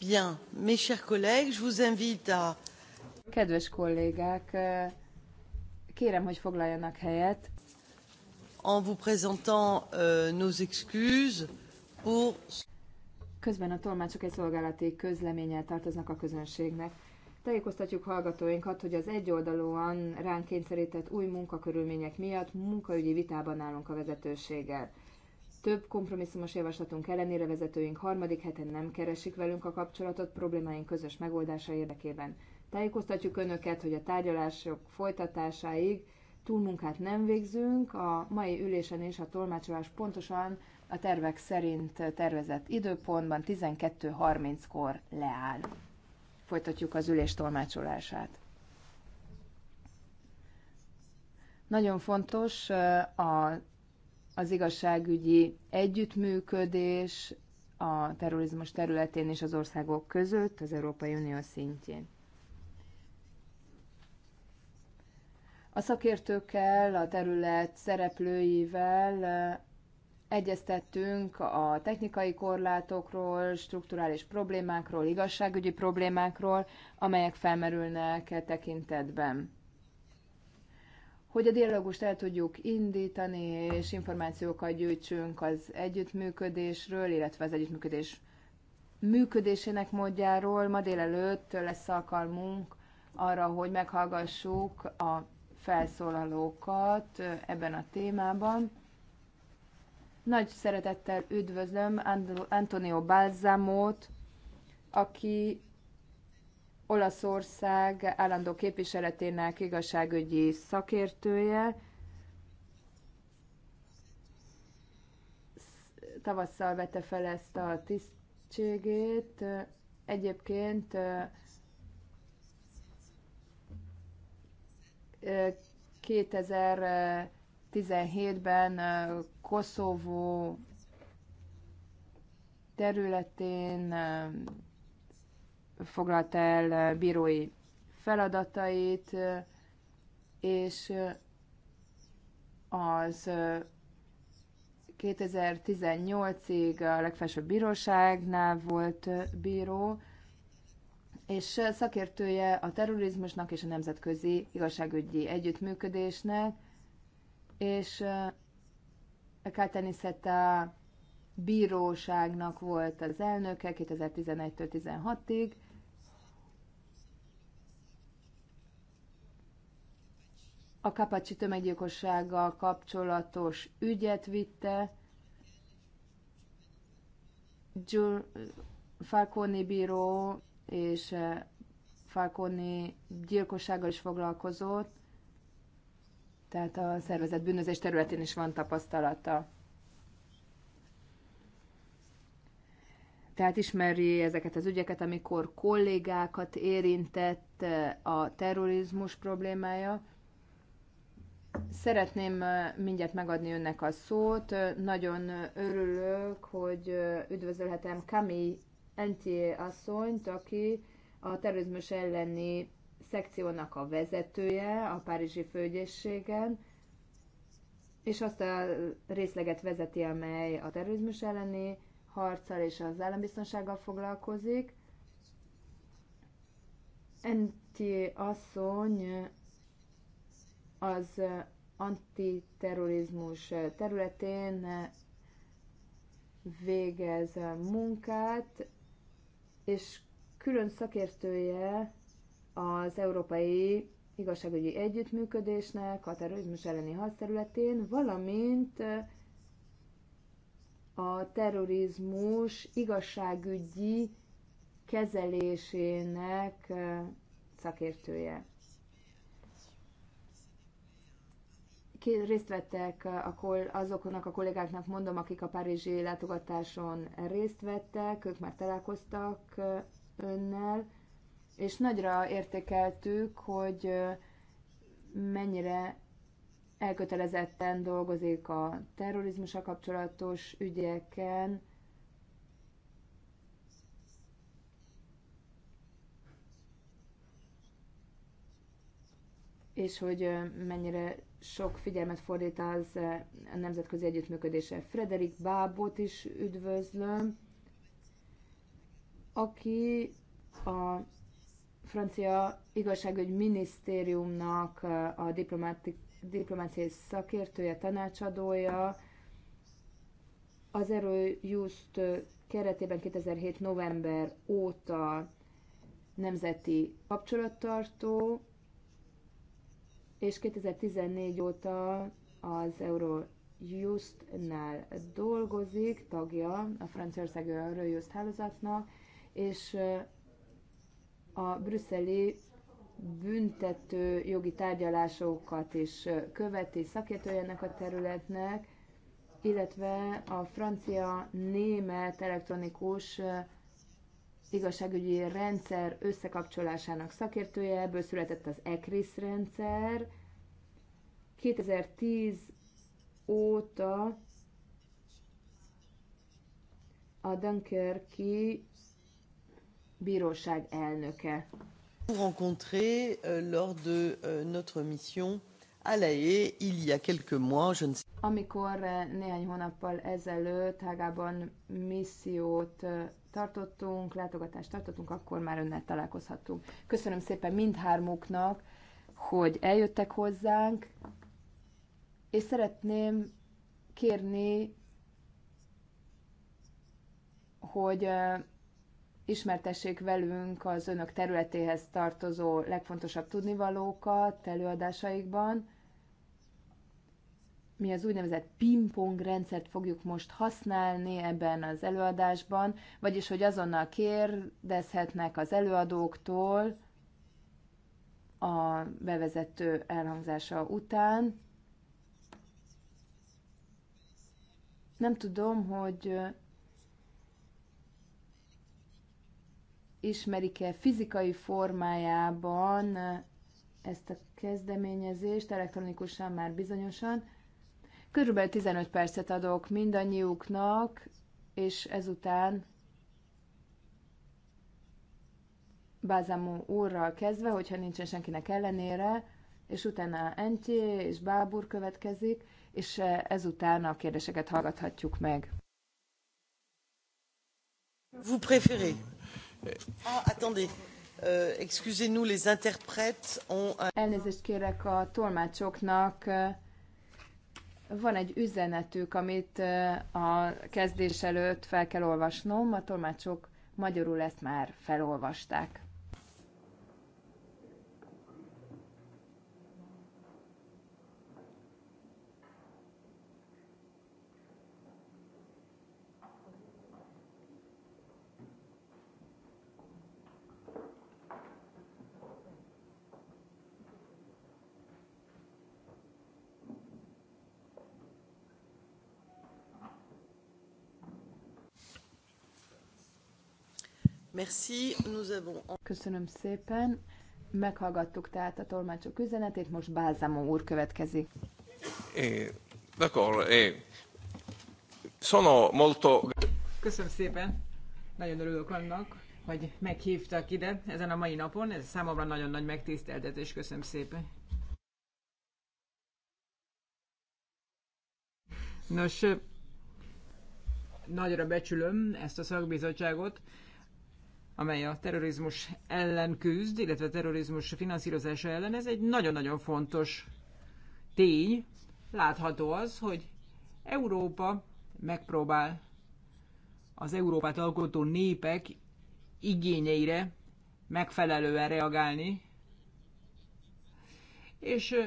Bien, mes chers collègues, je vous invite à... Kedves kollégák, kérem, hogy foglaljanak helyet. En vous présentant euh, nos excuses pour... Közben a tolmácsok egy szolgálati közleménnyel tartoznak a közönségnek. Tájékoztatjuk hallgatóinkat, hogy az egyoldalúan ránk kényszerített új munkakörülmények miatt munkaügyi vitában állunk a vezetőséggel. Több kompromisszumos javaslatunk ellenére vezetőink harmadik heten nem keresik velünk a kapcsolatot problémáink közös megoldása érdekében. Tájékoztatjuk Önöket, hogy a tárgyalások folytatásáig túlmunkát nem végzünk, a mai ülésen és a tolmácsolás pontosan a tervek szerint tervezett időpontban 12.30-kor leáll. Folytatjuk az ülés tolmácsolását. Nagyon fontos a az igazságügyi együttműködés a terrorizmus területén és az országok között, az Európai Unió szintjén. A szakértőkkel, a terület szereplőivel eh, egyeztettünk a technikai korlátokról, strukturális problémákról, igazságügyi problémákról, amelyek felmerülnek e tekintetben hogy a dialógust el tudjuk indítani, és információkat gyűjtsünk az együttműködésről, illetve az együttműködés működésének módjáról. Ma délelőtt lesz alkalmunk arra, hogy meghallgassuk a felszólalókat ebben a témában. Nagy szeretettel üdvözlöm Antonio Balzamót, aki Olaszország állandó képviseletének igazságügyi szakértője. Tavasszal vette fel ezt a tisztségét. Egyébként kétezer 2017-ben Koszovó területén foglalt el bírói feladatait, és az 2018-ig a legfelsőbb bíróságnál volt bíró, és szakértője a terrorizmusnak és a nemzetközi igazságügyi együttműködésnek, és a bíróságnak volt az elnöke 2011-től 16-ig, a kapacsi tömeggyilkossággal kapcsolatos ügyet vitte, Falconi bíró és eh, Falconi gyilkossággal is foglalkozott, tehát a szervezet bűnözés területén is van tapasztalata. Tehát ismeri ezeket az ügyeket, amikor kollégákat érintett eh, a terrorizmus problémája. Szeretném mindjárt megadni önnek a szót. Nagyon örülök, hogy üdvözölhetem Kami Entier asszonyt, aki a terrorizmus elleni szekciónak a vezetője a Párizsi Főgyészségen, és azt a részleget vezeti, amely a terrorizmus elleni harccal és az állambiztonsággal foglalkozik. Enti asszony az antiterrorizmus területén végez munkát, és külön szakértője az Európai Igazságügyi Együttműködésnek a terrorizmus elleni területén, valamint a terrorizmus igazságügyi kezelésének szakértője. részt vettek akkor azoknak a kollégáknak mondom, akik a párizsi látogatáson részt vettek, ők már találkoztak önnel, és nagyra értékeltük, hogy mennyire elkötelezetten dolgozik a terrorizmusa kapcsolatos ügyeken, és hogy mennyire sok figyelmet fordít az eh, a nemzetközi együttműködése. Frederik Bábot is üdvözlöm, aki a francia igazságügy minisztériumnak eh, a diplomáciai szakértője, tanácsadója, az Erőjust eh, keretében 2007. november óta nemzeti kapcsolattartó, és 2014 óta az Eurojust-nál dolgozik, tagja a Franciaország Eurojust hálózatnak, és a brüsszeli büntető jogi tárgyalásokat is követi szakértője ennek a területnek, illetve a francia-német elektronikus igazságügyi rendszer összekapcsolásának szakértője, ebből született az ECRIS rendszer. 2010 óta a Dunkerki bíróság elnöke. Rencontré euh, lors de euh, notre mission à La Haye il y a quelques mois, je ne sais amikor euh, néhány hónappal ezelőtt Hágában missziót tartottunk, látogatást tartottunk, akkor már önnel találkozhatunk. Köszönöm szépen mindhármuknak, hogy eljöttek hozzánk, és szeretném kérni, hogy ismertessék velünk az önök területéhez tartozó legfontosabb tudnivalókat előadásaikban, mi az úgynevezett pingpong rendszert fogjuk most használni ebben az előadásban, vagyis hogy azonnal kérdezhetnek az előadóktól a bevezető elhangzása után. Nem tudom, hogy ismerik-e fizikai formájában ezt a kezdeményezést elektronikusan már bizonyosan, Körülbelül 15 percet adok mindannyiuknak, és ezután Bázamú úrral kezdve, hogyha nincsen senkinek ellenére, és utána Entjé és Bábur következik, és ezután a kérdéseket hallgathatjuk meg. Vous préférez. Ah, attendez. Euh, Excusez-nous, les interprètes ont... un... Elnézést kérek a tolmácsoknak, Euh, van egy üzenetük, amit a kezdés előtt fel kell olvasnom, a tolmácsok magyarul ezt már felolvasták. Merci, nous avons... Köszönöm szépen. Meghallgattuk tehát a tolmácsok üzenetét, most Bálzamo úr következik. Eh, D'accord, eh. Sono molto... Köszönöm szépen. Nagyon örülök annak, hogy meghívtak ide ezen a mai napon. Ez számomra nagyon nagy megtiszteltetés. Köszönöm szépen. Nos, eh, nagyra becsülöm ezt a szakbizottságot amely a terrorizmus ellen küzd, illetve a terrorizmus finanszírozása ellen, ez egy nagyon-nagyon fontos tény. Látható az, hogy Európa megpróbál az Európát alkotó népek igényeire megfelelően reagálni, és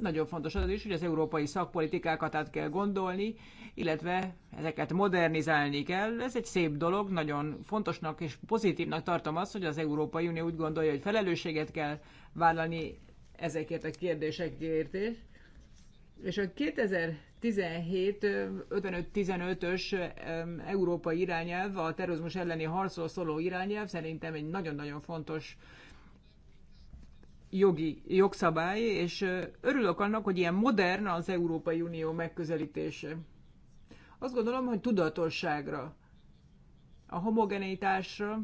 nagyon fontos az is, hogy az európai szakpolitikákat át kell gondolni, illetve ezeket modernizálni kell. Ez egy szép dolog, nagyon fontosnak és pozitívnak tartom azt, hogy az Európai Unió úgy gondolja, hogy felelősséget kell vállalni ezekért a kérdésekért És a 2017 55-15-ös európai irányelv, a terrorizmus elleni harcról szóló irányelv szerintem egy nagyon-nagyon fontos jogi jogszabály, és örülök annak, hogy ilyen modern az Európai Unió megközelítése. Azt gondolom, hogy tudatosságra, a homogenitásra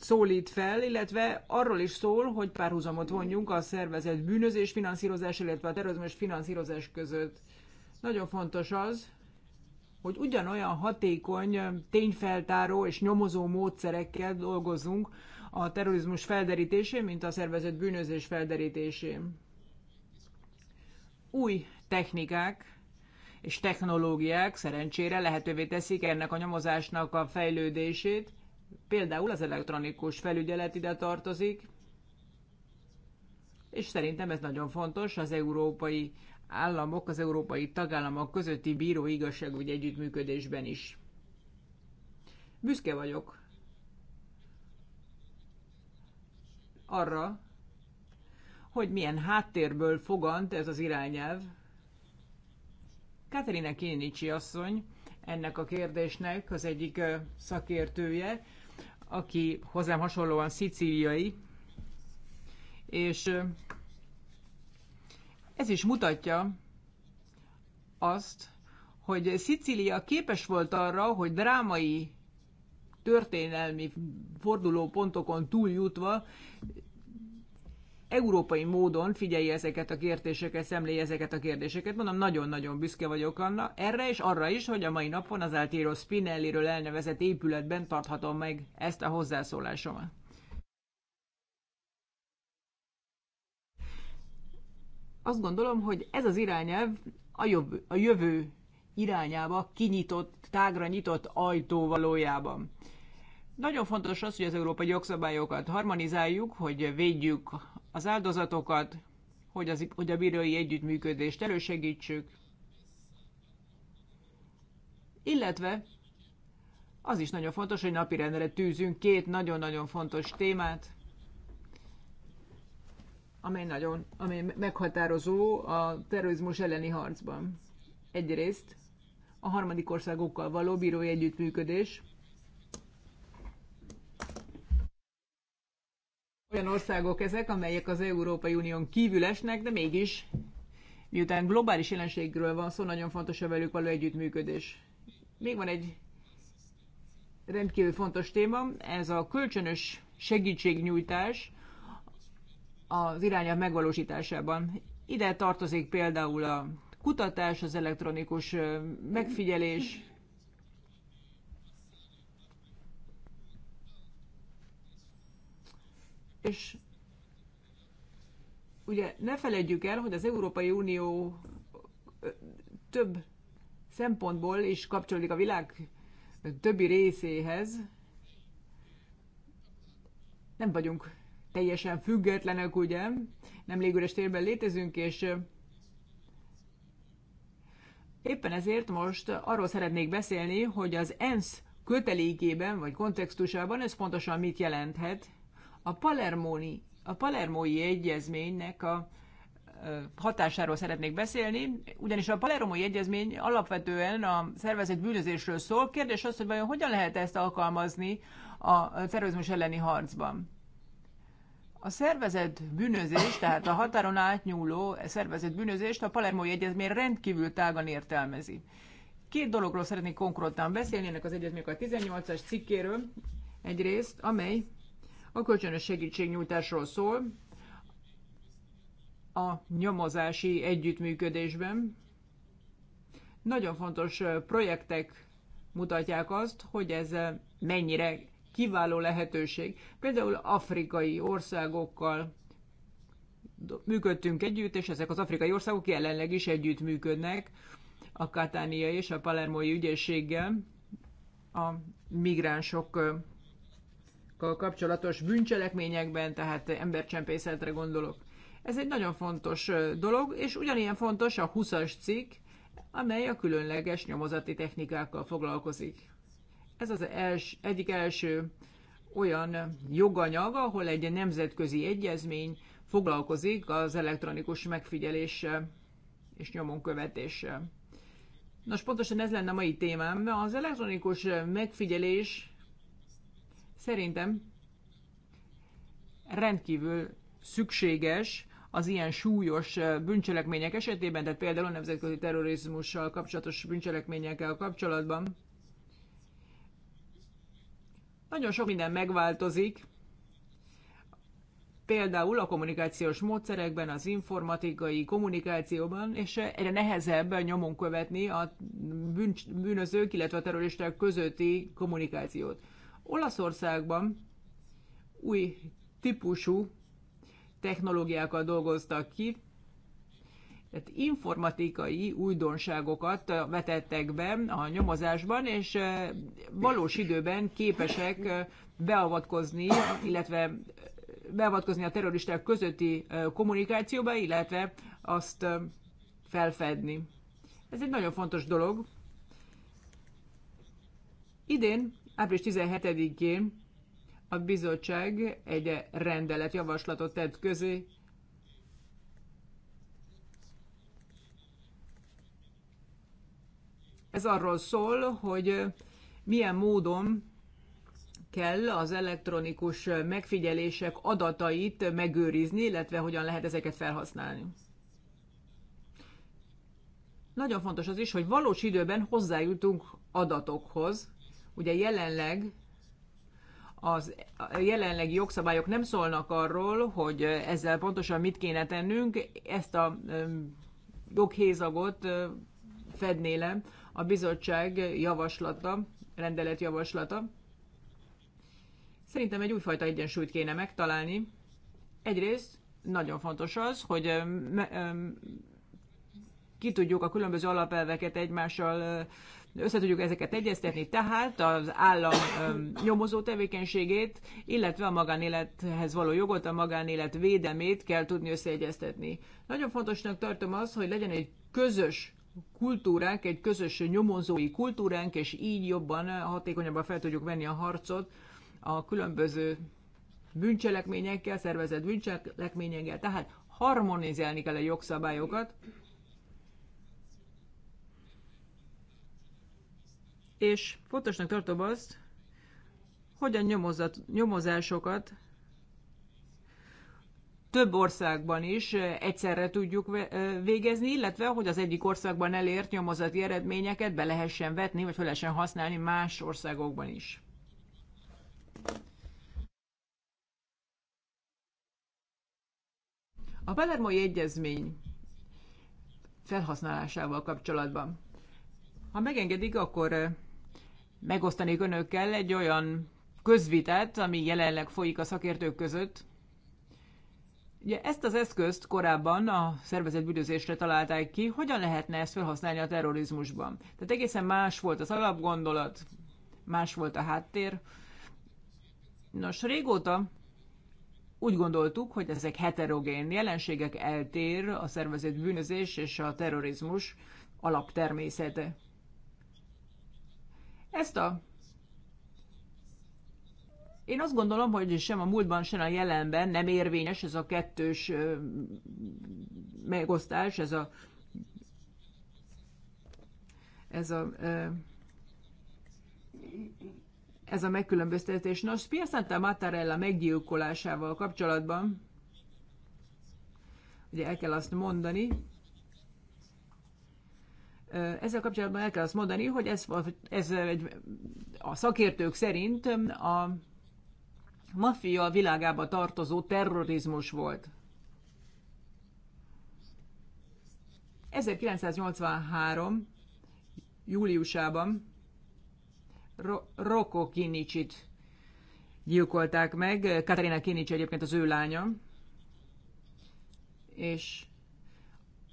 szólít fel, illetve arról is szól, hogy párhuzamot vonjunk a szervezet bűnözés finanszírozás, illetve a terrorizmus finanszírozás között. Nagyon fontos az, hogy ugyanolyan hatékony tényfeltáró és nyomozó módszerekkel dolgozunk a terrorizmus felderítésén, mint a szervezett bűnözés felderítésén. Új technikák és technológiák szerencsére lehetővé teszik ennek a nyomozásnak a fejlődését, például az elektronikus felügyelet ide tartozik, és szerintem ez nagyon fontos az európai államok, az európai tagállamok közötti bíró igazságügy együttműködésben is. Büszke vagyok arra, hogy milyen háttérből fogant ez az irányelv. Katerina Kénicsi asszony ennek a kérdésnek az egyik szakértője, aki hozzám hasonlóan szicíliai, és ez is mutatja azt, hogy Szicília képes volt arra, hogy drámai történelmi fordulópontokon túljutva európai módon figyelje ezeket a kérdéseket, szemléje ezeket a kérdéseket. Mondom, nagyon-nagyon büszke vagyok anna, erre és arra is, hogy a mai napon az Altiero Spinelliről elnevezett épületben tarthatom meg ezt a hozzászólásomat. Azt gondolom, hogy ez az irányelv a, jobb, a jövő irányába kinyitott, tágra nyitott ajtó valójában. Nagyon fontos az, hogy az európai jogszabályokat harmonizáljuk, hogy védjük az áldozatokat, hogy, az, hogy a bírói együttműködést elősegítsük, illetve az is nagyon fontos, hogy napirendre tűzünk két nagyon-nagyon fontos témát, amely, nagyon, amely meghatározó a terrorizmus elleni harcban. Egyrészt a harmadik országokkal való bírói együttműködés, olyan országok ezek, amelyek az Európai Unión kívül esnek, de mégis, miután globális jelenségről van szó, nagyon fontos a velük való együttműködés. Még van egy rendkívül fontos téma, ez a kölcsönös segítségnyújtás az irányelv megvalósításában. Ide tartozik például a kutatás, az elektronikus megfigyelés, És ugye ne felejtjük el, hogy az Európai Unió több szempontból is kapcsolódik a világ többi részéhez. Nem vagyunk teljesen függetlenek, ugye? Nem légüres térben létezünk, és éppen ezért most arról szeretnék beszélni, hogy az ENSZ kötelékében vagy kontextusában ez pontosan mit jelenthet, a palermoni a palermói egyezménynek a hatásáról szeretnék beszélni, ugyanis a palermói egyezmény alapvetően a szervezett bűnözésről szól. Kérdés az, hogy vajon hogyan lehet ezt alkalmazni a terrorizmus elleni harcban. A szervezett bűnözés, tehát a határon átnyúló szervezett bűnözést a Palermói Egyezmény rendkívül tágan értelmezi. Két dologról szeretnék konkrétan beszélni, ennek az egyezmények a 18-as cikkéről egyrészt, amely a kölcsönös segítségnyújtásról szól a nyomozási együttműködésben. Nagyon fontos projektek mutatják azt, hogy ez mennyire kiváló lehetőség. Például afrikai országokkal működtünk együtt, és ezek az afrikai országok jelenleg is együttműködnek a Katánia és a Palermói ügyészséggel a migránsok kapcsolatos bűncselekményekben, tehát embercsempészetre gondolok. Ez egy nagyon fontos dolog, és ugyanilyen fontos a 20-as cikk, amely a különleges nyomozati technikákkal foglalkozik. Ez az els, egyik első olyan joganyag, ahol egy nemzetközi egyezmény foglalkozik az elektronikus megfigyeléssel és nyomon követéssel. Nos, pontosan ez lenne a mai témám. Az elektronikus megfigyelés Szerintem rendkívül szükséges az ilyen súlyos bűncselekmények esetében, tehát például a nemzetközi terrorizmussal kapcsolatos bűncselekményekkel kapcsolatban. Nagyon sok minden megváltozik, például a kommunikációs módszerekben, az informatikai kommunikációban, és egyre nehezebb nyomon követni a bűnözők, illetve a terroristák közötti kommunikációt. Olaszországban új típusú technológiákkal dolgoztak ki, tehát informatikai újdonságokat vetettek be a nyomozásban, és eh, valós időben képesek eh, beavatkozni, illetve eh, beavatkozni a terroristák közötti kommunikációba, illetve azt felfedni. Ez egy nagyon fontos dolog. Idén Április 17-én a bizottság egy rendelet javaslatot tett közé, Ez arról szól, hogy milyen módon kell az elektronikus megfigyelések adatait megőrizni, illetve hogyan lehet ezeket felhasználni. Nagyon fontos az is, hogy valós időben hozzájutunk adatokhoz, Ugye jelenleg az jelenlegi jogszabályok nem szólnak arról, hogy ezzel pontosan mit kéne tennünk, ezt a joghézagot fedné le a bizottság javaslata, rendelet javaslata. Szerintem egy újfajta egyensúlyt kéne megtalálni. Egyrészt nagyon fontos az, hogy ki tudjuk a különböző alapelveket egymással össze tudjuk ezeket egyeztetni, tehát az állam nyomozó tevékenységét, illetve a magánélethez való jogot, a magánélet védelmét kell tudni összeegyeztetni. Nagyon fontosnak tartom az, hogy legyen egy közös kultúránk, egy közös nyomozói kultúránk, és így jobban, hatékonyabban fel tudjuk venni a harcot a különböző bűncselekményekkel, szervezett bűncselekményekkel, tehát harmonizálni kell a jogszabályokat, és fontosnak tartom azt, hogy a nyomozásokat több országban is egyszerre tudjuk végezni, illetve hogy az egyik országban elért nyomozati eredményeket be lehessen vetni, vagy fel lehessen használni más országokban is. A Palermoi Egyezmény felhasználásával kapcsolatban. Ha megengedik, akkor megosztanék önökkel egy olyan közvitát, ami jelenleg folyik a szakértők között. Ugye ezt az eszközt korábban a szervezett bűnözésre találták ki, hogyan lehetne ezt felhasználni a terrorizmusban. Tehát egészen más volt az alapgondolat, más volt a háttér. Nos, régóta úgy gondoltuk, hogy ezek heterogén jelenségek eltér a szervezett bűnözés és a terrorizmus alaptermészete. Ezt a én azt gondolom, hogy sem a múltban, sem a jelenben nem érvényes ez a kettős megosztás, ez a ez a ez a megkülönböztetés. Nos, Pia Mattarella meggyilkolásával kapcsolatban ugye el kell azt mondani, ezzel kapcsolatban el kell azt mondani, hogy ez, ez egy, a szakértők szerint a maffia világába tartozó terrorizmus volt. 1983. júliusában Ro- Rocco Kinnicsit gyilkolták meg. Katarina Kinnicsi egyébként az ő lánya. És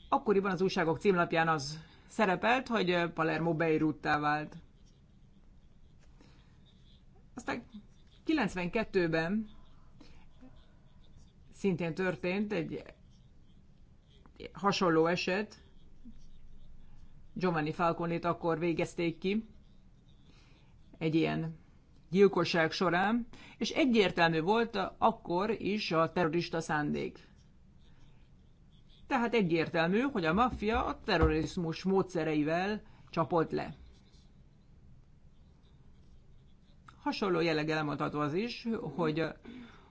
akkoriban az újságok címlapján az szerepelt, hogy Palermo Beiruttá vált. Aztán 92-ben szintén történt egy hasonló eset. Giovanni Falconét akkor végezték ki egy ilyen gyilkosság során, és egyértelmű volt akkor is a terrorista szándék. Tehát egyértelmű, hogy a maffia a terrorizmus módszereivel csapott le. Hasonló jelleggel elmondható az is, hogy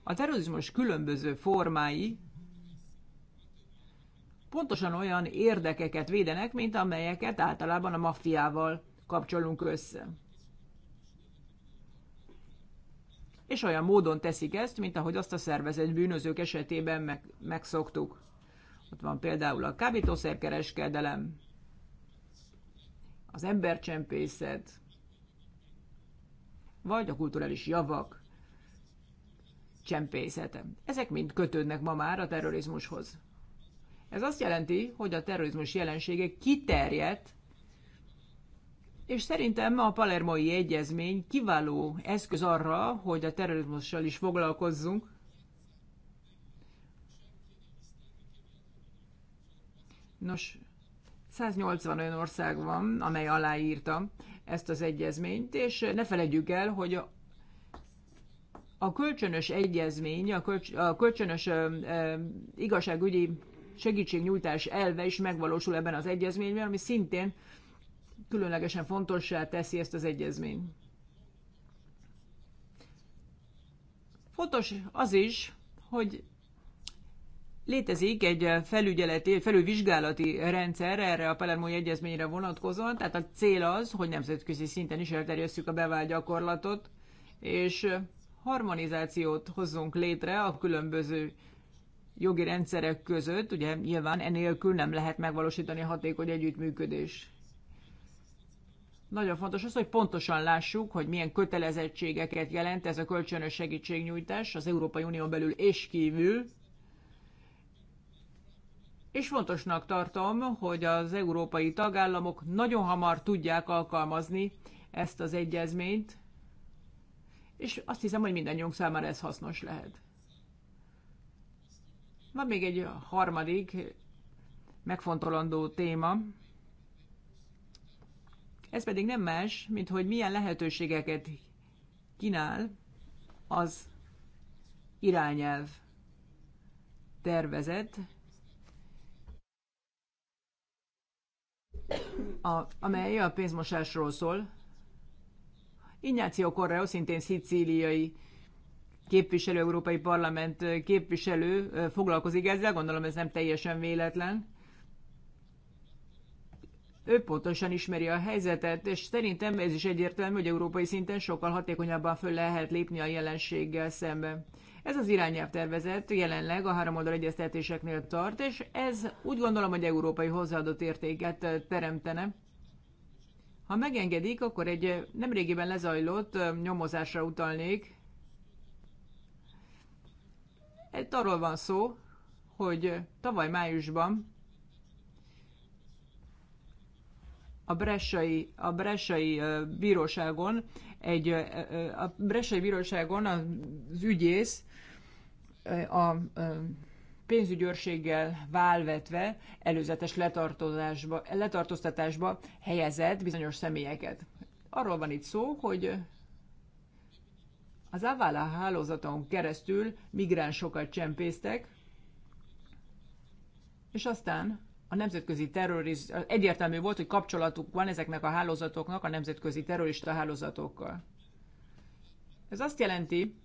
a terrorizmus különböző formái pontosan olyan érdekeket védenek, mint amelyeket általában a maffiával kapcsolunk össze. És olyan módon teszik ezt, mint ahogy azt a szervezet bűnözők esetében meg, megszoktuk. Ott van például a kábítószerkereskedelem, az embercsempészet, vagy a kulturális javak csempészete. Ezek mind kötődnek ma már a terrorizmushoz. Ez azt jelenti, hogy a terrorizmus jelensége kiterjedt, és szerintem a palermai egyezmény kiváló eszköz arra, hogy a terrorizmussal is foglalkozzunk, Nos, 180 olyan ország van, amely aláírta ezt az egyezményt, és ne felejtjük el, hogy a, a kölcsönös egyezmény, a, kölcs, a kölcsönös ö, ö, igazságügyi segítségnyújtás elve is megvalósul ebben az egyezményben, ami szintén különlegesen fontossá teszi ezt az egyezményt. Fontos az is, hogy Létezik egy eh, felügyeleti, felülvizsgálati rendszer erre a Palermói Egyezményre vonatkozóan, tehát a cél az, hogy nemzetközi szinten is elterjesszük a bevált gyakorlatot, és eh, harmonizációt hozzunk létre a különböző jogi rendszerek között, ugye nyilván enélkül nem lehet megvalósítani hatékony együttműködés. Nagyon fontos az, hogy pontosan lássuk, hogy milyen kötelezettségeket jelent ez a kölcsönös segítségnyújtás az Európai Unió belül és kívül, és fontosnak tartom, hogy az európai tagállamok nagyon hamar tudják alkalmazni ezt az egyezményt, és azt hiszem, hogy mindannyiunk számára ez hasznos lehet. Van még egy harmadik megfontolandó téma, ez pedig nem más, mint hogy milyen lehetőségeket kínál az irányelv tervezet, a, amely a pénzmosásról szól. Ignácio Correo, szintén szicíliai képviselő, Európai Parlament képviselő foglalkozik ezzel, gondolom ez nem teljesen véletlen. Ő pontosan ismeri a helyzetet, és szerintem ez is egyértelmű, hogy európai szinten sokkal hatékonyabban föl lehet lépni a jelenséggel szemben. Ez az irányelvtervezet jelenleg a háromoldal egyeztetéseknél tart, és ez úgy gondolom, hogy európai hozzáadott értéket teremtene. Ha megengedik, akkor egy nemrégiben lezajlott nyomozásra utalnék. Itt arról van szó, hogy tavaly májusban a bressai, a bressai bíróságon egy a bressai bíróságon az ügyész a pénzügyőrséggel válvetve előzetes letartozásba, letartóztatásba helyezett bizonyos személyeket. Arról van itt szó, hogy az Avala hálózaton keresztül migránsokat csempésztek, és aztán a nemzetközi terroriz... egyértelmű volt, hogy kapcsolatuk van ezeknek a hálózatoknak a nemzetközi terrorista hálózatokkal. Ez azt jelenti,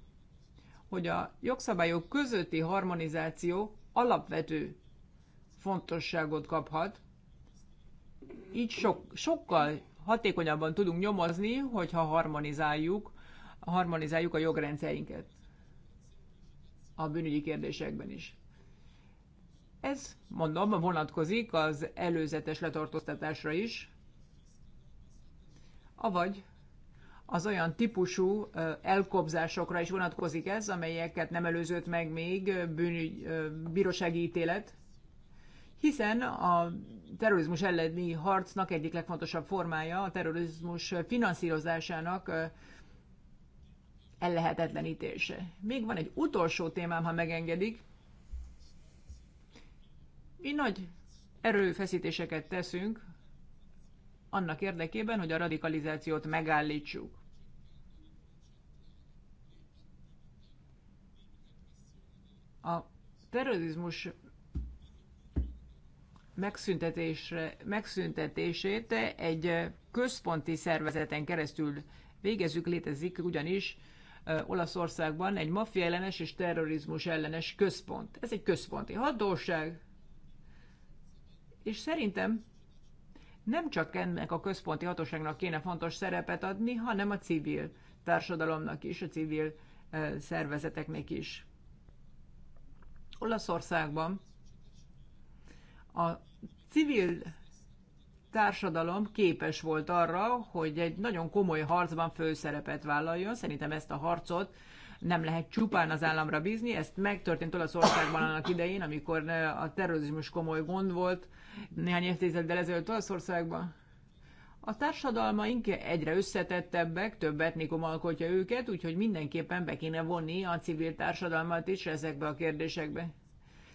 hogy a jogszabályok közötti harmonizáció alapvető fontosságot kaphat. Így sok, sokkal hatékonyabban tudunk nyomozni, hogyha harmonizáljuk, harmonizáljuk a jogrendszerinket a bűnügyi kérdésekben is. Ez, mondom, vonatkozik az előzetes letartóztatásra is, avagy az olyan típusú elkobzásokra is vonatkozik ez, amelyeket nem előzött meg még bűnügy, bírósági ítélet, hiszen a terrorizmus elleni harcnak egyik legfontosabb formája a terrorizmus finanszírozásának ellehetetlenítése. Még van egy utolsó témám, ha megengedik. Mi nagy erőfeszítéseket teszünk annak érdekében, hogy a radikalizációt megállítsuk. A terrorizmus megszüntetésre, megszüntetését egy központi szervezeten keresztül végezzük, létezik ugyanis Olaszországban egy maffia ellenes és terrorizmus ellenes központ. Ez egy központi hatóság. És szerintem nem csak ennek a központi hatóságnak kéne fontos szerepet adni, hanem a civil társadalomnak is, a civil szervezeteknek is. Olaszországban a civil társadalom képes volt arra, hogy egy nagyon komoly harcban főszerepet vállaljon. Szerintem ezt a harcot nem lehet csupán az államra bízni. Ezt megtörtént Olaszországban annak idején, amikor a terrorizmus komoly gond volt, néhány évtizeddel ezelőtt Olaszországban. A társadalmaink egyre összetettebbek, több etnikum alkotja őket, úgyhogy mindenképpen be kéne vonni a civil társadalmat is ezekbe a kérdésekbe.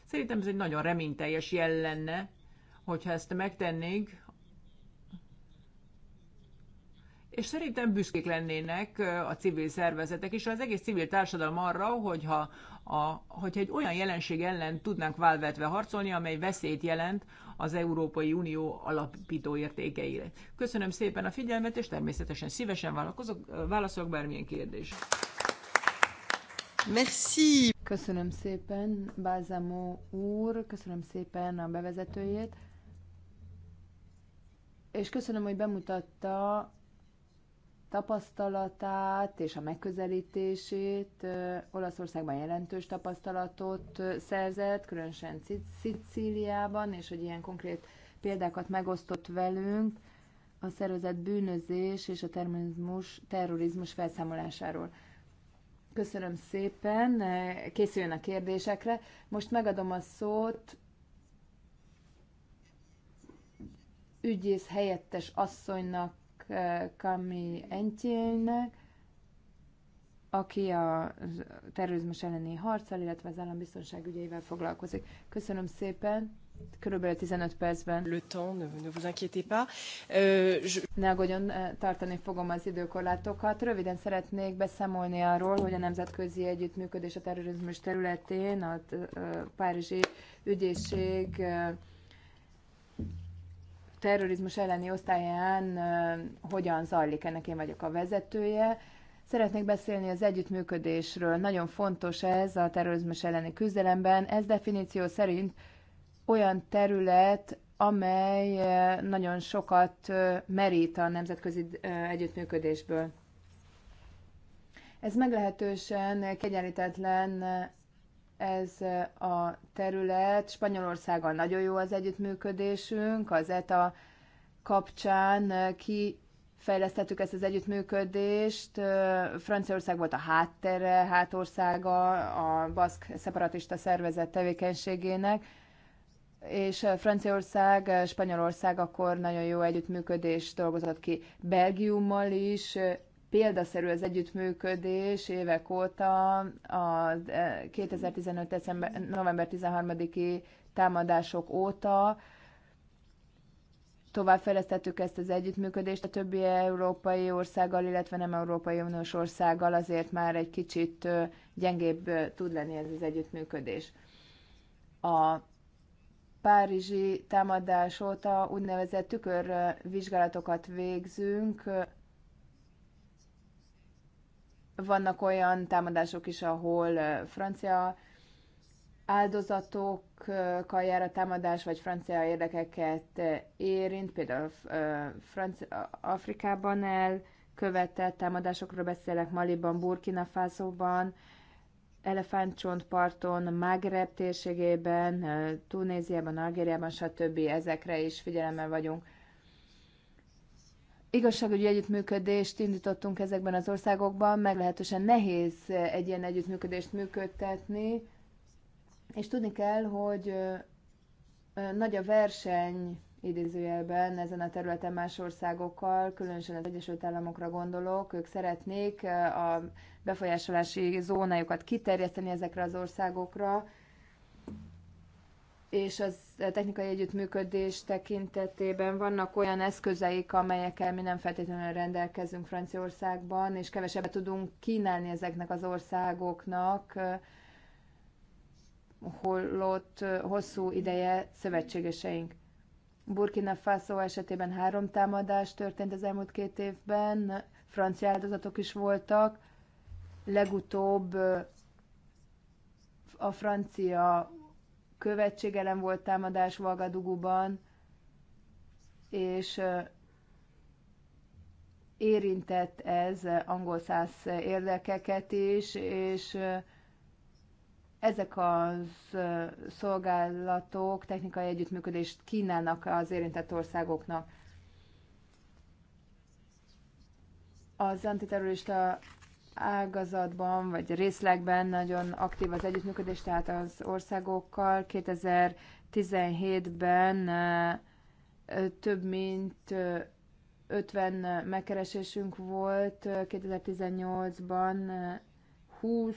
Szerintem ez egy nagyon reményteljes jel lenne, hogyha ezt megtennénk, és szerintem büszkék lennének a civil szervezetek is, az egész civil társadalom arra, hogyha a, hogyha egy olyan jelenség ellen tudnánk válvetve harcolni, amely veszélyt jelent az Európai Unió alapító értékeire. Köszönöm szépen a figyelmet, és természetesen szívesen válaszolok bármilyen kérdés. Merci! Köszönöm szépen, Bázamó úr, köszönöm szépen a bevezetőjét, és köszönöm, hogy bemutatta tapasztalatát és a megközelítését. Olaszországban jelentős tapasztalatot szerzett, különösen Szicíliában, és hogy ilyen konkrét példákat megosztott velünk a szervezett bűnözés és a terrorizmus, terrorizmus felszámolásáról. Köszönöm szépen, készüljön a kérdésekre. Most megadom a szót ügyész helyettes asszonynak Kami Entjélnek, aki a terrorizmus elleni harccal, illetve az állambiztonság ügyeivel foglalkozik. Köszönöm szépen! Körülbelül 15 percben. Le temps, ne, ne vous inquiétez pas. Euh, je... Ne aggódjon, eh, tartani fogom az időkorlátokat. Röviden szeretnék beszámolni arról, hogy a nemzetközi együttműködés a terrorizmus területén a eh, Párizsi ügyészség eh, terrorizmus elleni osztályán hogyan zajlik, ennek én vagyok a vezetője. Szeretnék beszélni az együttműködésről. Nagyon fontos ez a terrorizmus elleni küzdelemben. Ez definíció szerint olyan terület, amely nagyon sokat merít a nemzetközi együttműködésből. Ez meglehetősen kegyenlítetlen ez a terület. Spanyolországgal nagyon jó az együttműködésünk, az ETA kapcsán ki fejlesztettük ezt az együttműködést. Franciaország volt a háttere, hátországa a baszk szeparatista szervezet tevékenységének, és Franciaország, Spanyolország akkor nagyon jó együttműködést dolgozott ki. Belgiummal is példaszerű az együttműködés évek óta a 2015. E, december, november 13-i támadások óta. Továbbfejlesztettük ezt az együttműködést a többi európai országgal, illetve nem európai uniós országgal, azért már egy kicsit gyengébb tud lenni ez az együttműködés. A párizsi támadás óta úgynevezett tükörvizsgálatokat végzünk, vannak olyan támadások is, ahol francia áldozatokkal jár a támadás, vagy francia érdekeket érint, például Franc- Afrikában elkövetett támadásokról beszélek, Maliban, Burkina Faso-ban, Elefántcsontparton, Magreb térségében, Tunéziában, Algériában, stb. Ezekre is figyelemmel vagyunk igazságügyi együttműködést indítottunk ezekben az országokban, meglehetősen nehéz eh, egy ilyen együttműködést működtetni, és tudni kell, hogy eh, eh, nagy a verseny idézőjelben ezen a területen más országokkal, különösen az Egyesült Államokra gondolok, ők szeretnék a befolyásolási zónájukat kiterjeszteni ezekre az országokra, és az technikai együttműködés tekintetében vannak olyan eszközeik, amelyekkel mi nem feltétlenül rendelkezünk Franciaországban, és kevesebbet tudunk kínálni ezeknek az országoknak, holott hosszú ideje szövetségeseink. Burkina Faso esetében három támadás történt az elmúlt két évben, francia áldozatok is voltak, legutóbb a francia követség ellen volt támadás Vagaduguban, és érintett ez angol száz érdekeket is, és ezek az szolgálatok technikai együttműködést kínálnak az érintett országoknak. Az antiterrorista ágazatban vagy részlegben nagyon aktív az együttműködés, tehát az országokkal. 2017-ben több mint 50 megkeresésünk volt, 2018-ban 20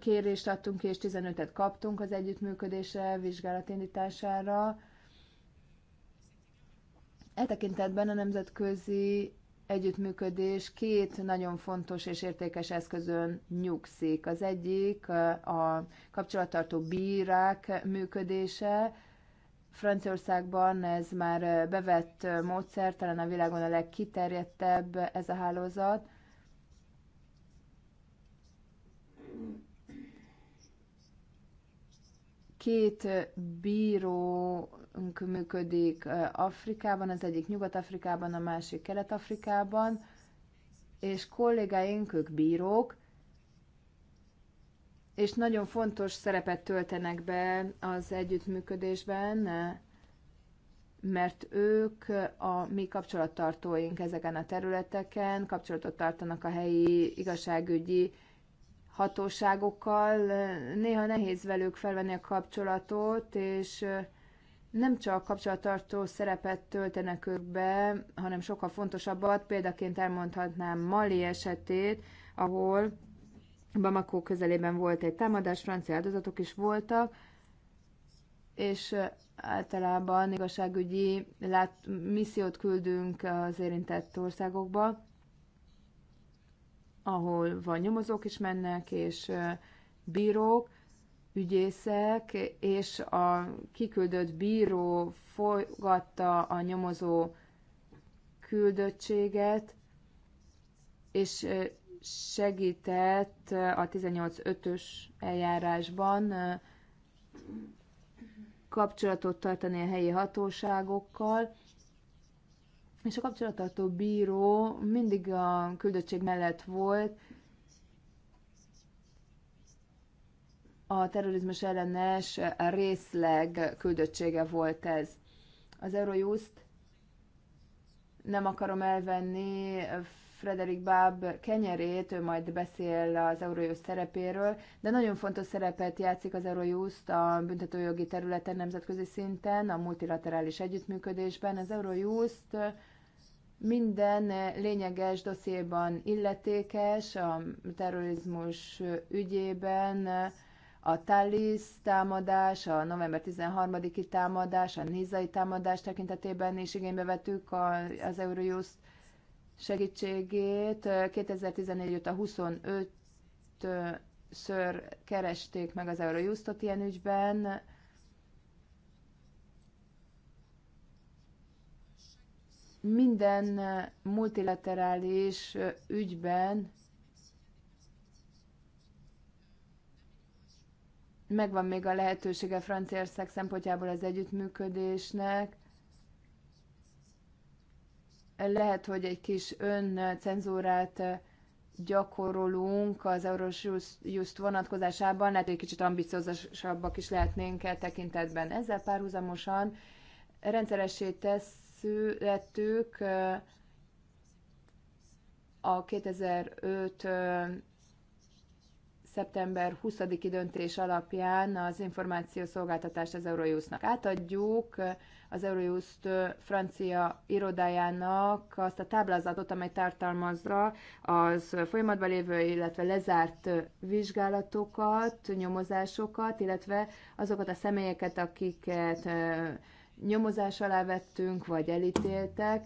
kérést adtunk és 15-et kaptunk az együttműködésre, vizsgálatindítására E tekintetben a nemzetközi együttműködés két nagyon fontos és értékes eszközön nyugszik. Az egyik a kapcsolattartó bírák működése. Franciaországban ez már bevett módszer, talán a világon a legkiterjedtebb ez a hálózat. Két bírónk működik Afrikában, az egyik Nyugat-Afrikában, a másik Kelet-Afrikában, és kollégáink, ők bírók, és nagyon fontos szerepet töltenek be az együttműködésben, mert ők a mi kapcsolattartóink ezeken a területeken, kapcsolatot tartanak a helyi igazságügyi hatóságokkal, néha nehéz velük felvenni a kapcsolatot, és nem csak kapcsolattartó szerepet töltenek ők be, hanem sokkal fontosabbat, példaként elmondhatnám Mali esetét, ahol Bamako közelében volt egy támadás, francia áldozatok is voltak, és általában igazságügyi lát, missziót küldünk az érintett országokba ahol van nyomozók is mennek, és bírók, ügyészek, és a kiküldött bíró folygatta a nyomozó küldöttséget, és segített a 18.5-ös eljárásban kapcsolatot tartani a helyi hatóságokkal, és a kapcsolattartó bíró mindig a küldöttség mellett volt, a terrorizmus ellenes részleg küldöttsége volt ez. Az Eurojust nem akarom elvenni Frederik Báb kenyerét, ő majd beszél az Eurojust szerepéről, de nagyon fontos szerepet játszik az Eurojust a büntetőjogi területen nemzetközi szinten, a multilaterális együttműködésben. Az Eurojust minden lényeges dossziéban illetékes, a terrorizmus ügyében, a Talis támadás, a november 13-i támadás, a Nizai támadás tekintetében is igénybe vettük az Eurojust segítségét 2014 óta 25 ször keresték meg az Eurojustot ilyen ügyben. Minden multilaterális ügyben megvan még a lehetősége Franciaország szempontjából az együttműködésnek, lehet, hogy egy kis öncenzúrát gyakorolunk az Eurojust vonatkozásában, lehet, hogy egy kicsit ambiciózusabbak is lehetnénk el tekintetben. Ezzel párhuzamosan rendszeressé tesszük a 2005 szeptember 20-i döntés alapján az információszolgáltatást az Eurojustnak átadjuk, az Eurojust francia irodájának azt a táblázatot, amely tartalmazza az folyamatban lévő, illetve lezárt vizsgálatokat, nyomozásokat, illetve azokat a személyeket, akiket nyomozás alá vettünk, vagy elítéltek,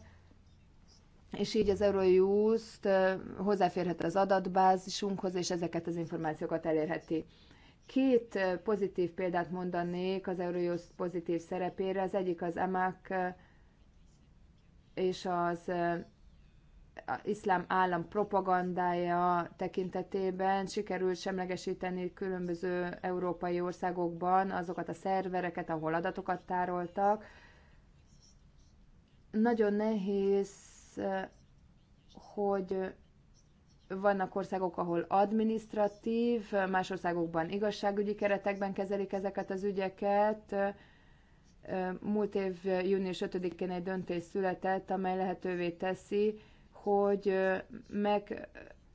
és így az Eurojust hozzáférhet az adatbázisunkhoz, és ezeket az információkat elérheti. Két pozitív példát mondanék az Eurojust pozitív szerepére. Az egyik az emák és az iszlám állam propagandája tekintetében sikerült semlegesíteni különböző európai országokban azokat a szervereket, ahol adatokat tároltak. Nagyon nehéz, hogy vannak országok, ahol administratív, más országokban igazságügyi keretekben kezelik ezeket az ügyeket. Múlt év június 5-én egy döntés született, amely lehetővé teszi, hogy meg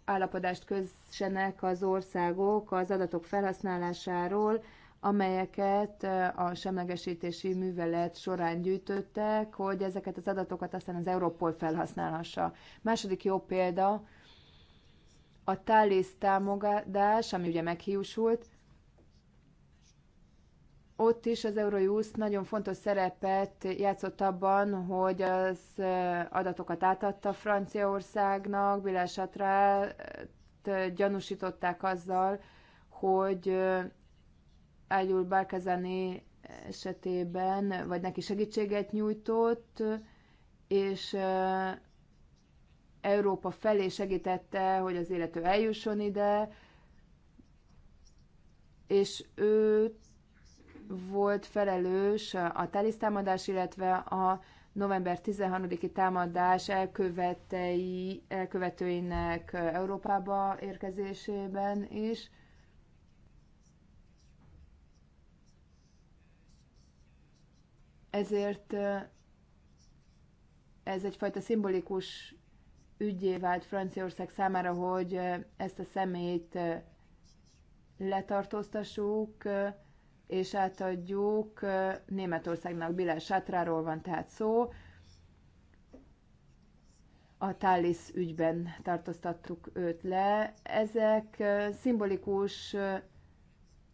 állapodást közsenek az országok az adatok felhasználásáról, amelyeket a semlegesítési művelet során gyűjtöttek, hogy ezeket az adatokat aztán az Európol felhasználhassa. Második jó példa a TALIS támogatás, ami ugye meghiúsult, ott is az Eurojust nagyon fontos szerepet játszott abban, hogy az adatokat átadta Franciaországnak, Bilásatrát gyanúsították azzal, hogy Ágyul Bárkezani esetében, vagy neki segítséget nyújtott, és Európa felé segítette, hogy az élető eljusson ide, és ő volt felelős a Tális illetve a november 13-i támadás elkövetei, elkövetőinek Európába érkezésében is. Ezért eh, ez egyfajta szimbolikus ügyé vált Franciaország számára, hogy ezt a szemét letartóztassuk, és átadjuk Németországnak. Bilal Sátráról van tehát szó. A Tális ügyben tartóztattuk őt le. Ezek szimbolikus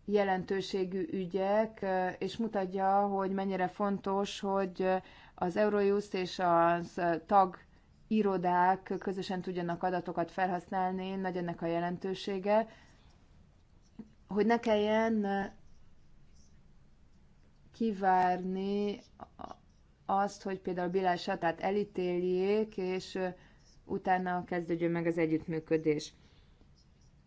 jelentőségű ügyek, és mutatja, hogy mennyire fontos, hogy az Eurojust és az tag irodák közösen tudjanak adatokat felhasználni, nagy ennek a jelentősége, hogy ne kelljen kivárni azt, hogy például Bilal Satát elítéljék, és utána kezdődjön meg az együttműködés.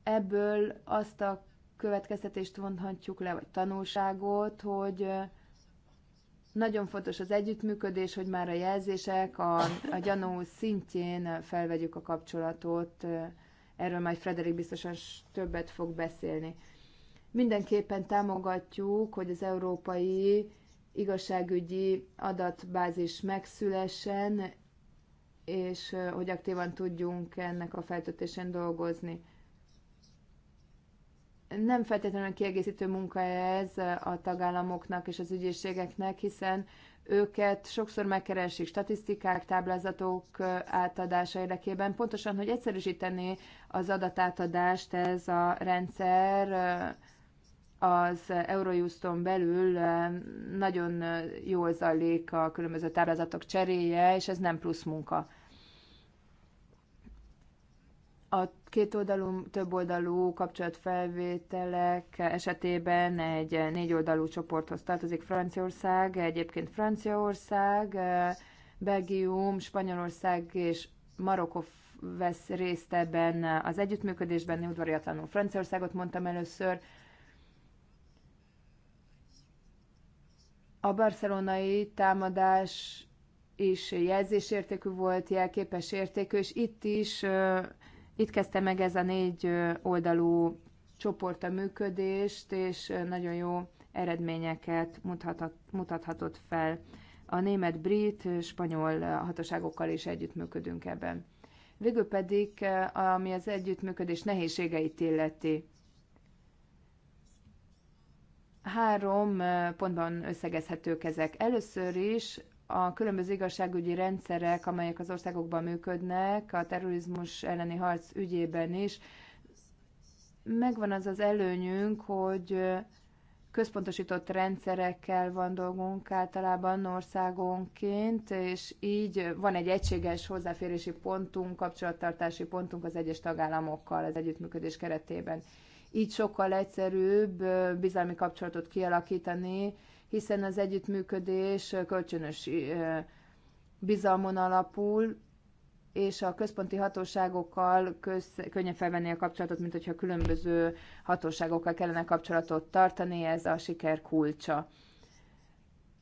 Ebből azt a következtetést vonhatjuk le, vagy tanulságot, hogy nagyon fontos az együttműködés, hogy már a jelzések a, a gyanú szintjén felvegyük a kapcsolatot. Erről majd Frederik biztosan többet fog beszélni. Mindenképpen támogatjuk, hogy az európai igazságügyi adatbázis megszülessen, és hogy aktívan tudjunk ennek a feltöltésén dolgozni nem feltétlenül kiegészítő munka ez a tagállamoknak és az ügyészségeknek, hiszen őket sokszor megkeresik statisztikák, táblázatok átadása érdekében, pontosan, hogy egyszerűsíteni az adatátadást ez a rendszer az Eurojuston belül nagyon jól zajlik a különböző táblázatok cseréje, és ez nem plusz munka. A kétoldalú, többoldalú kapcsolatfelvételek esetében egy négyoldalú csoporthoz tartozik Franciaország, egyébként Franciaország, eh, Belgium, Spanyolország és Marokko vesz részt ebben eh, az együttműködésben, nem udvariatlanul Franciaországot mondtam először. A barcelonai támadás is jelzésértékű volt, jelképes értékű, és itt is eh, itt kezdte meg ez a négy oldalú csoport a működést, és nagyon jó eredményeket mutathatott fel. A német, brit, spanyol hatóságokkal is együttműködünk ebben. Végül pedig, ami az együttműködés nehézségeit illeti. Három pontban összegezhetők ezek. Először is a különböző igazságügyi rendszerek, amelyek az országokban működnek, a terrorizmus elleni harc ügyében is, megvan az az előnyünk, hogy központosított rendszerekkel van dolgunk általában országonként, és így van egy egységes hozzáférési pontunk, kapcsolattartási pontunk az egyes tagállamokkal az együttműködés keretében. Így sokkal egyszerűbb bizalmi kapcsolatot kialakítani, hiszen az együttműködés kölcsönös bizalmon alapul, és a központi hatóságokkal köz, könnyen felvenni a kapcsolatot, mint hogyha különböző hatóságokkal kellene kapcsolatot tartani, ez a siker kulcsa.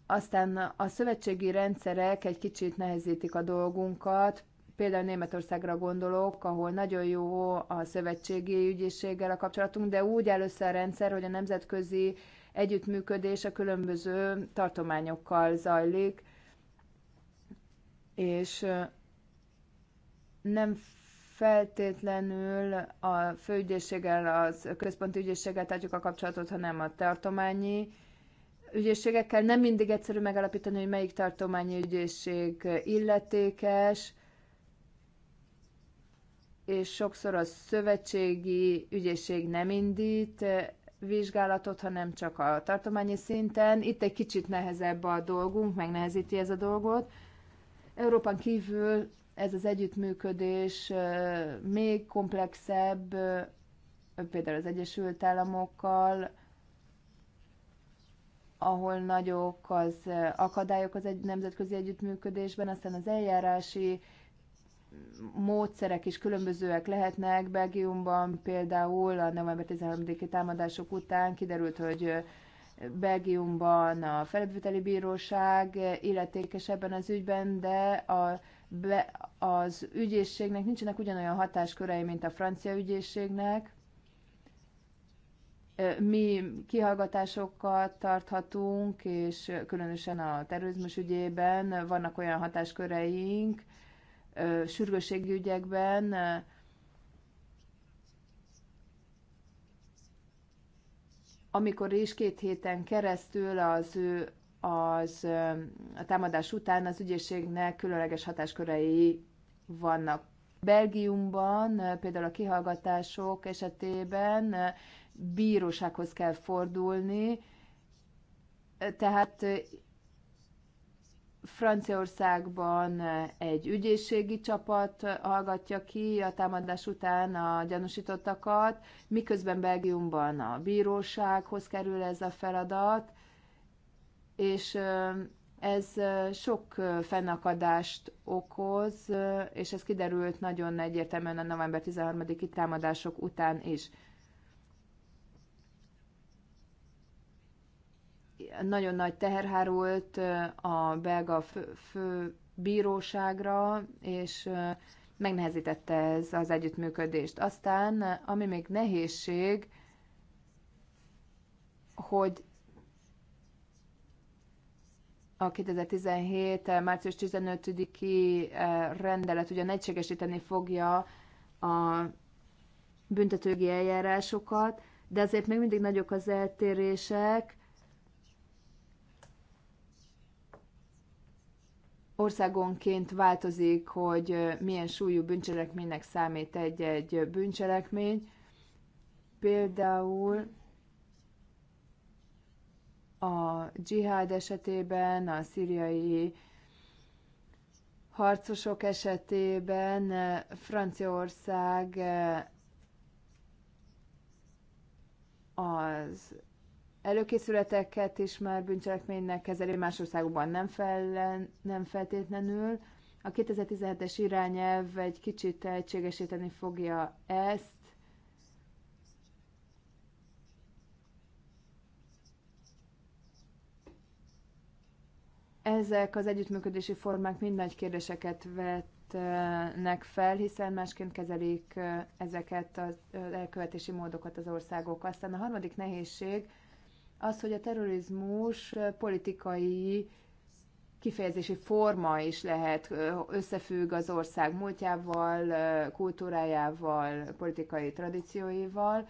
Aztán a szövetségi rendszerek egy kicsit nehezítik a dolgunkat, például Németországra gondolok, ahol nagyon jó a szövetségi ügyészséggel a kapcsolatunk, de úgy áll össze a rendszer, hogy a nemzetközi együttműködés a különböző tartományokkal zajlik, és nem feltétlenül a főügyészséggel, az központi ügyészséggel tartjuk a kapcsolatot, hanem a tartományi ügyészségekkel. Nem mindig egyszerű megalapítani, hogy melyik tartományi ügyészség illetékes, és sokszor a szövetségi ügyészség nem indít vizsgálatot, hanem csak a tartományi szinten. Itt egy kicsit nehezebb a dolgunk, megnehezíti ez a dolgot. Európán kívül ez az együttműködés még komplexebb, például az Egyesült Államokkal, ahol nagyok az akadályok az egy nemzetközi együttműködésben, aztán az eljárási módszerek is különbözőek lehetnek. Belgiumban például a november 13-i támadások után kiderült, hogy Belgiumban a felelőteli bíróság illetékes ebben az ügyben, de a, be, az ügyészségnek nincsenek ugyanolyan hatáskörei, mint a francia ügyészségnek. Mi kihallgatásokat tarthatunk, és különösen a terrorizmus ügyében vannak olyan hatásköreink, sürgősségi ügyekben amikor is két héten keresztül az ő az, a támadás után az ügyészségnek különleges hatáskörei vannak. Belgiumban például a kihallgatások esetében bírósághoz kell fordulni, tehát Franciaországban egy ügyészségi csapat hallgatja ki a támadás után a gyanúsítottakat, miközben Belgiumban a bírósághoz kerül ez a feladat, és ez sok fennakadást okoz, és ez kiderült nagyon egyértelműen a november 13-i támadások után is. nagyon nagy teherhárult a belga fő, fő bíróságra, és megnehezítette ez az együttműködést. Aztán, ami még nehézség, hogy a 2017. Eh, március 15-i eh, rendelet ugyan egységesíteni fogja a büntetőgi eljárásokat, de azért még mindig nagyok az eltérések, országonként változik, hogy milyen súlyú bűncselekménynek számít egy-egy bűncselekmény. Például a dzsihád esetében, a szíriai harcosok esetében Franciaország az előkészületeket is már bűncselekménynek kezeli, más országokban nem, fellen, nem feltétlenül. A 2017-es irányelv egy kicsit egységesíteni fogja ezt, Ezek az együttműködési formák mind nagy kérdéseket vetnek fel, hiszen másként kezelik ezeket az elkövetési módokat az országok. Aztán a harmadik nehézség, az, hogy a terrorizmus politikai kifejezési forma is lehet, összefügg az ország múltjával, kultúrájával, politikai tradícióival.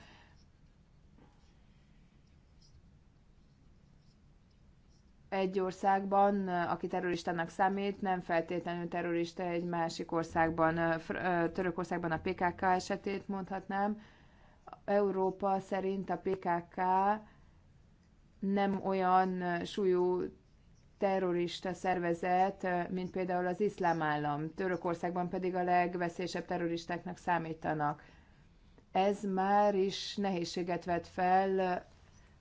Egy országban, aki terroristának számít, nem feltétlenül terrorista egy másik országban, Törökországban a PKK esetét mondhatnám. Európa szerint a PKK nem olyan súlyú terrorista szervezet, mint például az iszlám állam. Törökországban pedig a legveszélyesebb terroristáknak számítanak. Ez már is nehézséget vet fel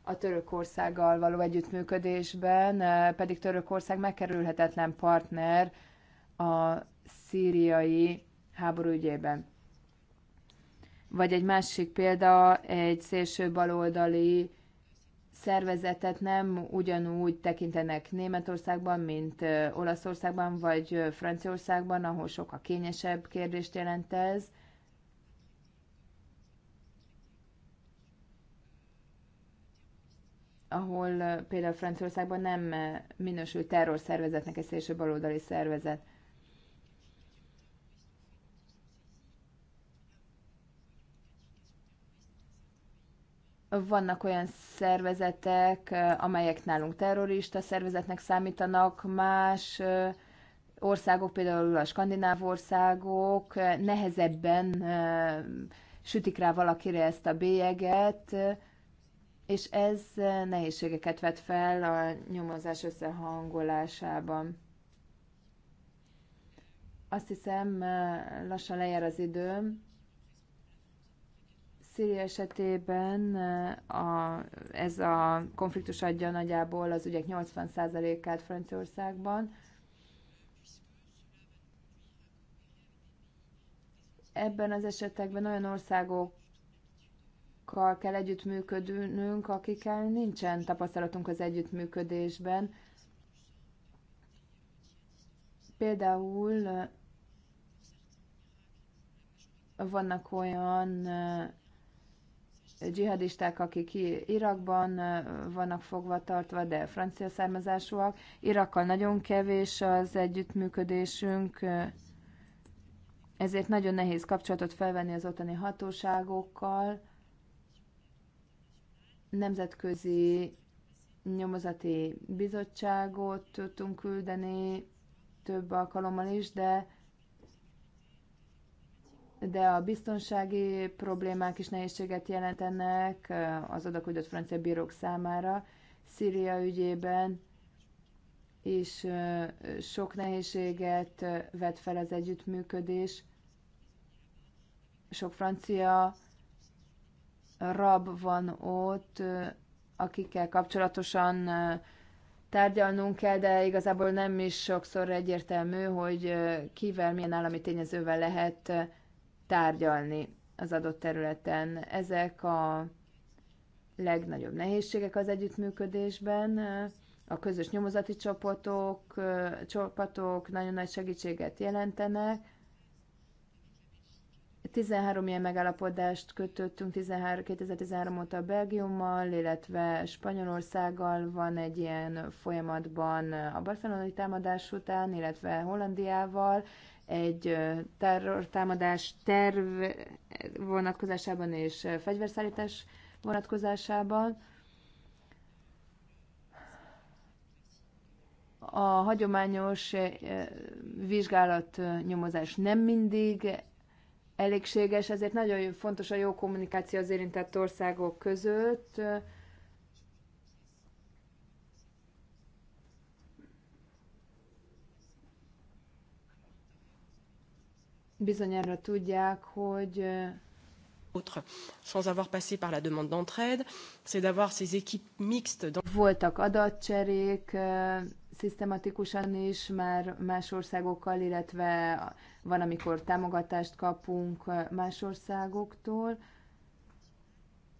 a Törökországgal való együttműködésben, pedig Törökország megkerülhetetlen partner a szíriai háború ügyében. Vagy egy másik példa, egy szélső baloldali szervezetet nem ugyanúgy tekintenek Németországban, mint Olaszországban vagy Franciaországban, ahol sokkal kényesebb kérdést jelent ez. ahol például Franciaországban nem minősül terrorszervezetnek egy szélső baloldali szervezet. Vannak olyan szervezetek, amelyek nálunk terrorista szervezetnek számítanak, más országok, például a skandináv országok nehezebben sütik rá valakire ezt a bélyeget, és ez nehézségeket vet fel a nyomozás összehangolásában. Azt hiszem, lassan lejár az időm. Szíria esetében eh, a, ez a konfliktus adja nagyjából az ügyek 80%-át Franciaországban. Ebben az esetekben olyan országokkal kell együttműködnünk, akikkel nincsen tapasztalatunk az együttműködésben. Például eh, vannak olyan eh, dzsihadisták, akik Irakban vannak fogva tartva, de francia származásúak. Irakkal nagyon kevés az együttműködésünk, ezért nagyon nehéz kapcsolatot felvenni az ottani hatóságokkal. Nemzetközi nyomozati bizottságot tudtunk küldeni több alkalommal is, de de a biztonsági problémák is nehézséget jelentenek az adakodott francia bírók számára. Szíria ügyében és sok nehézséget vet fel az együttműködés. Sok francia rab van ott, akikkel kapcsolatosan tárgyalnunk kell, de igazából nem is sokszor egyértelmű, hogy kivel, milyen állami tényezővel lehet tárgyalni az adott területen. Ezek a legnagyobb nehézségek az együttműködésben. A közös nyomozati csapatok, csapatok nagyon nagy segítséget jelentenek. 13 ilyen megállapodást kötöttünk 13, 2013 óta Belgiummal, illetve Spanyolországgal van egy ilyen folyamatban a barcelonai támadás után, illetve Hollandiával, egy terrortámadás terv vonatkozásában és fegyverszállítás vonatkozásában. A hagyományos vizsgálat nyomozás nem mindig elégséges, ezért nagyon fontos a jó kommunikáció az érintett országok között, Bizonyára tudják, hogy autre, sans avoir passé par la demande d'entraide, c'est d'avoir ces équipes mixtes. Dans... Voltak adatcserék, szisztematikusan is már más országokkal, illetve van, amikor támogatást kapunk más országoktól,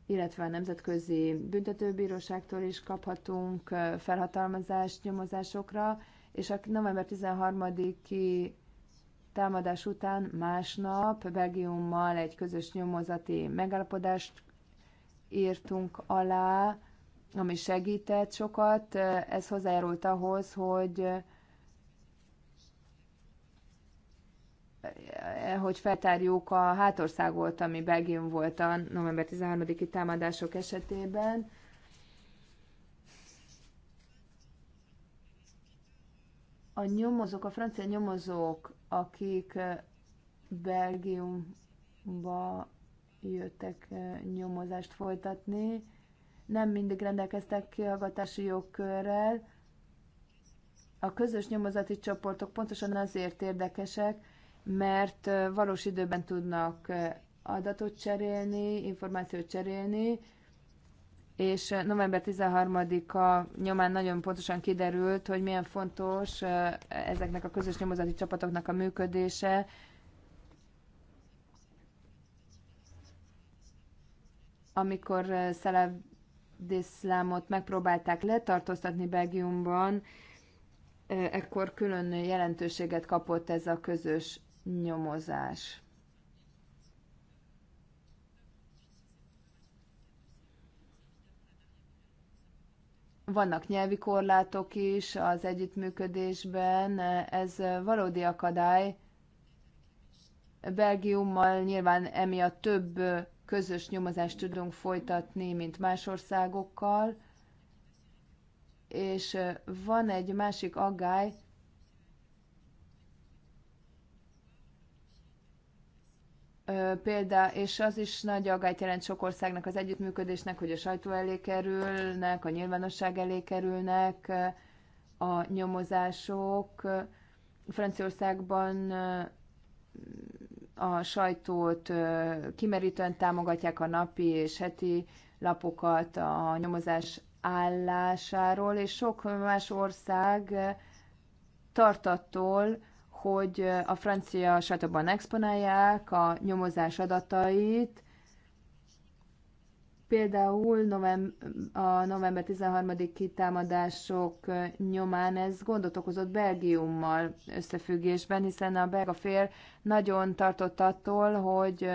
illetve a Nemzetközi Büntetőbíróságtól is kaphatunk felhatalmazást nyomozásokra, és a november 13-i támadás után másnap Belgiummal egy közös nyomozati megállapodást írtunk alá, ami segített sokat. Ez hozzájárult ahhoz, hogy hogy feltárjuk a hátországot, ami Belgium volt a november 13-i támadások esetében. A nyomozók, a francia nyomozók akik eh, Belgiumba jöttek eh, nyomozást folytatni, nem mindig rendelkeztek kihallgatási jogkörrel. A közös nyomozati csoportok pontosan azért érdekesek, mert eh, valós időben tudnak adatot cserélni, információt cserélni, és eh, november 13-a nyomán nagyon pontosan kiderült, hogy milyen fontos eh, ezeknek a közös nyomozati csapatoknak a működése, amikor eh, Szelevdiszlámot megpróbálták letartóztatni Belgiumban, ekkor külön jelentőséget kapott ez a közös nyomozás. Vannak nyelvi korlátok is az együttműködésben, ez valódi akadály. Belgiummal nyilván emiatt több közös nyomozást tudunk folytatni, mint más országokkal, és van egy másik aggály, példa, és az is nagy aggályt jelent sok országnak az együttműködésnek, hogy a sajtó elé kerülnek, a nyilvánosság elé kerülnek a nyomozások. Franciaországban a sajtót kimerítően támogatják a napi és heti lapokat a nyomozás állásáról, és sok más ország tartattól, hogy a francia sajtóban exponálják a nyomozás adatait, Például november, a november 13-i támadások nyomán ez gondot okozott Belgiummal összefüggésben, hiszen a belga fél nagyon tartott attól, hogy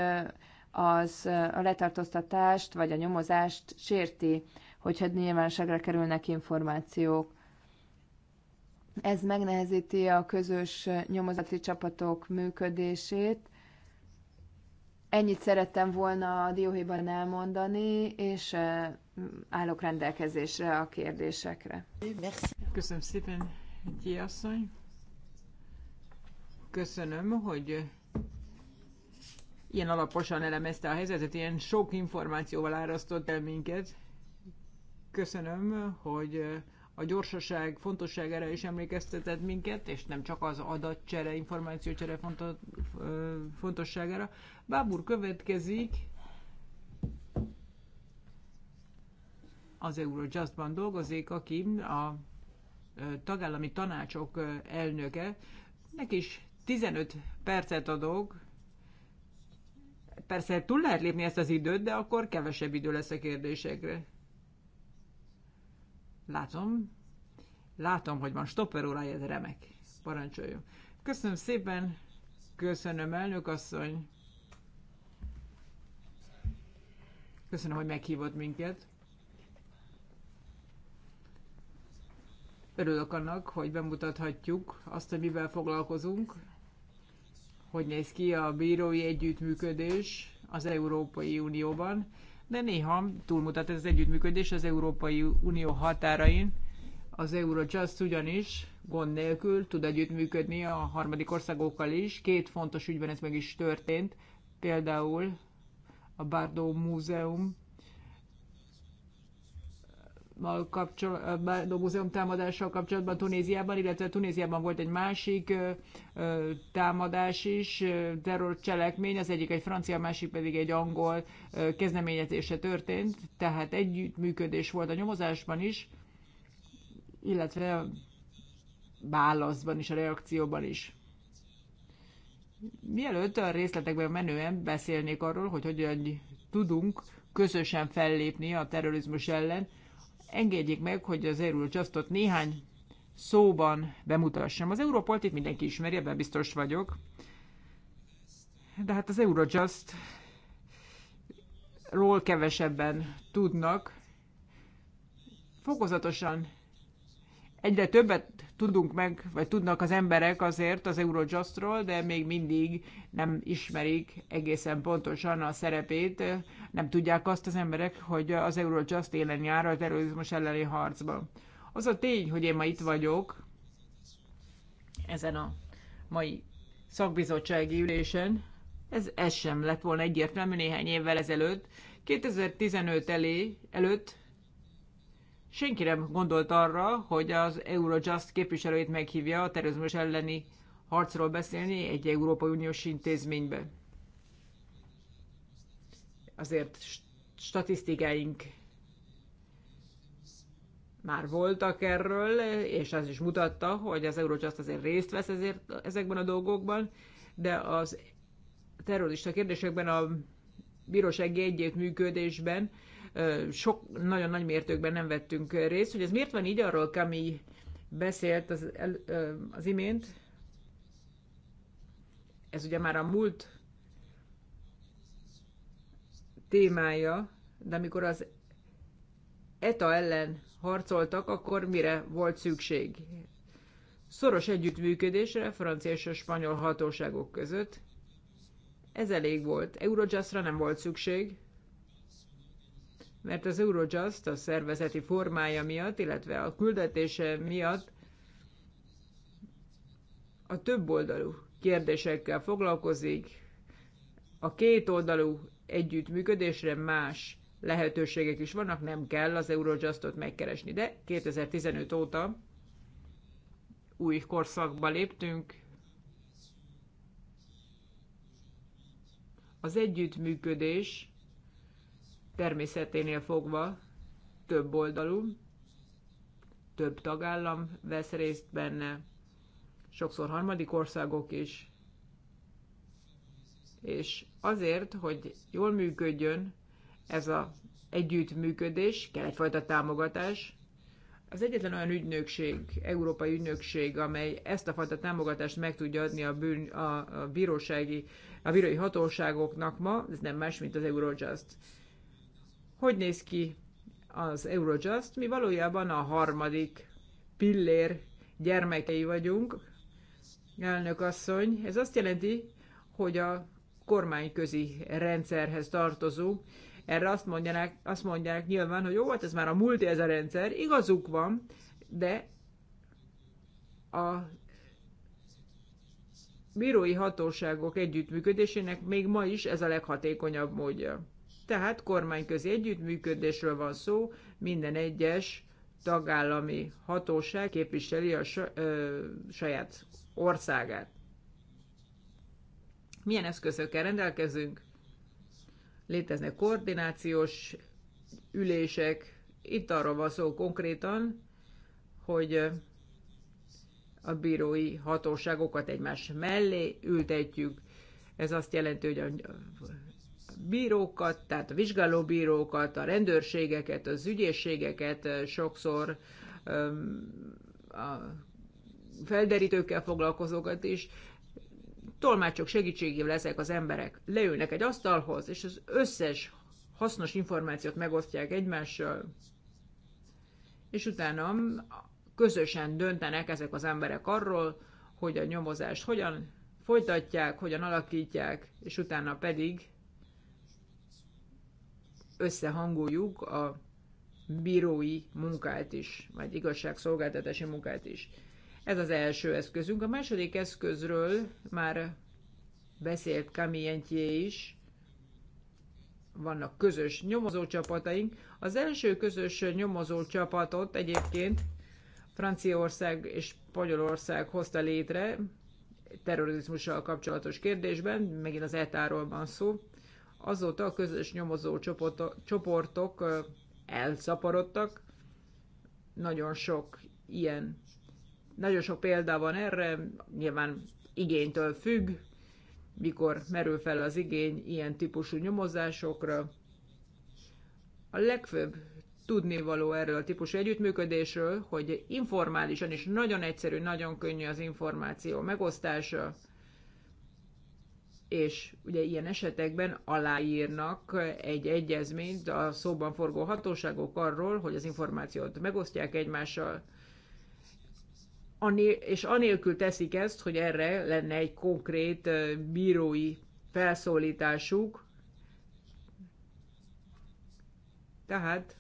az a letartóztatást vagy a nyomozást sérti, hogyha nyilvánosságra kerülnek információk. Ez megnehezíti a közös nyomozati csapatok működését. Ennyit szerettem volna a dióhéjban elmondani, és állok rendelkezésre a kérdésekre. Köszönöm szépen, Gyi asszony. Köszönöm, hogy ilyen alaposan elemezte a helyzetet, ilyen sok információval árasztott el minket. Köszönöm, hogy a gyorsaság fontosságára is emlékeztetett minket, és nem csak az adatcsere, információcsere fontosságára. Bábur következik, az Eurojustban dolgozik, aki a tagállami tanácsok elnöke. Neki is 15 percet adok. Persze túl lehet lépni ezt az időt, de akkor kevesebb idő lesz a kérdésekre. Látom. Látom, hogy van stopper órája, ez remek. Parancsoljon. Köszönöm szépen. Köszönöm, elnök asszony. Köszönöm, hogy meghívott minket. Örülök annak, hogy bemutathatjuk azt, hogy mivel foglalkozunk, hogy néz ki a bírói együttműködés az Európai Unióban de néha túlmutat ez az együttműködés az Európai Unió határain. Az Eurojust ugyanis gond nélkül tud együttműködni a harmadik országokkal is. Két fontos ügyben ez meg is történt, például a Bardo Múzeum kapcsolatban, a múzeum támadással kapcsolatban Tunéziában, illetve Tunéziában volt egy másik támadás is, terrorcselekmény, az egyik egy francia, a másik pedig egy angol kezdeményezése történt, tehát együttműködés volt a nyomozásban is, illetve a válaszban is, a reakcióban is. Mielőtt a részletekben menően beszélnék arról, hogy hogyan tudunk közösen fellépni a terrorizmus ellen, Engedjék meg, hogy az Eurojustot néhány szóban bemutassam. Az Europolt itt mindenki ismeri, ebben biztos vagyok. De hát az Eurojust ról kevesebben tudnak. Fokozatosan egyre többet tudunk meg, vagy tudnak az emberek azért az Eurojustról, de még mindig nem ismerik egészen pontosan a szerepét, nem tudják azt az emberek, hogy az Eurojust élen jár a terrorizmus elleni harcban. Az a tény, hogy én ma itt vagyok, ezen a mai szakbizottsági ülésen, ez, ez sem lett volna egyértelmű néhány évvel ezelőtt. 2015 elé, előtt senki nem gondolt arra, hogy az Eurojust képviselőjét meghívja a terrorizmus elleni harcról beszélni egy Európai Uniós intézménybe. Azért statisztikáink már voltak erről, és az is mutatta, hogy az Eurojust azért részt vesz ezért, ezekben a dolgokban, de az terrorista kérdésekben a bírósági együttműködésben sok, nagyon nagy mértékben nem vettünk részt. Hogy ez miért van így, arról Kami beszélt az, el, az imént. Ez ugye már a múlt témája, de amikor az ETA ellen harcoltak, akkor mire volt szükség? Szoros együttműködésre francia és a spanyol hatóságok között. Ez elég volt. Eurojustra nem volt szükség mert az Eurojust a szervezeti formája miatt, illetve a küldetése miatt a többoldalú kérdésekkel foglalkozik, a kétoldalú együttműködésre más lehetőségek is vannak, nem kell az Eurojustot megkeresni. De 2015 óta új korszakba léptünk, az együttműködés természeténél fogva több oldalú, több tagállam vesz részt benne, sokszor harmadik országok is, és azért, hogy jól működjön ez a együttműködés, kell egyfajta támogatás. Az egyetlen olyan ügynökség, európai ügynökség, amely ezt a fajta támogatást meg tudja adni a, bűn, a, a bírósági, a bírói hatóságoknak ma, ez nem más, mint az Eurojust. Hogy néz ki az Eurojust? Mi valójában a harmadik pillér gyermekei vagyunk, elnök asszony. Ez azt jelenti, hogy a kormányközi rendszerhez tartozunk. Erre azt mondják, azt mondják nyilván, hogy jó, hát ez már a múlt ez a rendszer. Igazuk van, de a bírói hatóságok együttműködésének még ma is ez a leghatékonyabb módja. Tehát kormányközi együttműködésről van szó, minden egyes tagállami hatóság képviseli a saját országát. Milyen eszközökkel rendelkezünk? Léteznek koordinációs ülések. Itt arról van szó konkrétan, hogy a bírói hatóságokat egymás mellé ültetjük. Ez azt jelenti, hogy a bírókat, tehát a vizsgálóbírókat, a rendőrségeket, az ügyészségeket sokszor a felderítőkkel foglalkozókat is, tolmácsok segítségével leszek az emberek leülnek egy asztalhoz, és az összes hasznos információt megosztják egymással, és utána közösen döntenek ezek az emberek arról, hogy a nyomozást hogyan folytatják, hogyan alakítják, és utána pedig összehangoljuk a bírói munkát is, vagy igazságszolgáltatási munkát is. Ez az első eszközünk. A második eszközről már beszélt Kamientjé is, vannak közös nyomozócsapataink. Az első közös nyomozócsapatot egyébként Franciaország és Spanyolország hozta létre terrorizmussal kapcsolatos kérdésben, megint az ETA-ról van szó. Azóta a közös nyomozó csoportok elszaporodtak, nagyon sok ilyen, nagyon sok példa van erre, nyilván igénytől függ, mikor merül fel az igény ilyen típusú nyomozásokra. A legfőbb tudnivaló erről a típusú együttműködésről, hogy informálisan és nagyon egyszerű, nagyon könnyű az információ megosztása, és ugye ilyen esetekben aláírnak egy egyezményt a szóban forgó hatóságok arról, hogy az információt megosztják egymással, és anélkül teszik ezt, hogy erre lenne egy konkrét bírói felszólításuk. Tehát,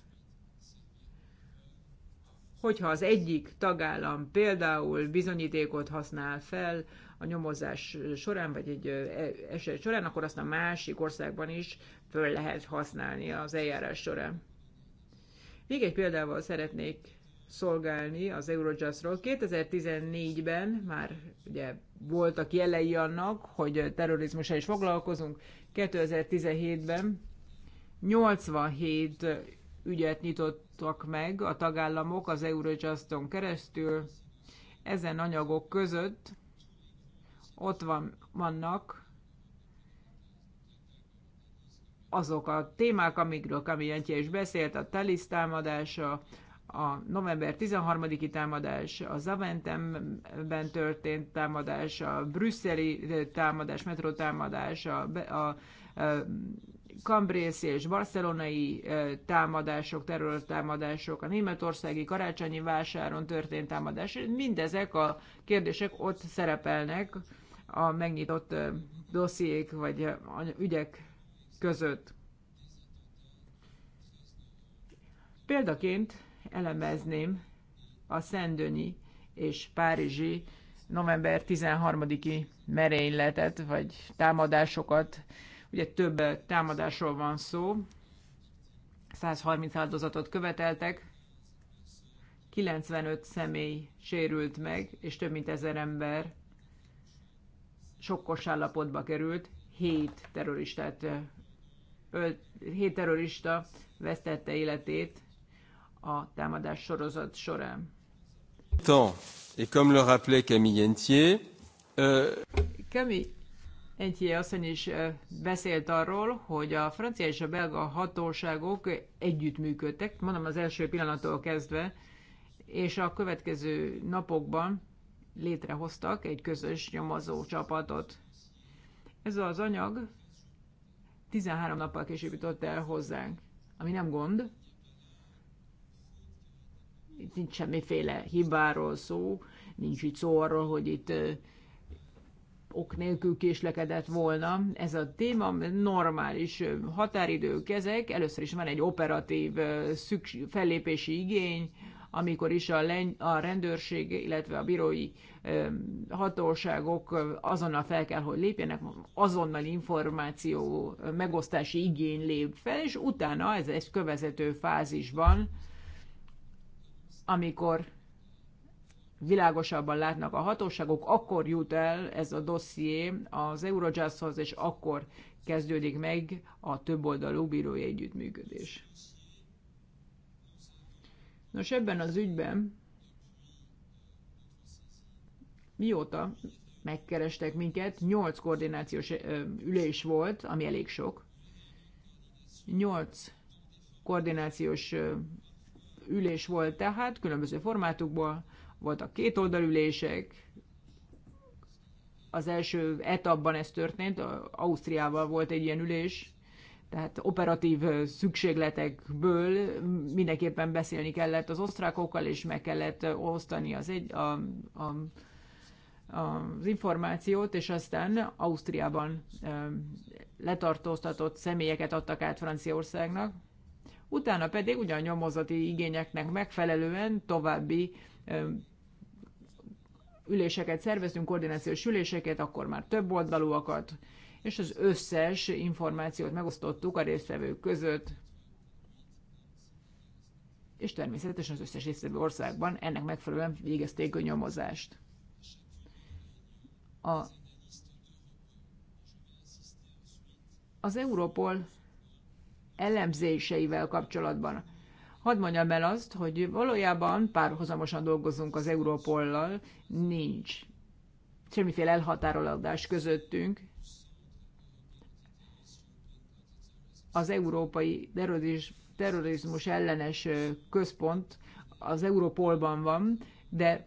hogyha az egyik tagállam például bizonyítékot használ fel, a nyomozás során, vagy egy e, eset során, akkor azt a másik országban is föl lehet használni az eljárás során. Még egy példával szeretnék szolgálni az Eurojustról. 2014-ben már ugye voltak jelei annak, hogy terrorizmussal is foglalkozunk. 2017-ben 87 ügyet nyitottak meg a tagállamok az Eurojuston keresztül. Ezen anyagok között ott van, vannak azok a témák, amikről Jentje is beszélt, a Telis támadása, a november 13-i támadás, a Zaventemben történt támadás, a brüsszeli eh, támadás, metró támadás, a, a, a eh, Cambrész és barcelonai eh, támadások, terrortámadások, a németországi karácsonyi vásáron történt támadás, mindezek a kérdések ott szerepelnek a megnyitott dossziék vagy ügyek között. Példaként elemezném a Szendőnyi és Párizsi november 13-i merényletet, vagy támadásokat. Ugye több támadásról van szó. 130 áldozatot követeltek, 95 személy sérült meg, és több mint ezer ember sokkos állapotba került, hét terroristát, ölt, hét terrorista vesztette életét a támadás sorozat során. Tant, et comme le rappelait Camille Entier, euh... Camille Entier asszony is beszélt arról, hogy a francia és a belga hatóságok együttműködtek, mondom az első pillanattól kezdve, és a következő napokban létrehoztak egy közös nyomozó csapatot. Ez az anyag 13 nappal később jutott el hozzánk, ami nem gond. Itt nincs semmiféle hibáról szó, nincs itt szó arról, hogy itt ok nélkül késlekedett volna. Ez a téma normális határidők ezek. Először is van egy operatív szükség, fellépési igény, amikor is a, leny- a rendőrség, illetve a bírói hatóságok azonnal fel kell, hogy lépjenek, azonnal információ megosztási igény lép fel, és utána ez egy fázis fázisban, amikor világosabban látnak a hatóságok, akkor jut el ez a dosszié az Eurojusthoz, és akkor kezdődik meg a több oldalú bírói együttműködés. Nos, ebben az ügyben mióta megkerestek minket, 8 koordinációs ülés volt, ami elég sok. 8 koordinációs ülés volt tehát, különböző formátukból, voltak oldalülések, az első etapban ez történt, Ausztriával volt egy ilyen ülés, tehát operatív szükségletekből mindenképpen beszélni kellett az osztrákokkal, és meg kellett osztani az, egy, a, a, az információt, és aztán Ausztriában letartóztatott személyeket adtak át Franciaországnak, utána pedig ugyan nyomozati igényeknek megfelelően további üléseket szerveztünk, koordinációs üléseket, akkor már több oldalúakat, és az összes információt megosztottuk a résztvevők között, és természetesen az összes résztvevő országban ennek megfelelően végezték a nyomozást. A, az Európol elemzéseivel kapcsolatban hadd mondjam el azt, hogy valójában párhuzamosan dolgozunk az Európollal, nincs semmiféle elhatárolódás közöttünk, az Európai Terrorizmus, Terrorizmus ellenes központ az Európolban van, de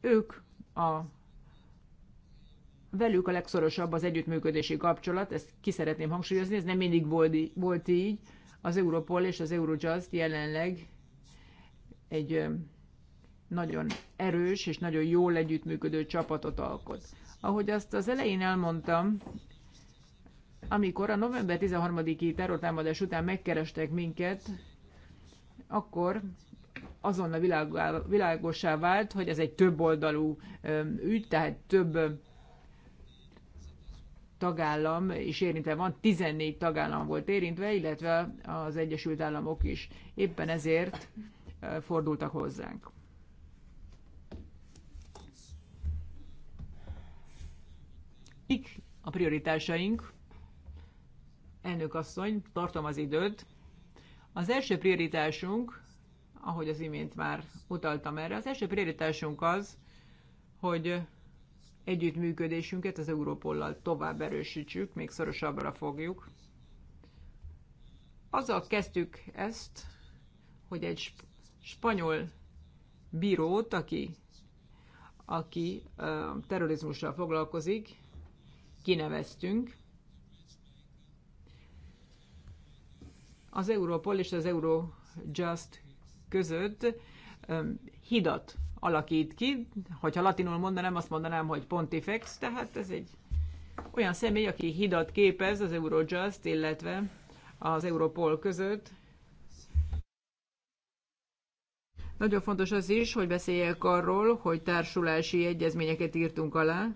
ők a velük a legszorosabb az együttműködési kapcsolat, ezt ki szeretném hangsúlyozni, ez nem mindig volt, volt így. Az Europol és az Eurojust jelenleg egy nagyon erős és nagyon jól együttműködő csapatot alkot. Ahogy azt az elején elmondtam, amikor a november 13-i terrortámadás után megkerestek minket, akkor azonnal világosá vált, hogy ez egy többoldalú ügy, tehát több tagállam is érintve van, 14 tagállam volt érintve, illetve az Egyesült Államok is. Éppen ezért fordultak hozzánk. Mik a prioritásaink? Elnök asszony, tartom az időt. Az első prioritásunk, ahogy az imént már utaltam erre, az első prioritásunk az, hogy együttműködésünket az Európollal tovább erősítsük, még szorosabbra fogjuk. Azzal kezdtük ezt, hogy egy spanyol bírót, aki, aki terrorizmussal foglalkozik, kineveztünk. az Europol és az Eurojust között hidat alakít ki. Hogyha latinul mondanám, azt mondanám, hogy pontifex, tehát ez egy olyan személy, aki hidat képez az Eurojust, illetve az Europol között. Nagyon fontos az is, hogy beszéljek arról, hogy társulási egyezményeket írtunk alá.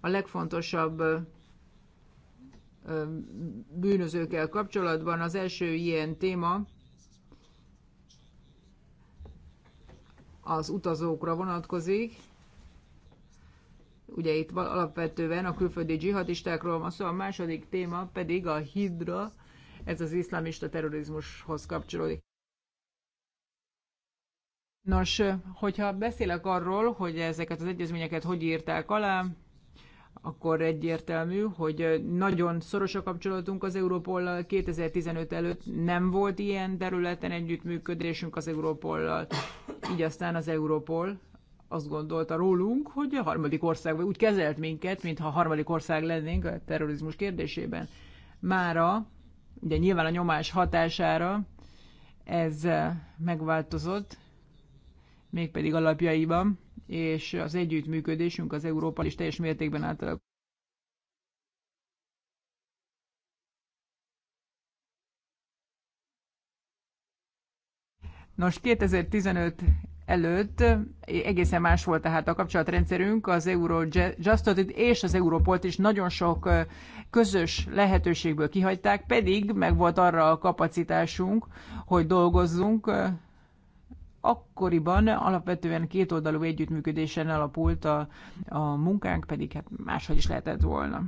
A legfontosabb bűnözőkkel kapcsolatban. Az első ilyen téma az utazókra vonatkozik. Ugye itt alapvetően a külföldi dzsihadistákról van szó, szóval a második téma pedig a hidra, ez az iszlamista terrorizmushoz kapcsolódik. Nos, hogyha beszélek arról, hogy ezeket az egyezményeket hogy írták alá, akkor egyértelmű, hogy nagyon szoros a kapcsolatunk az Európollal. 2015 előtt nem volt ilyen területen együttműködésünk az Európollal. Így aztán az Európol azt gondolta rólunk, hogy a harmadik ország úgy kezelt minket, mintha a harmadik ország lennénk a terrorizmus kérdésében. Mára, ugye nyilván a nyomás hatására ez megváltozott, mégpedig alapjaiban és az együttműködésünk az Európa is teljes mértékben átalakul. Nos, 2015 előtt egészen más volt tehát a kapcsolatrendszerünk, az Eurojustot és az Europolt is nagyon sok közös lehetőségből kihagyták, pedig meg volt arra a kapacitásunk, hogy dolgozzunk akkoriban alapvetően kétoldalú együttműködésen alapult a, a munkánk, pedig hát máshogy is lehetett volna.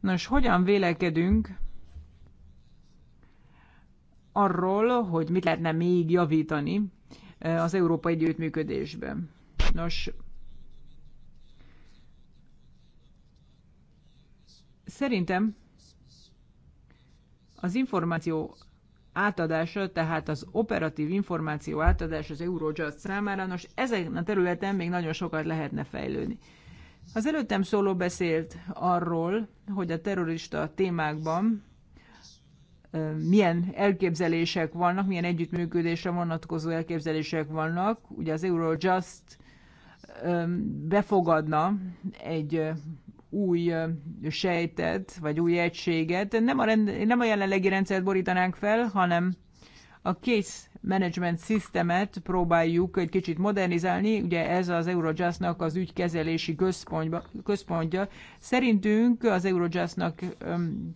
Nos, hogyan vélekedünk arról, hogy mit lehetne még javítani eh, az európai együttműködésben? Nos, szerintem az információ átadása, tehát az operatív információ átadás az Eurojust számára, nos ezen a területen még nagyon sokat lehetne fejlődni. Az előttem szóló beszélt arról, hogy a terrorista témákban milyen elképzelések vannak, milyen együttműködésre vonatkozó elképzelések vannak. Ugye az Eurojust befogadna egy új sejtet, vagy új egységet. Nem a, rend, nem a jelenlegi rendszert borítanánk fel, hanem a kész management systemet próbáljuk egy kicsit modernizálni, ugye ez az Eurojustnak az ügykezelési központja. Szerintünk az Eurojustnak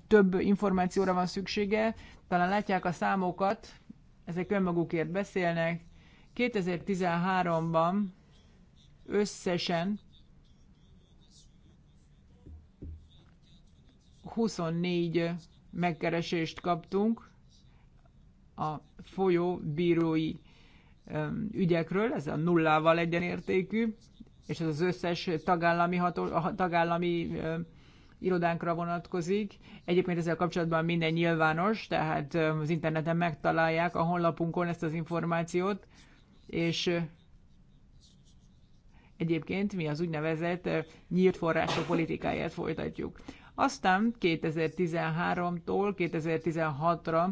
több információra van szüksége, talán látják a számokat, ezek önmagukért beszélnek. 2013-ban összesen 24 megkeresést kaptunk a folyó bírói ügyekről, ez a nullával egyenértékű, és ez az összes tagállami, ható, tagállami irodánkra vonatkozik. Egyébként ezzel kapcsolatban minden nyilvános, tehát az interneten megtalálják a honlapunkon ezt az információt, és egyébként mi az úgynevezett nyílt források politikáját folytatjuk. Aztán 2013-tól 2016-ra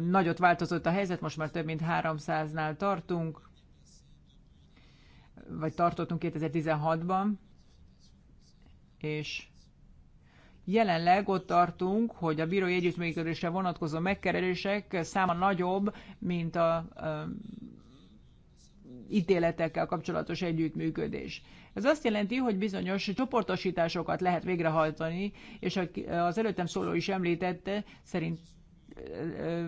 nagyot változott a helyzet, most már több mint 300-nál tartunk, vagy tartottunk 2016-ban, és jelenleg ott tartunk, hogy a bírói együttműködésre vonatkozó megkeresések száma nagyobb, mint a, a ítéletekkel kapcsolatos együttműködés. Ez azt jelenti, hogy bizonyos csoportosításokat lehet végrehajtani, és az előttem szóló is említette, szerint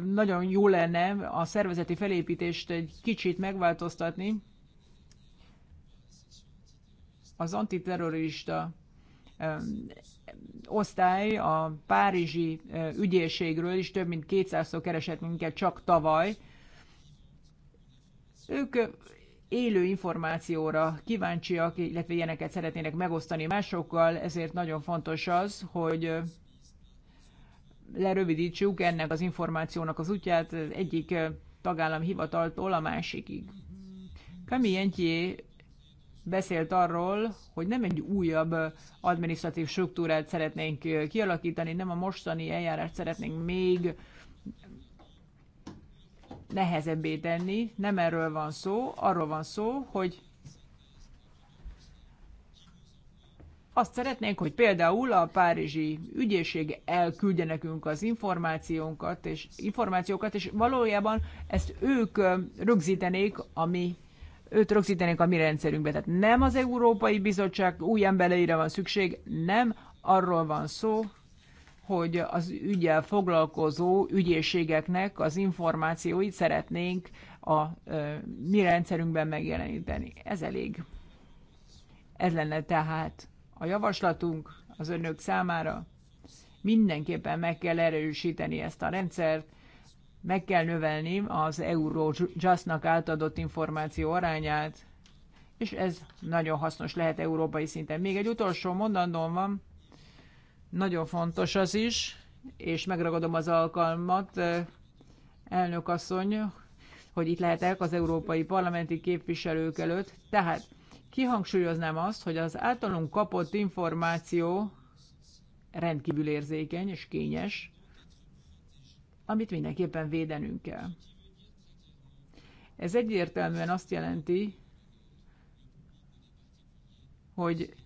nagyon jó lenne a szervezeti felépítést egy kicsit megváltoztatni. Az antiterrorista osztály a párizsi ügyészségről is több mint 200-szor keresett minket csak tavaly. Ők élő információra kíváncsiak, illetve ilyeneket szeretnének megosztani másokkal, ezért nagyon fontos az, hogy lerövidítsük ennek az információnak az útját egyik tagállam hivataltól a másikig. Camille Entier beszélt arról, hogy nem egy újabb administratív struktúrát szeretnénk kialakítani, nem a mostani eljárást szeretnénk még nehezebbé tenni. Nem erről van szó, arról van szó, hogy azt szeretnénk, hogy például a párizsi ügyészség elküldje nekünk az információkat, és információkat, és valójában ezt ők rögzítenék, ami őt rögzítenék a mi rendszerünkbe. Tehát nem az Európai Bizottság új embereire van szükség, nem arról van szó, hogy az ügyel foglalkozó ügyészségeknek az információit szeretnénk a mi rendszerünkben megjeleníteni. Ez elég. Ez lenne tehát a javaslatunk az önök számára. Mindenképpen meg kell erősíteni ezt a rendszert, meg kell növelni az Eurojust-nak átadott információ arányát, és ez nagyon hasznos lehet európai szinten. Még egy utolsó mondandóm van, nagyon fontos az is, és megragadom az alkalmat, elnök asszony, hogy itt lehetek az európai parlamenti képviselők előtt. Tehát kihangsúlyoznám azt, hogy az általunk kapott információ rendkívül érzékeny és kényes, amit mindenképpen védenünk kell. Ez egyértelműen azt jelenti, hogy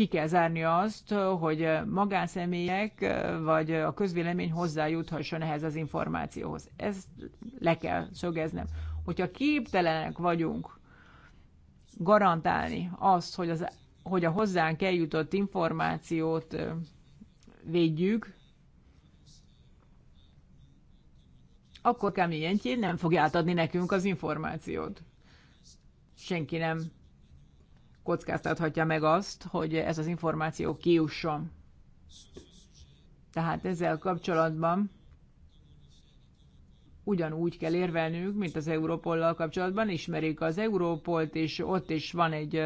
ki kell zárni azt, hogy magánszemélyek vagy a közvélemény hozzájuthasson ehhez az információhoz. Ezt le kell szögeznem. Hogyha képtelenek vagyunk garantálni azt, hogy, az, hogy a hozzánk eljutott információt védjük, akkor Kamilyentjén nem fogja átadni nekünk az információt. Senki nem kockáztathatja meg azt, hogy ez az információ kiusson. Tehát ezzel kapcsolatban ugyanúgy kell érvelnünk, mint az Európollal kapcsolatban, ismerik az Európolt, és ott is van egy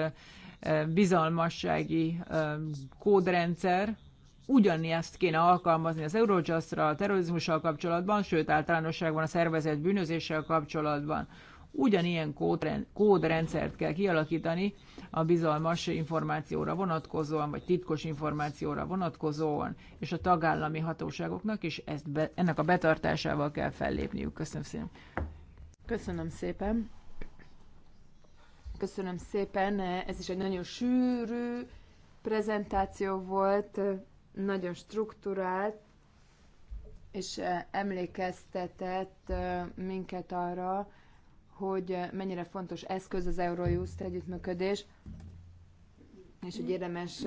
bizalmassági kódrendszer, ugyanezt kéne alkalmazni az Eurojustra, a terrorizmussal kapcsolatban, sőt általánosságban a szervezett bűnözéssel kapcsolatban ugyanilyen kódrendszert kell kialakítani a bizalmas információra vonatkozóan, vagy titkos információra vonatkozóan, és a tagállami hatóságoknak is ezt be, ennek a betartásával kell fellépniük. Köszönöm szépen. Köszönöm szépen. Köszönöm szépen. Ez is egy nagyon sűrű prezentáció volt, nagyon struktúrált, és emlékeztetett minket arra, hogy mennyire fontos eszköz az Eurojust együttműködés, és hogy érdemes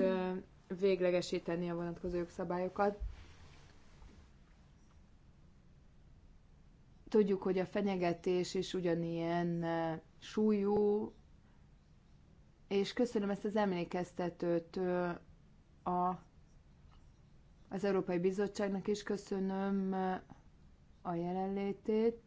véglegesíteni a vonatkozó jogszabályokat. Tudjuk, hogy a fenyegetés is ugyanilyen súlyú, és köszönöm ezt az emlékeztetőt a, az Európai Bizottságnak is, köszönöm a jelenlétét.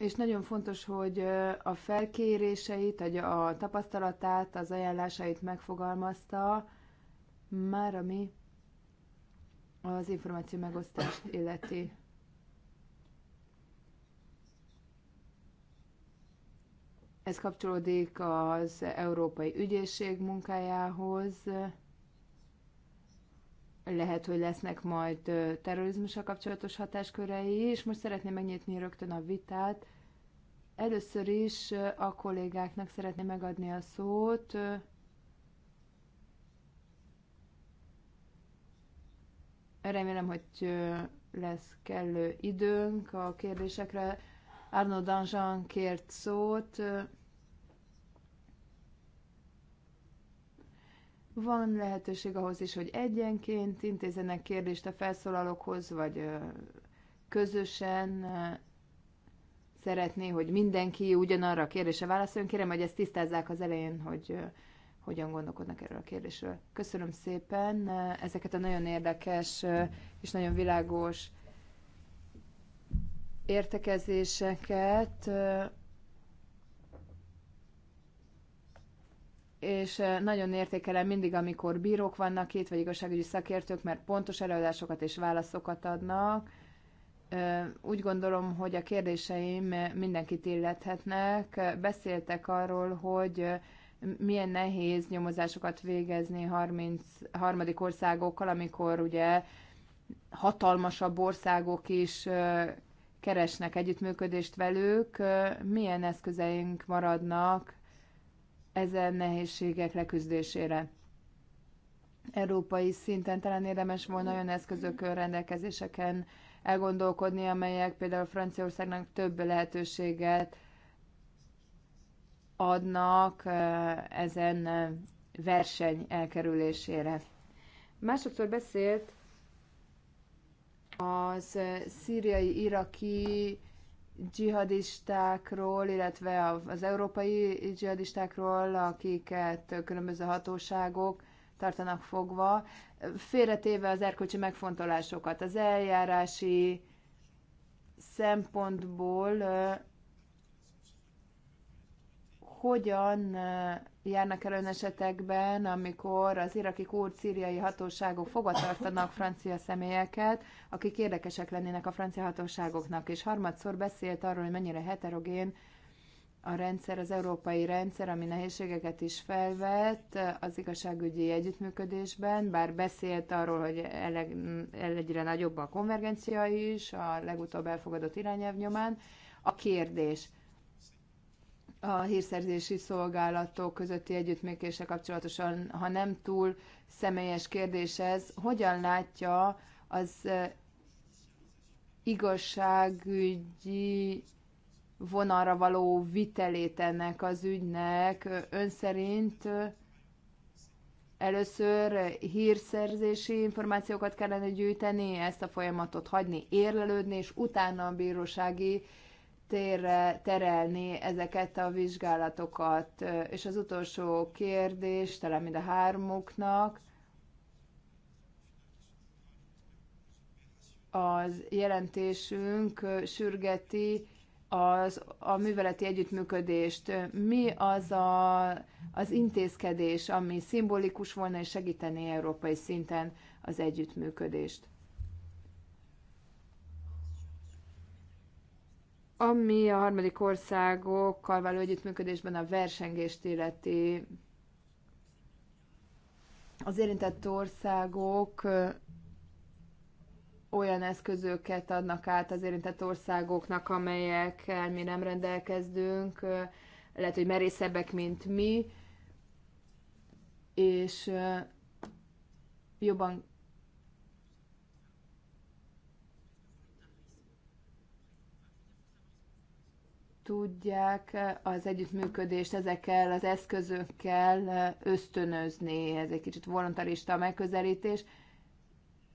és nagyon fontos, hogy a felkéréseit, a tapasztalatát, az ajánlásait megfogalmazta, már ami az információ megosztást illeti. Ez kapcsolódik az Európai Ügyészség munkájához, lehet, hogy lesznek majd terrorizmussal kapcsolatos hatáskörei, és most szeretném megnyitni rögtön a vitát. Először is a kollégáknak szeretném megadni a szót. Remélem, hogy lesz kellő időnk a kérdésekre. Arnaud Danjean kért szót. Van lehetőség ahhoz is, hogy egyenként intézenek kérdést a felszólalókhoz, vagy közösen szeretné, hogy mindenki ugyanarra a kérdésre válaszoljon. Kérem, hogy ezt tisztázzák az elején, hogy hogyan gondolkodnak erről a kérdésről. Köszönöm szépen ezeket a nagyon érdekes és nagyon világos értekezéseket és eh, nagyon értékelem mindig, amikor bírók vannak itt, vagy igazságügyi szakértők, mert pontos előadásokat és válaszokat adnak. Eh, úgy gondolom, hogy a kérdéseim eh, mindenkit illethetnek. Beszéltek arról, hogy milyen nehéz nyomozásokat végezni 33. harmadik országokkal, amikor ugye hatalmasabb országok is keresnek együttműködést velük, milyen eszközeink maradnak ezen nehézségek leküzdésére. Európai szinten talán érdemes volna olyan eszközök rendelkezéseken elgondolkodni, amelyek például Franciaországnak több lehetőséget adnak ezen verseny elkerülésére. Másodszor beszélt az szíriai-iraki dzsihadistákról, illetve az európai dzsihadistákról, akiket különböző hatóságok tartanak fogva, félretéve az erkölcsi megfontolásokat. Az eljárási szempontból hogyan eh, járnak el ön esetekben, amikor az iraki kurd szíriai hatóságok fogatartanak francia személyeket, akik érdekesek lennének a francia hatóságoknak, és harmadszor beszélt arról, hogy mennyire heterogén a rendszer, az európai rendszer, ami nehézségeket is felvett eh, az igazságügyi együttműködésben, bár beszélt arról, hogy eleg, egyre nagyobb a konvergencia is, a legutóbb elfogadott irányelv nyomán. A kérdés – a hírszerzési szolgálatok közötti együttműködése kapcsolatosan, ha nem túl személyes kérdés ez, hogyan látja az igazságügyi vonalra való vitelét ennek az ügynek. Ön szerint először hírszerzési információkat kellene gyűjteni, ezt a folyamatot hagyni érlelődni, és utána a bírósági térre terelni ezeket a vizsgálatokat. És az utolsó kérdés, talán mind a hármuknak, az jelentésünk sürgeti az, a műveleti együttműködést. Mi az a, az intézkedés, ami szimbolikus volna és segíteni európai szinten az együttműködést? Ami a harmadik országokkal való együttműködésben a versengést illeti, az érintett országok olyan eszközöket adnak át az érintett országoknak, amelyekkel mi nem rendelkezdünk, lehet, hogy merészebbek, mint mi, és jobban tudják az együttműködést ezekkel az eszközökkel ösztönözni. Ez egy kicsit voluntarista megközelítés.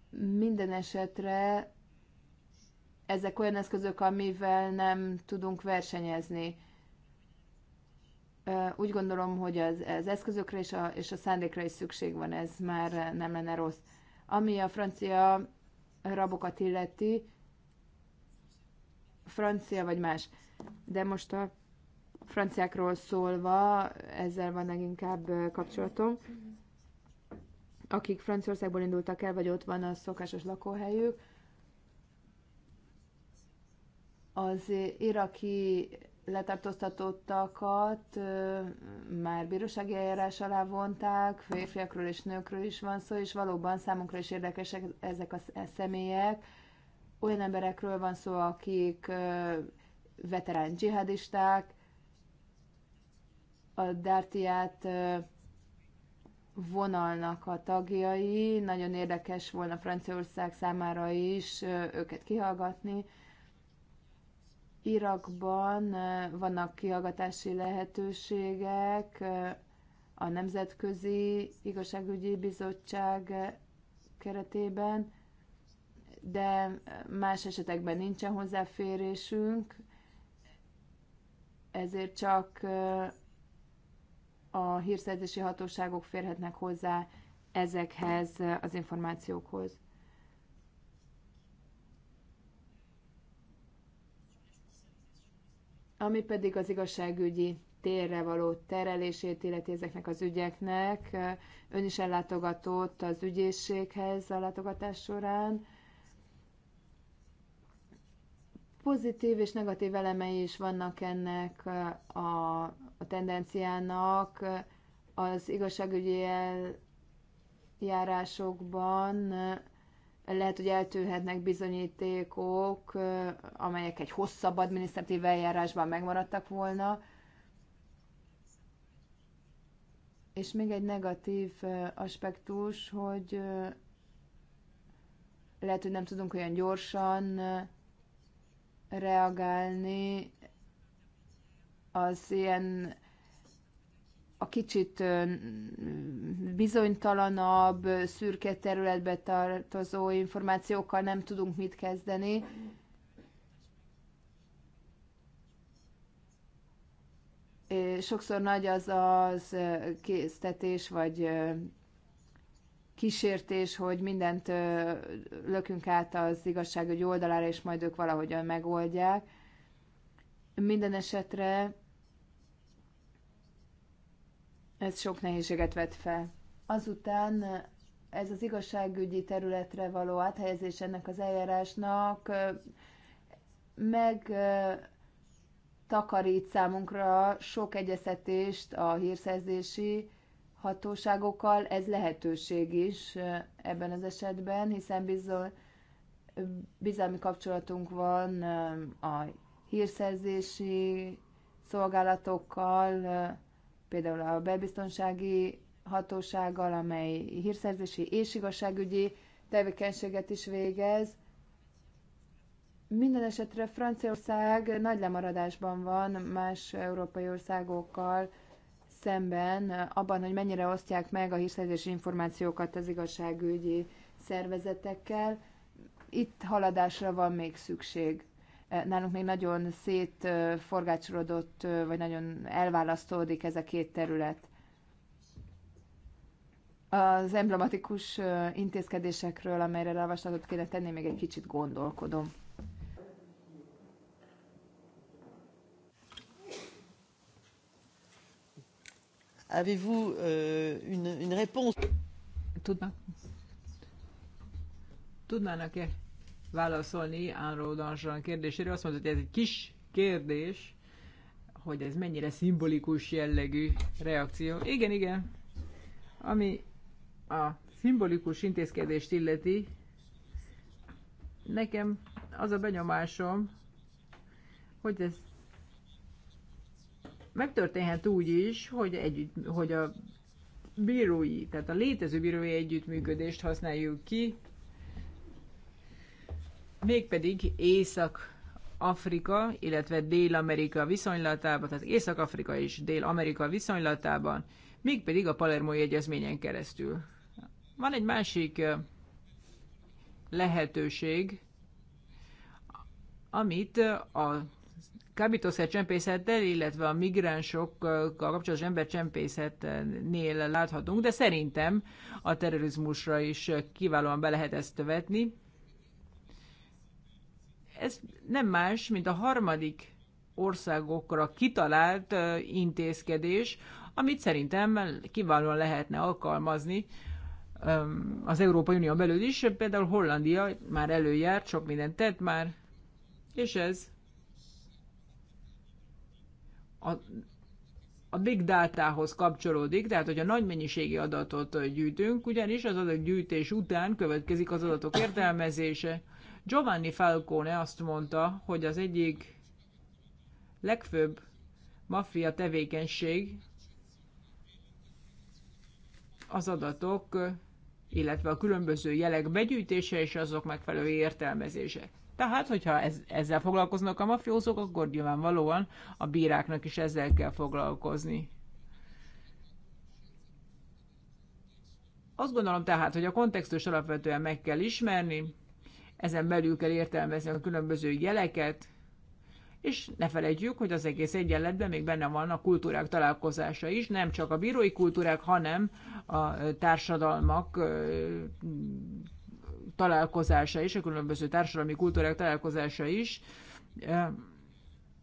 Minden esetre ezek olyan eszközök, amivel nem tudunk versenyezni. Úgy gondolom, hogy az, az eszközökre és a, és a szándékra is szükség van, ez már nem lenne rossz. Ami a francia rabokat illeti, francia vagy más de most a franciákról szólva, ezzel van leginkább kapcsolatom, akik Franciaországból indultak el, vagy ott van a szokásos lakóhelyük, az iraki letartóztatottakat már bírósági eljárás alá vonták, férfiakról és nőkről is van szó, és valóban számunkra is érdekesek ezek a e-, személyek. Olyan emberekről van szó, akik veterán dzsihadisták, a Dártiát vonalnak a tagjai, nagyon érdekes volna Franciaország számára is őket kihallgatni. Irakban vannak kihallgatási lehetőségek, a Nemzetközi Igazságügyi Bizottság keretében, de más esetekben nincsen hozzáférésünk ezért csak a hírszerzési hatóságok férhetnek hozzá ezekhez az információkhoz. Ami pedig az igazságügyi térre való terelését illeti ezeknek az ügyeknek, ön is ellátogatott az ügyészséghez a látogatás során, Pozitív és negatív elemei is vannak ennek a, a tendenciának. Az igazságügyi eljárásokban lehet, hogy eltűnhetnek bizonyítékok, amelyek egy hosszabb adminisztratív eljárásban megmaradtak volna. És még egy negatív aspektus, hogy lehet, hogy nem tudunk olyan gyorsan reagálni az ilyen a kicsit bizonytalanabb, szürke területbe tartozó információkkal nem tudunk mit kezdeni. Sokszor nagy az az késztetés, vagy kísértés, hogy mindent lökünk át az egy oldalára, és majd ők valahogyan megoldják. Minden esetre ez sok nehézséget vet fel. Azután ez az igazságügyi területre való áthelyezés ennek az eljárásnak meg takarít számunkra sok egyeztetést a hírszerzési hatóságokkal. Ez lehetőség is ebben az esetben, hiszen bizony bizalmi kapcsolatunk van a hírszerzési szolgálatokkal, például a belbiztonsági hatósággal, amely hírszerzési és igazságügyi tevékenységet is végez. Minden esetre Franciaország nagy lemaradásban van más európai országokkal szemben eh, abban, hogy mennyire osztják meg a hírszerzési információkat az igazságügyi szervezetekkel. Itt haladásra van még szükség. Eh, nálunk még nagyon szétforgácsolódott, eh, vagy nagyon elválasztódik ez a két terület. Az emblematikus intézkedésekről, amelyre javaslatot kéne tenni, még egy kicsit gondolkodom. Avez-vous euh, une, une réponse Tudnak. Tudnának-e válaszolni Ánró Danzsan kérdésére? Azt mondta, hogy ez egy kis kérdés, hogy ez mennyire szimbolikus jellegű reakció. Igen, igen. Ami a szimbolikus intézkedést illeti, nekem az a benyomásom, hogy ez Megtörténhet úgy is, hogy, együtt, hogy a bírói, tehát a létező bírói együttműködést használjuk ki, mégpedig Észak-Afrika, illetve Dél-Amerika viszonylatában, tehát Észak-Afrika és Dél-Amerika viszonylatában, mégpedig a Palermói Egyezményen keresztül. Van egy másik lehetőség, amit a kábítószercsempészettel, illetve a migránsokkal kapcsolatos embercsempészetnél láthatunk, de szerintem a terrorizmusra is kiválóan be lehet ezt vetni. Ez nem más, mint a harmadik országokra kitalált intézkedés, amit szerintem kiválóan lehetne alkalmazni az Európai Unió belül is. Például Hollandia már előjárt, sok mindent tett már, és ez a, a big dátához kapcsolódik, tehát hogy a nagy mennyiségi adatot gyűjtünk, ugyanis az adatgyűjtés után következik az adatok értelmezése. Giovanni Falcone azt mondta, hogy az egyik legfőbb maffia tevékenység az adatok, illetve a különböző jelek begyűjtése és azok megfelelő értelmezése. Tehát, hogyha ez, ezzel foglalkoznak a mafiózók, akkor nyilvánvalóan a bíráknak is ezzel kell foglalkozni. Azt gondolom tehát, hogy a kontextus alapvetően meg kell ismerni, ezen belül kell értelmezni a különböző jeleket, és ne felejtjük, hogy az egész egyenletben még benne van a kultúrák találkozása is, nem csak a bírói kultúrák, hanem a társadalmak találkozása is, a különböző társadalmi kultúrák találkozása is.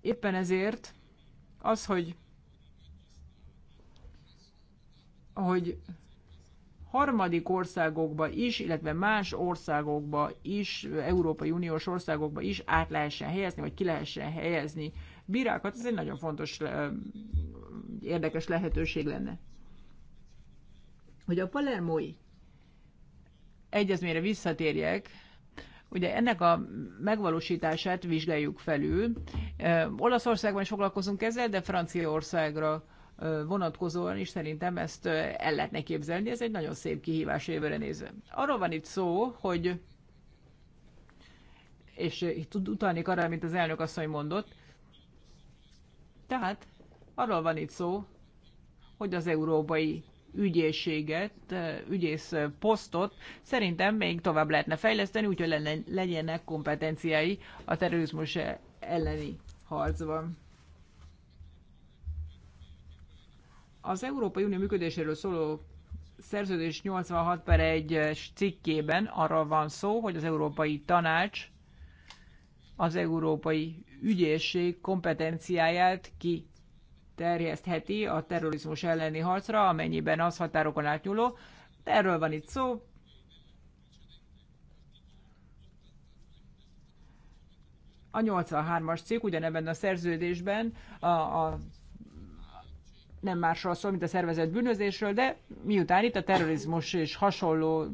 Éppen ezért az, hogy hogy harmadik országokba is, illetve más országokba is, Európai Uniós országokba is át lehessen helyezni, vagy ki lehessen helyezni bírákat, ez egy nagyon fontos, érdekes lehetőség lenne. Hogy a palermói egyezményre visszatérjek, ugye ennek a megvalósítását vizsgáljuk felül. Olaszországban is foglalkozunk ezzel, de Franciaországra vonatkozóan is szerintem ezt el lehetne képzelni. Ez egy nagyon szép kihívás jövőre nézve. Arról van itt szó, hogy és itt utalnék arra, mint az elnök asszony mondott. Tehát arról van itt szó, hogy az európai ügyészséget, ügyész posztot szerintem még tovább lehetne fejleszteni, úgyhogy legyenek kompetenciái a terrorizmus elleni harcban. Az Európai Unió működéséről szóló szerződés 86 per 1 cikkében arra van szó, hogy az Európai Tanács az Európai Ügyészség kompetenciáját ki terjesztheti a terrorizmus elleni harcra, amennyiben az határokon átnyúló. erről van itt szó. A 83-as cikk ugyanebben a szerződésben a, a nem másról szól, mint a szervezett bűnözésről, de miután itt a terrorizmus és hasonló,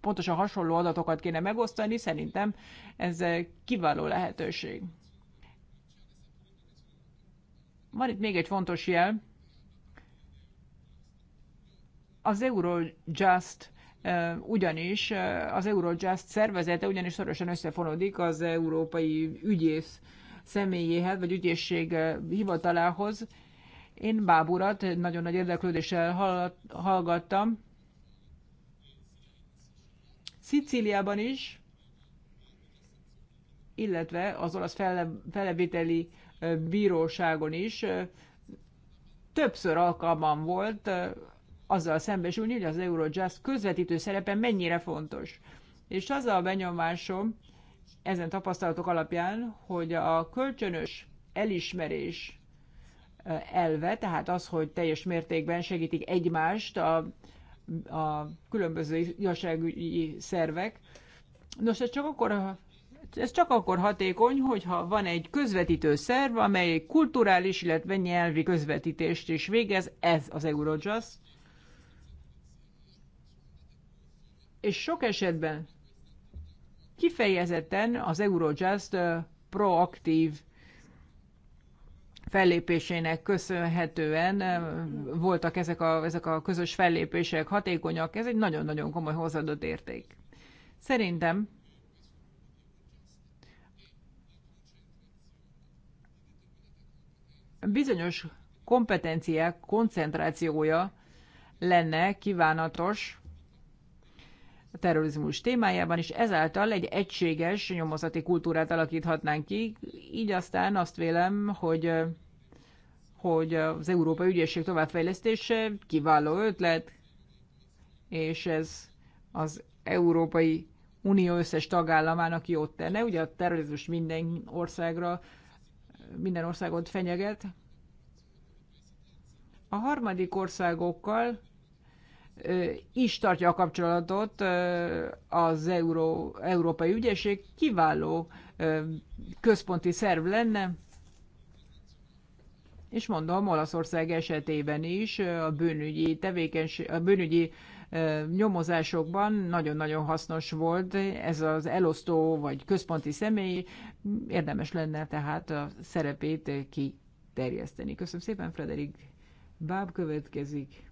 pontosan hasonló adatokat kéne megosztani, szerintem ez kiváló lehetőség. Van itt még egy fontos jel. Az Eurojust ugyanis az Eurojust szervezete ugyanis szorosan összefonódik az európai ügyész személyéhez, vagy ügyészség hivatalához. Én Báburat nagyon nagy érdeklődéssel hallgattam. Szicíliában is, illetve az olasz fele, feleviteli bíróságon is többször alkalmam volt azzal szembesülni, hogy az Eurojust közvetítő szerepe mennyire fontos. És az a benyomásom ezen tapasztalatok alapján, hogy a kölcsönös elismerés elve, tehát az, hogy teljes mértékben segítik egymást a, a különböző igazságügyi szervek. Nos, ez csak akkor ez csak akkor hatékony, hogyha van egy közvetítő szerv, amely kulturális, illetve nyelvi közvetítést is végez, ez az Eurojust. És sok esetben kifejezetten az Eurojust proaktív fellépésének köszönhetően voltak ezek a, ezek a közös fellépések hatékonyak. Ez egy nagyon-nagyon komoly hozzáadott érték. Szerintem bizonyos kompetenciák koncentrációja lenne kívánatos a terrorizmus témájában, és ezáltal egy egységes nyomozati kultúrát alakíthatnánk ki, így aztán azt vélem, hogy hogy az Európai Ügyészség továbbfejlesztése kiváló ötlet, és ez az Európai Unió összes tagállamának jót tenne. Ugye a terrorizmus minden országra minden országot fenyeget. A harmadik országokkal is tartja a kapcsolatot az Euró, Európai Ügyesség, kiváló központi szerv lenne, és mondom, Olaszország esetében is a bűnügyi tevékenység, a bűnügyi nyomozásokban nagyon-nagyon hasznos volt ez az elosztó vagy központi személy, érdemes lenne tehát a szerepét kiterjeszteni. Köszönöm szépen, Frederik Báb következik,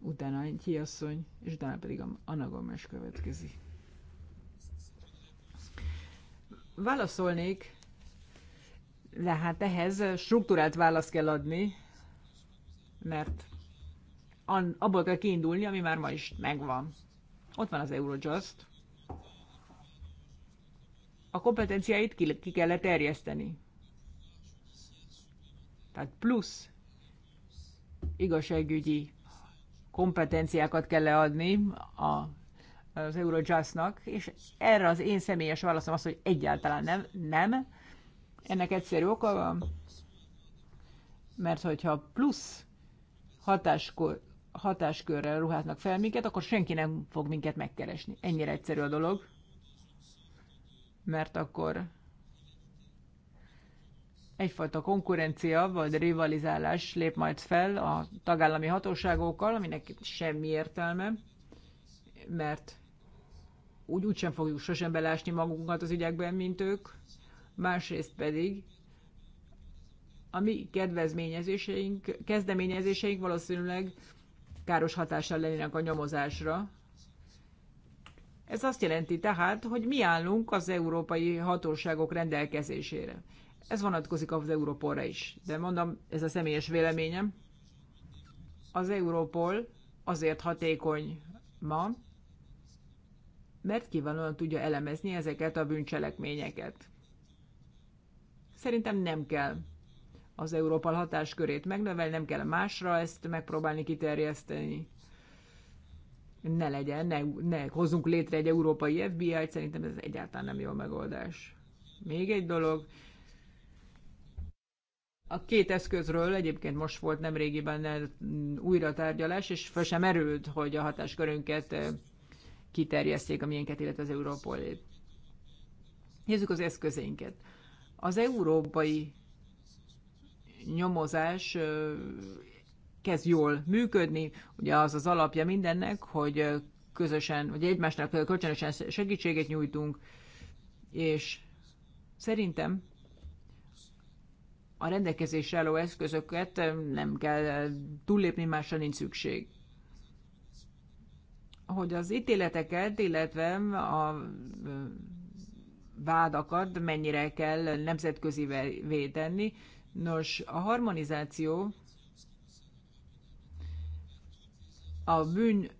utána egy hiasszony, és utána pedig Anna Gomes következik. Válaszolnék, de hát ehhez struktúrált választ kell adni, mert An abból kell kiindulni, ami már ma is megvan. Ott van az Eurojust. A kompetenciáit ki, ki kellett terjeszteni. Tehát plusz igazságügyi kompetenciákat kell leadni a, az Eurojustnak, és erre az én személyes válaszom az, hogy egyáltalán nem. nem. Ennek egyszerű oka van, mert hogyha plusz hatáskor, hatáskörrel ruháznak fel minket, akkor senki nem fog minket megkeresni. Ennyire egyszerű a dolog. Mert akkor egyfajta konkurencia vagy rivalizálás lép majd fel a tagállami hatóságokkal, aminek semmi értelme, mert úgy úgysem fogjuk sosem belásni magunkat az ügyekben, mint ők. Másrészt pedig a mi kedvezményezéseink, kezdeményezéseink valószínűleg káros hatással lennének a nyomozásra. Ez azt jelenti tehát, hogy mi állunk az európai hatóságok rendelkezésére. Ez vonatkozik az Europolra is, de mondom, ez a személyes véleményem. Az európol azért hatékony ma, mert kiválóan tudja elemezni ezeket a bűncselekményeket. Szerintem nem kell az Európa hatáskörét megnövelni, nem kell másra ezt megpróbálni kiterjeszteni. Ne legyen, ne, ne hozzunk létre egy európai FBI-t, szerintem ez egyáltalán nem jó megoldás. Még egy dolog, a két eszközről egyébként most volt nemrégiben újra tárgyalás, és föl sem erült, hogy a hatáskörünket eh, kiterjeszték a miénket, illetve az Európolét. Nézzük az eszközeinket. Az európai nyomozás kezd jól működni. Ugye az az alapja mindennek, hogy közösen, vagy egymásnak kölcsönösen segítséget nyújtunk, és szerintem a rendelkezésre álló eszközöket nem kell túllépni, másra nincs szükség. Hogy az ítéleteket, illetve a vádakat mennyire kell nemzetközi védeni, Nos, a harmonizáció a bűn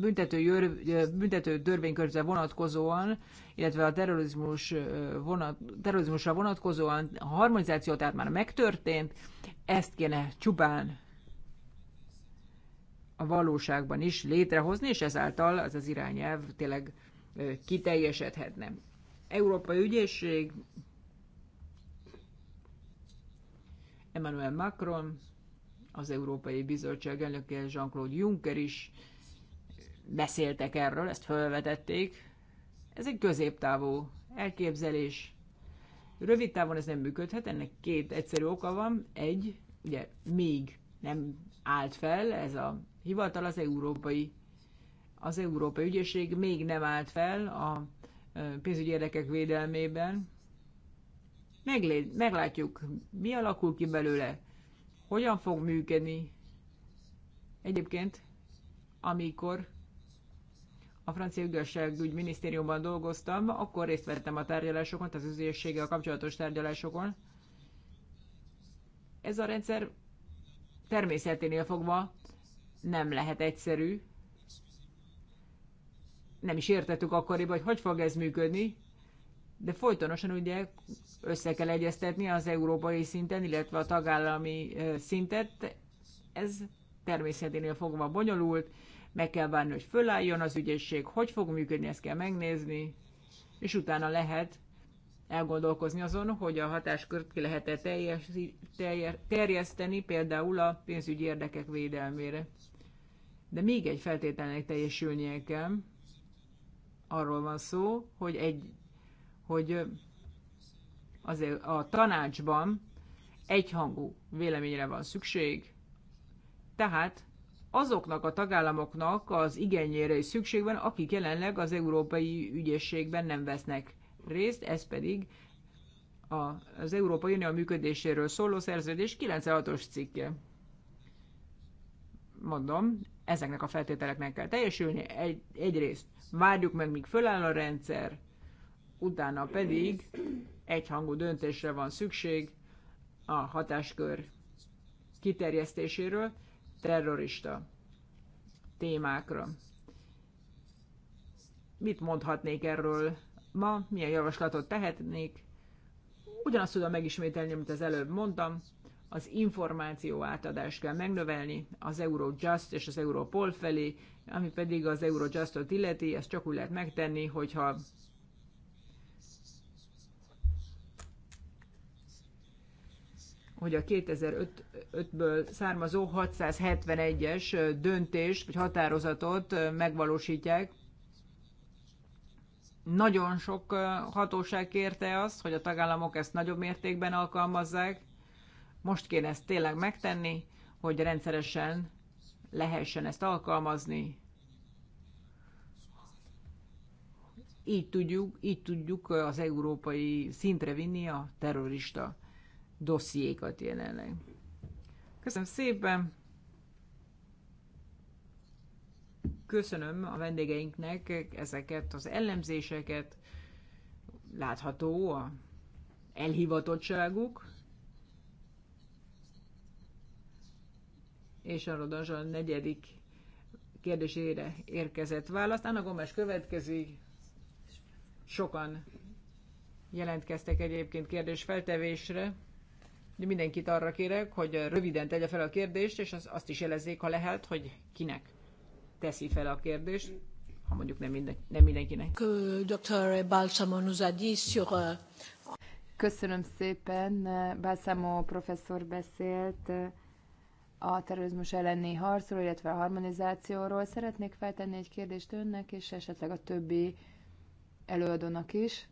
büntető, jör, büntető törvénykörzre vonatkozóan, illetve a terrorizmus vonat, terrorizmusra vonatkozóan a harmonizáció tehát már megtörtént, ezt kéne csupán a valóságban is létrehozni, és ezáltal az az irányelv tényleg kiteljesedhetne. Európai Ügyészség Emmanuel Macron, az Európai Bizottság elnöke Jean-Claude Juncker is beszéltek erről, ezt felvetették. Ez egy középtávú elképzelés. Rövid távon ez nem működhet, ennek két egyszerű oka van. Egy, ugye még nem állt fel ez a hivatal az európai az Európai Ügyészség még nem állt fel a pénzügyi érdekek védelmében. Meglé- meglátjuk, mi alakul ki belőle, hogyan fog működni. Egyébként, amikor a francia igazságügy minisztériumban dolgoztam, akkor részt vettem a tárgyalásokon, tehát az ügyészséggel kapcsolatos tárgyalásokon. Ez a rendszer természeténél fogva nem lehet egyszerű. Nem is értettük akkoriban, hogy hogy fog ez működni, de folytonosan ugye össze kell egyeztetni az európai szinten, illetve a tagállami szintet. Ez természeténél fogva bonyolult, meg kell várni, hogy fölálljon az ügyészség, hogy fog működni, ezt kell megnézni, és utána lehet elgondolkozni azon, hogy a hatáskört ki lehet-e teljes, terjeszteni például a pénzügyi érdekek védelmére. De még egy feltételnek teljesülnie kell, arról van szó, hogy egy hogy azért a tanácsban egyhangú véleményre van szükség, tehát azoknak a tagállamoknak az igényére is szükség van, akik jelenleg az európai ügyészségben nem vesznek részt, ez pedig a, az Európai Unió működéséről szóló szerződés 96-os cikke. Mondom, ezeknek a feltételeknek kell teljesülni. Egy, egyrészt várjuk meg, míg föláll a rendszer, utána pedig egyhangú döntésre van szükség a hatáskör kiterjesztéséről terrorista témákra. Mit mondhatnék erről ma, milyen javaslatot tehetnék? Ugyanazt tudom megismételni, amit az előbb mondtam, az információ átadást kell megnövelni az Eurojust és az Europol felé, ami pedig az Eurojustot illeti, ezt csak úgy lehet megtenni, hogyha hogy a 2005-ből származó 671-es döntést vagy határozatot megvalósítják. Nagyon sok hatóság kérte azt, hogy a tagállamok ezt nagyobb mértékben alkalmazzák. Most kéne ezt tényleg megtenni, hogy rendszeresen lehessen ezt alkalmazni. Így tudjuk, így tudjuk az európai szintre vinni a terrorista dossziékat jelenleg. Köszönöm szépen! Köszönöm a vendégeinknek ezeket az ellenzéseket. Látható a elhivatottságuk. És arra a negyedik kérdésére érkezett választ. Anna Gomes következik. Sokan jelentkeztek egyébként kérdésfeltevésre. De mindenkit arra kérek, hogy röviden tegye fel a kérdést, és azt is jelezzék, ha lehet, hogy kinek teszi fel a kérdést, ha mondjuk nem, minden, nem mindenkinek. Dr. Balsamo euh, Köszönöm szépen. Balsamo professzor beszélt uh, a terrorizmus elleni harcról, illetve a harmonizációról. Szeretnék feltenni egy kérdést önnek, és esetleg a többi előadónak is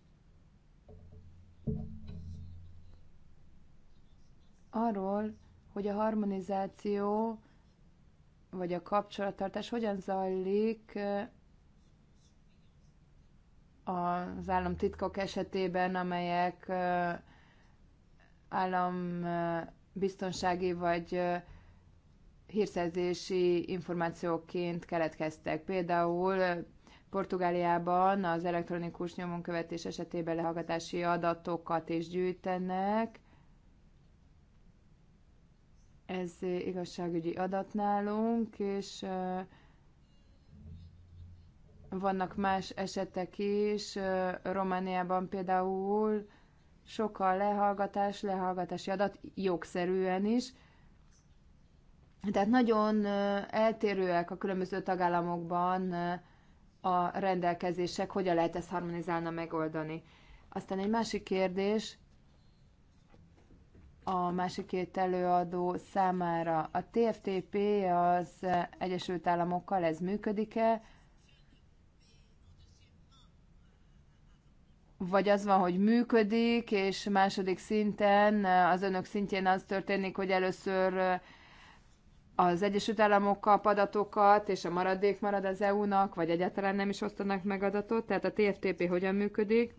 arról, hogy a harmonizáció vagy a kapcsolattartás hogyan zajlik eh, az államtitkok esetében, amelyek eh, állam biztonsági vagy eh, hírszerzési információként keletkeztek. Például Portugáliában az elektronikus nyomonkövetés esetében lehallgatási adatokat is gyűjtenek, ez igazságügyi adat nálunk, és vannak más esetek is. Romániában például sok a lehallgatás, lehallgatási adat jogszerűen is. Tehát nagyon eltérőek a különböző tagállamokban a rendelkezések, hogyan lehet ezt harmonizálna megoldani. Aztán egy másik kérdés, a másik két előadó számára. A TFTP az Egyesült Államokkal, ez működik-e? Vagy az van, hogy működik, és második szinten, az önök szintjén az történik, hogy először az Egyesült Államok kap adatokat, és a maradék marad az EU-nak, vagy egyáltalán nem is osztanak meg adatot, tehát a TFTP hogyan működik?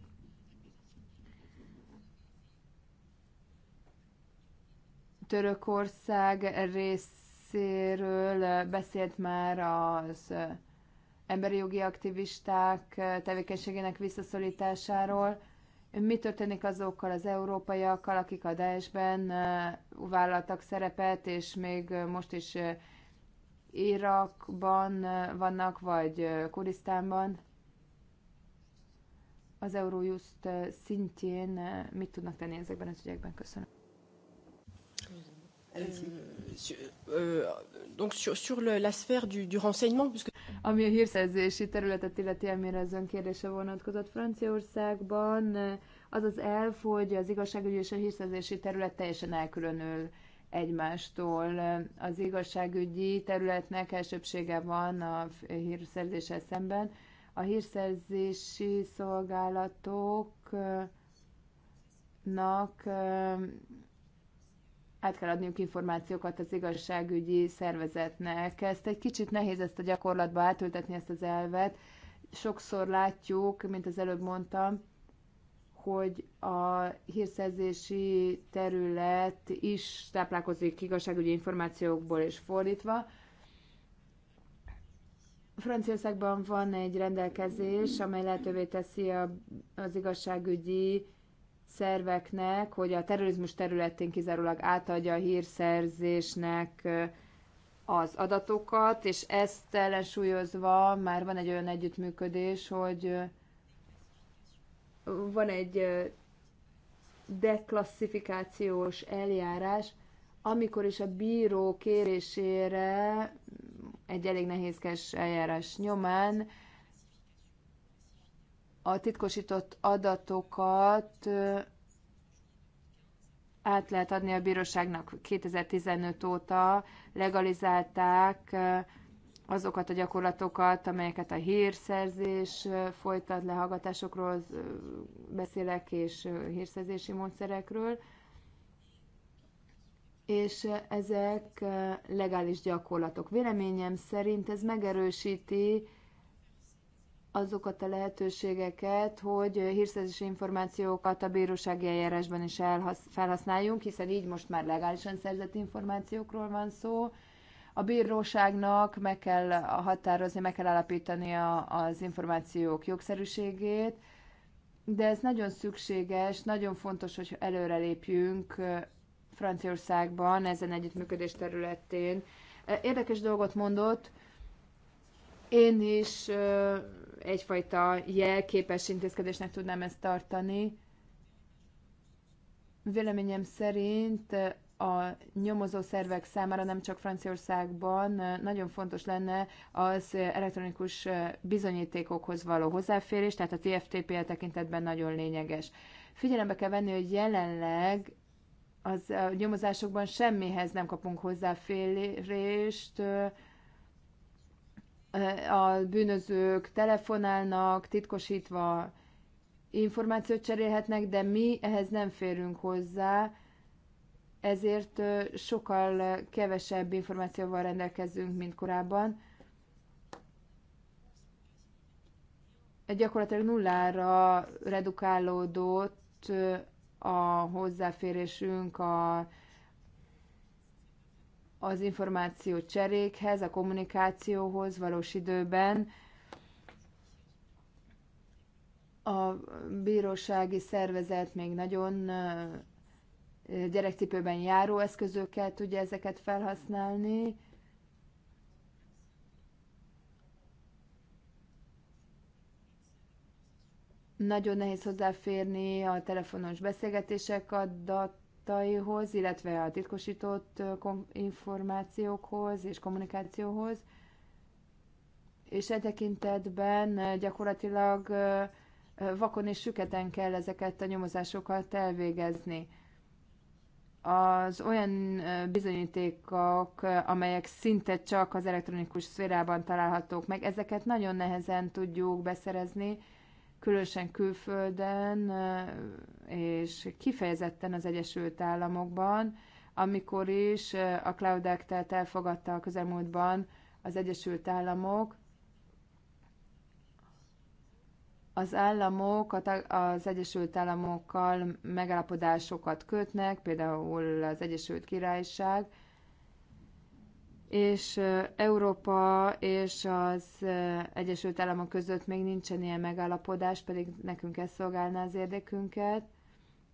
Törökország részéről beszélt már az emberi jogi aktivisták tevékenységének visszaszorításáról. Mi történik azokkal az európaiakkal, akik a Daesh-ben vállaltak szerepet, és még most is Irakban vannak, vagy Kurisztánban? Az Eurojust szintjén mit tudnak tenni ezekben az ügyekben? Köszönöm. Ami a hírszerzési területet illeti, amire az ön kérdése vonatkozott Franciaországban, euh, az az elf, hogy az igazságügyi és a hírszerzési terület teljesen elkülönül egymástól. Az igazságügyi területnek elsőbsége van a hírszerzéssel szemben. A hírszerzési szolgálatoknak euh, át kell adniuk információkat az igazságügyi szervezetnek. Ezt egy kicsit nehéz ezt a gyakorlatba átültetni, ezt az elvet. Sokszor látjuk, mint az előbb mondtam, hogy a hírszerzési terület is táplálkozik igazságügyi információkból és fordítva. Franciaországban van egy rendelkezés, amely lehetővé teszi az igazságügyi szerveknek, hogy a terrorizmus területén kizárólag átadja a hírszerzésnek az adatokat, és ezt ellensúlyozva már van egy olyan együttműködés, hogy van egy deklasszifikációs eljárás, amikor is a bíró kérésére egy elég nehézkes eljárás nyomán a titkosított adatokat át lehet adni a bíróságnak 2015 óta legalizálták azokat a gyakorlatokat, amelyeket a hírszerzés folytat, lehallgatásokról beszélek, és hírszerzési módszerekről, és ezek legális gyakorlatok. Véleményem szerint ez megerősíti azokat a lehetőségeket, hogy hírszerzési információkat a bírósági eljárásban is elhasz, felhasználjunk, hiszen így most már legálisan szerzett információkról van szó. A bíróságnak meg kell határozni, meg kell állapítani a, az információk jogszerűségét, de ez nagyon szükséges, nagyon fontos, hogy előrelépjünk Franciaországban ezen együttműködés területén. Érdekes dolgot mondott, én is egyfajta jelképes intézkedésnek tudnám ezt tartani. Véleményem szerint a nyomozó szervek számára nem csak Franciaországban nagyon fontos lenne az elektronikus bizonyítékokhoz való hozzáférés, tehát a TFTP -e tekintetben nagyon lényeges. Figyelembe kell venni, hogy jelenleg az a nyomozásokban semmihez nem kapunk hozzáférést, a bűnözők telefonálnak, titkosítva információt cserélhetnek, de mi ehhez nem férünk hozzá, ezért sokkal kevesebb információval rendelkezünk, mint korábban. Gyakorlatilag nullára redukálódott a hozzáférésünk a az információ cserékhez, a kommunikációhoz valós időben, a bírósági szervezet még nagyon gyerekcipőben járó eszközökkel tudja ezeket felhasználni. Nagyon nehéz hozzáférni a telefonos beszélgetések adat, adataihoz, illetve a titkosított információkhoz és kommunikációhoz, és e tekintetben gyakorlatilag vakon és süketen kell ezeket a nyomozásokat elvégezni. Az olyan bizonyítékok, amelyek szinte csak az elektronikus szférában találhatók meg, ezeket nagyon nehezen tudjuk beszerezni, különösen külföldön, és kifejezetten az Egyesült Államokban, amikor is a Cloud Act-et elfogadta a közelmúltban az Egyesült Államok, az államok az Egyesült Államokkal megállapodásokat kötnek, például az Egyesült Királyság, és Európa és az Egyesült Államok között még nincsen ilyen megállapodás, pedig nekünk ez szolgálná az érdekünket.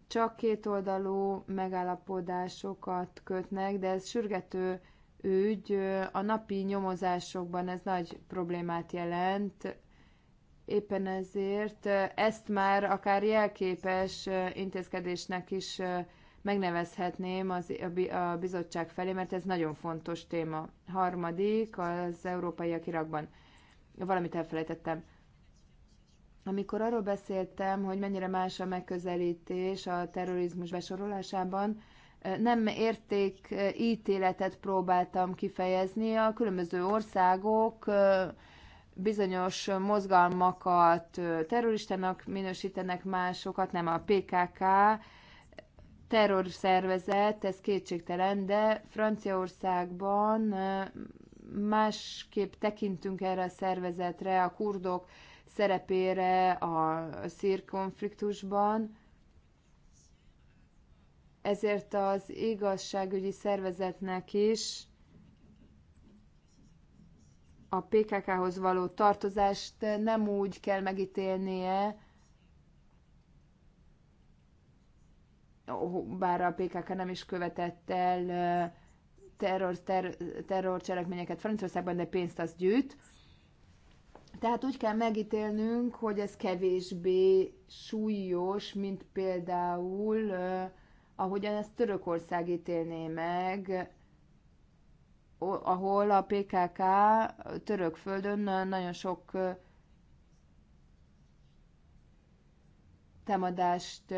Csak kétoldalú megállapodásokat kötnek, de ez sürgető ügy. A napi nyomozásokban ez nagy problémát jelent. Éppen ezért ezt már akár jelképes intézkedésnek is megnevezhetném az, a bizottság felé, mert ez nagyon fontos téma. Harmadik, az európaiak Irakban. Valamit elfelejtettem. Amikor arról beszéltem, hogy mennyire más a megközelítés a terrorizmus besorolásában, nem érték ítéletet próbáltam kifejezni. A különböző országok bizonyos mozgalmakat terroristának minősítenek, másokat nem a PKK, terrorszervezet, ez kétségtelen, de Franciaországban másképp tekintünk erre a szervezetre, a kurdok szerepére a szírkonfliktusban, ezért az igazságügyi szervezetnek is a PKK-hoz való tartozást nem úgy kell megítélnie, bár a PKK nem is követett el terror, ter, terrorcselekményeket Franciaországban, de pénzt az gyűjt. Tehát úgy kell megítélnünk, hogy ez kevésbé súlyos, mint például, ahogyan ezt Törökország ítélné meg, ahol a PKK török földön nagyon sok támadást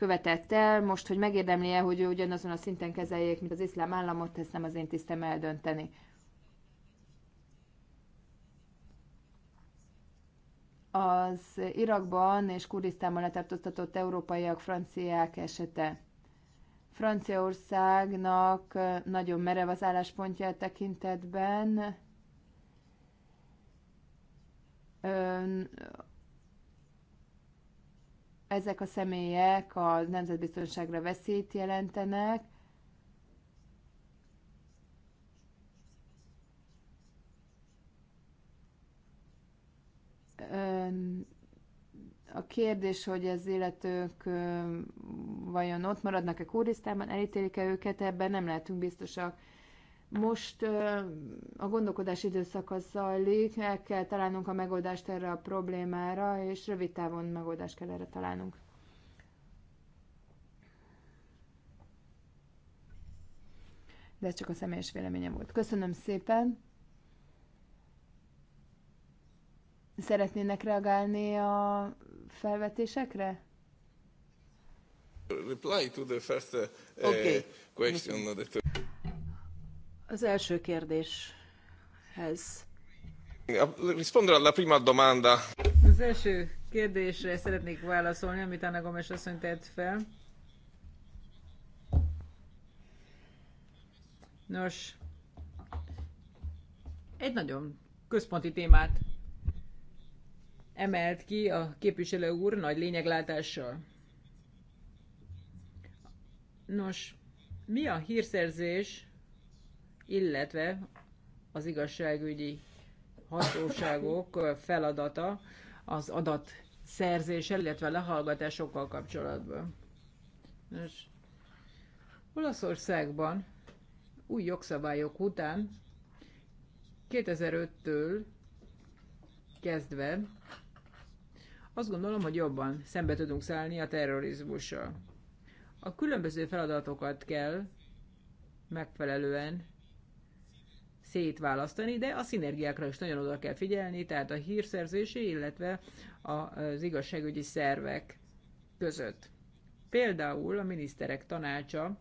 követett el, most, hogy megérdemlie, hogy ő ugyanazon a szinten kezeljék, mint az iszlám államot, ezt nem az én tisztem eldönteni. Az Irakban és Kurdisztánban letartóztatott európaiak, franciák esete. Franciaországnak nagyon merev az álláspontja e tekintetben ezek a személyek a nemzetbiztonságra veszélyt jelentenek, a kérdés, hogy az életők vajon ott maradnak-e Kurdisztánban, elítélik-e őket, ebben nem lehetünk biztosak. Most a gondolkodás az zajlik, el kell találnunk a megoldást erre a problémára, és rövid távon megoldást kell erre találnunk. De ez csak a személyes véleményem volt. Köszönöm szépen! Szeretnének reagálni a felvetésekre? Reply to the first uh, okay. question. Az első kérdéshez. a alla prima domanda. Az első kérdésre szeretnék válaszolni, amit Anna Gomes asszony tett fel. Nos, egy nagyon központi témát emelt ki a képviselő úr nagy lényeglátással. Nos, mi a hírszerzés illetve az igazságügyi hatóságok feladata az adat szerzéssel, illetve lehallgatásokkal kapcsolatban. Nos, Olaszországban új jogszabályok után 2005-től kezdve azt gondolom, hogy jobban szembe tudunk szállni a terrorizmussal. A különböző feladatokat kell megfelelően szétválasztani, de a szinergiákra is nagyon oda kell figyelni, tehát a hírszerzési, illetve az igazságügyi szervek között. Például a miniszterek tanácsa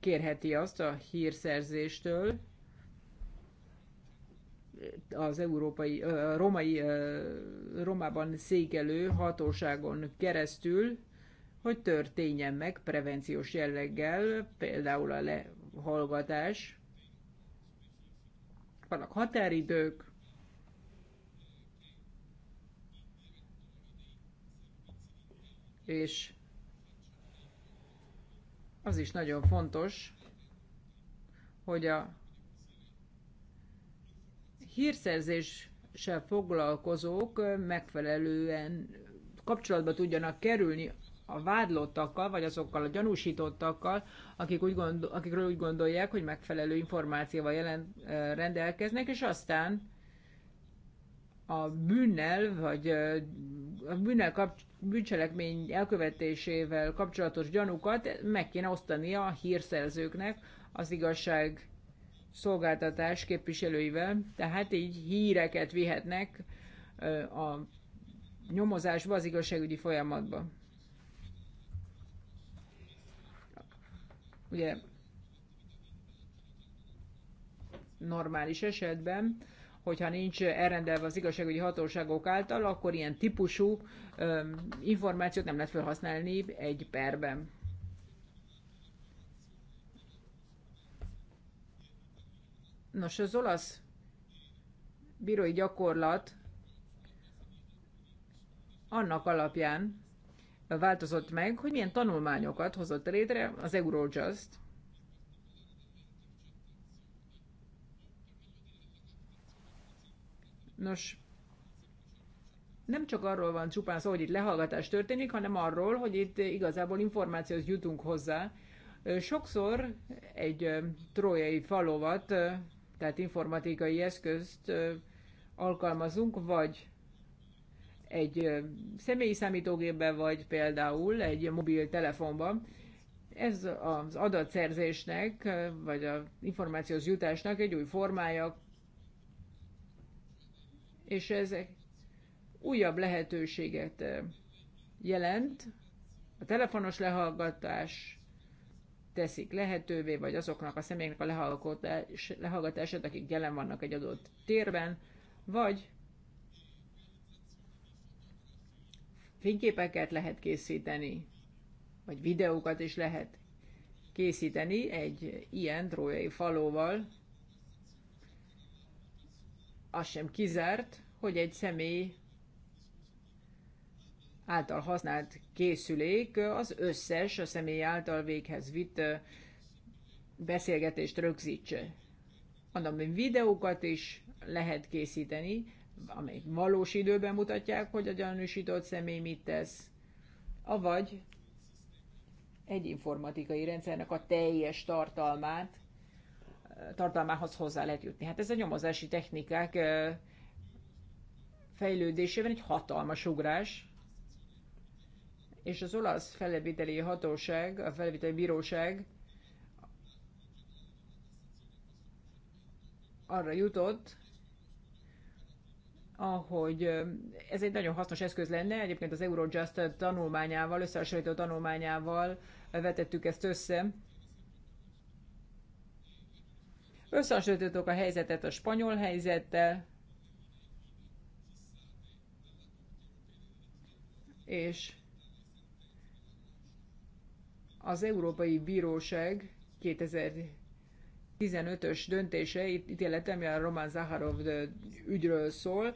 kérheti azt a hírszerzéstől, az európai, a romai, a romában székelő hatóságon keresztül, hogy történjen meg prevenciós jelleggel, például a lehallgatás. Vannak határidők, és az is nagyon fontos, hogy a hírszerzéssel foglalkozók megfelelően kapcsolatba tudjanak kerülni a vádlottakkal, vagy azokkal a gyanúsítottakkal, akik úgy gondol, akikről úgy gondolják, hogy megfelelő információval jelen, rendelkeznek, és aztán a bűnnel, vagy a bűnnel kap, bűncselekmény elkövetésével kapcsolatos gyanúkat meg kéne osztani a hírszerzőknek az igazság szolgáltatás képviselőivel, tehát így híreket vihetnek a nyomozásba, az igazságügyi folyamatba. Ugye normális esetben, hogyha nincs elrendelve az igazságügyi hatóságok által, akkor ilyen típusú ö, információt nem lehet felhasználni egy perben. Nos, az olasz bírói gyakorlat annak alapján, változott meg, hogy milyen tanulmányokat hozott létre az Eurojust. Nos, nem csak arról van csupán szó, hogy itt lehallgatás történik, hanem arról, hogy itt igazából információhoz jutunk hozzá. Sokszor egy trójai falovat, tehát informatikai eszközt alkalmazunk, vagy egy személyi számítógépben, vagy például egy mobiltelefonban. Ez az adatszerzésnek, vagy az információhoz jutásnak egy új formája, és ezek újabb lehetőséget jelent. A telefonos lehallgatás teszik lehetővé, vagy azoknak a személyeknek a lehallgatás, lehallgatását, akik jelen vannak egy adott térben, vagy fényképeket lehet készíteni, vagy videókat is lehet készíteni egy ilyen trójai falóval. Az sem kizárt, hogy egy személy által használt készülék az összes a személy által véghez vitt beszélgetést rögzítse. Mondom, hogy videókat is lehet készíteni, amelyik valós időben mutatják, hogy a gyanúsított személy mit tesz. Avagy egy informatikai rendszernek a teljes tartalmát, tartalmához hozzá lehet jutni. Hát ez a nyomozási technikák fejlődésében egy hatalmas ugrás, és az olasz felvételi hatóság, a felvételi bíróság arra jutott, ahogy ez egy nagyon hasznos eszköz lenne, egyébként az Eurojust tanulmányával, összehasonlító tanulmányával vetettük ezt össze. Összehasonlítottuk a helyzetet a spanyol helyzettel, és az Európai Bíróság 2015-ös döntése, itt ami a Roman Zaharov ügyről szól,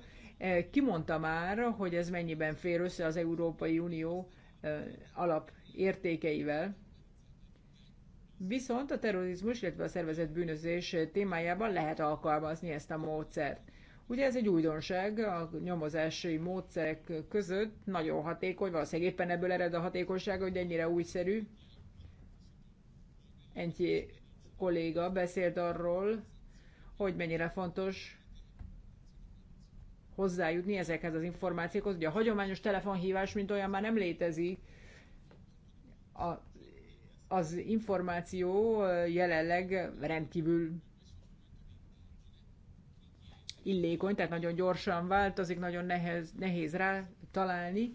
kimondta már, hogy ez mennyiben fér össze az Európai Unió alapértékeivel. Viszont a terrorizmus, illetve a szervezett bűnözés témájában lehet alkalmazni ezt a módszert. Ugye ez egy újdonság a nyomozási módszerek között, nagyon hatékony, valószínűleg éppen ebből ered a hatékonyság, hogy ennyire újszerű. Enti kolléga beszélt arról, hogy mennyire fontos hozzájutni ezekhez az információkhoz. Ugye a hagyományos telefonhívás, mint olyan már nem létezik. A, az információ jelenleg rendkívül illékony, tehát nagyon gyorsan változik, nagyon nehez, nehéz rá találni.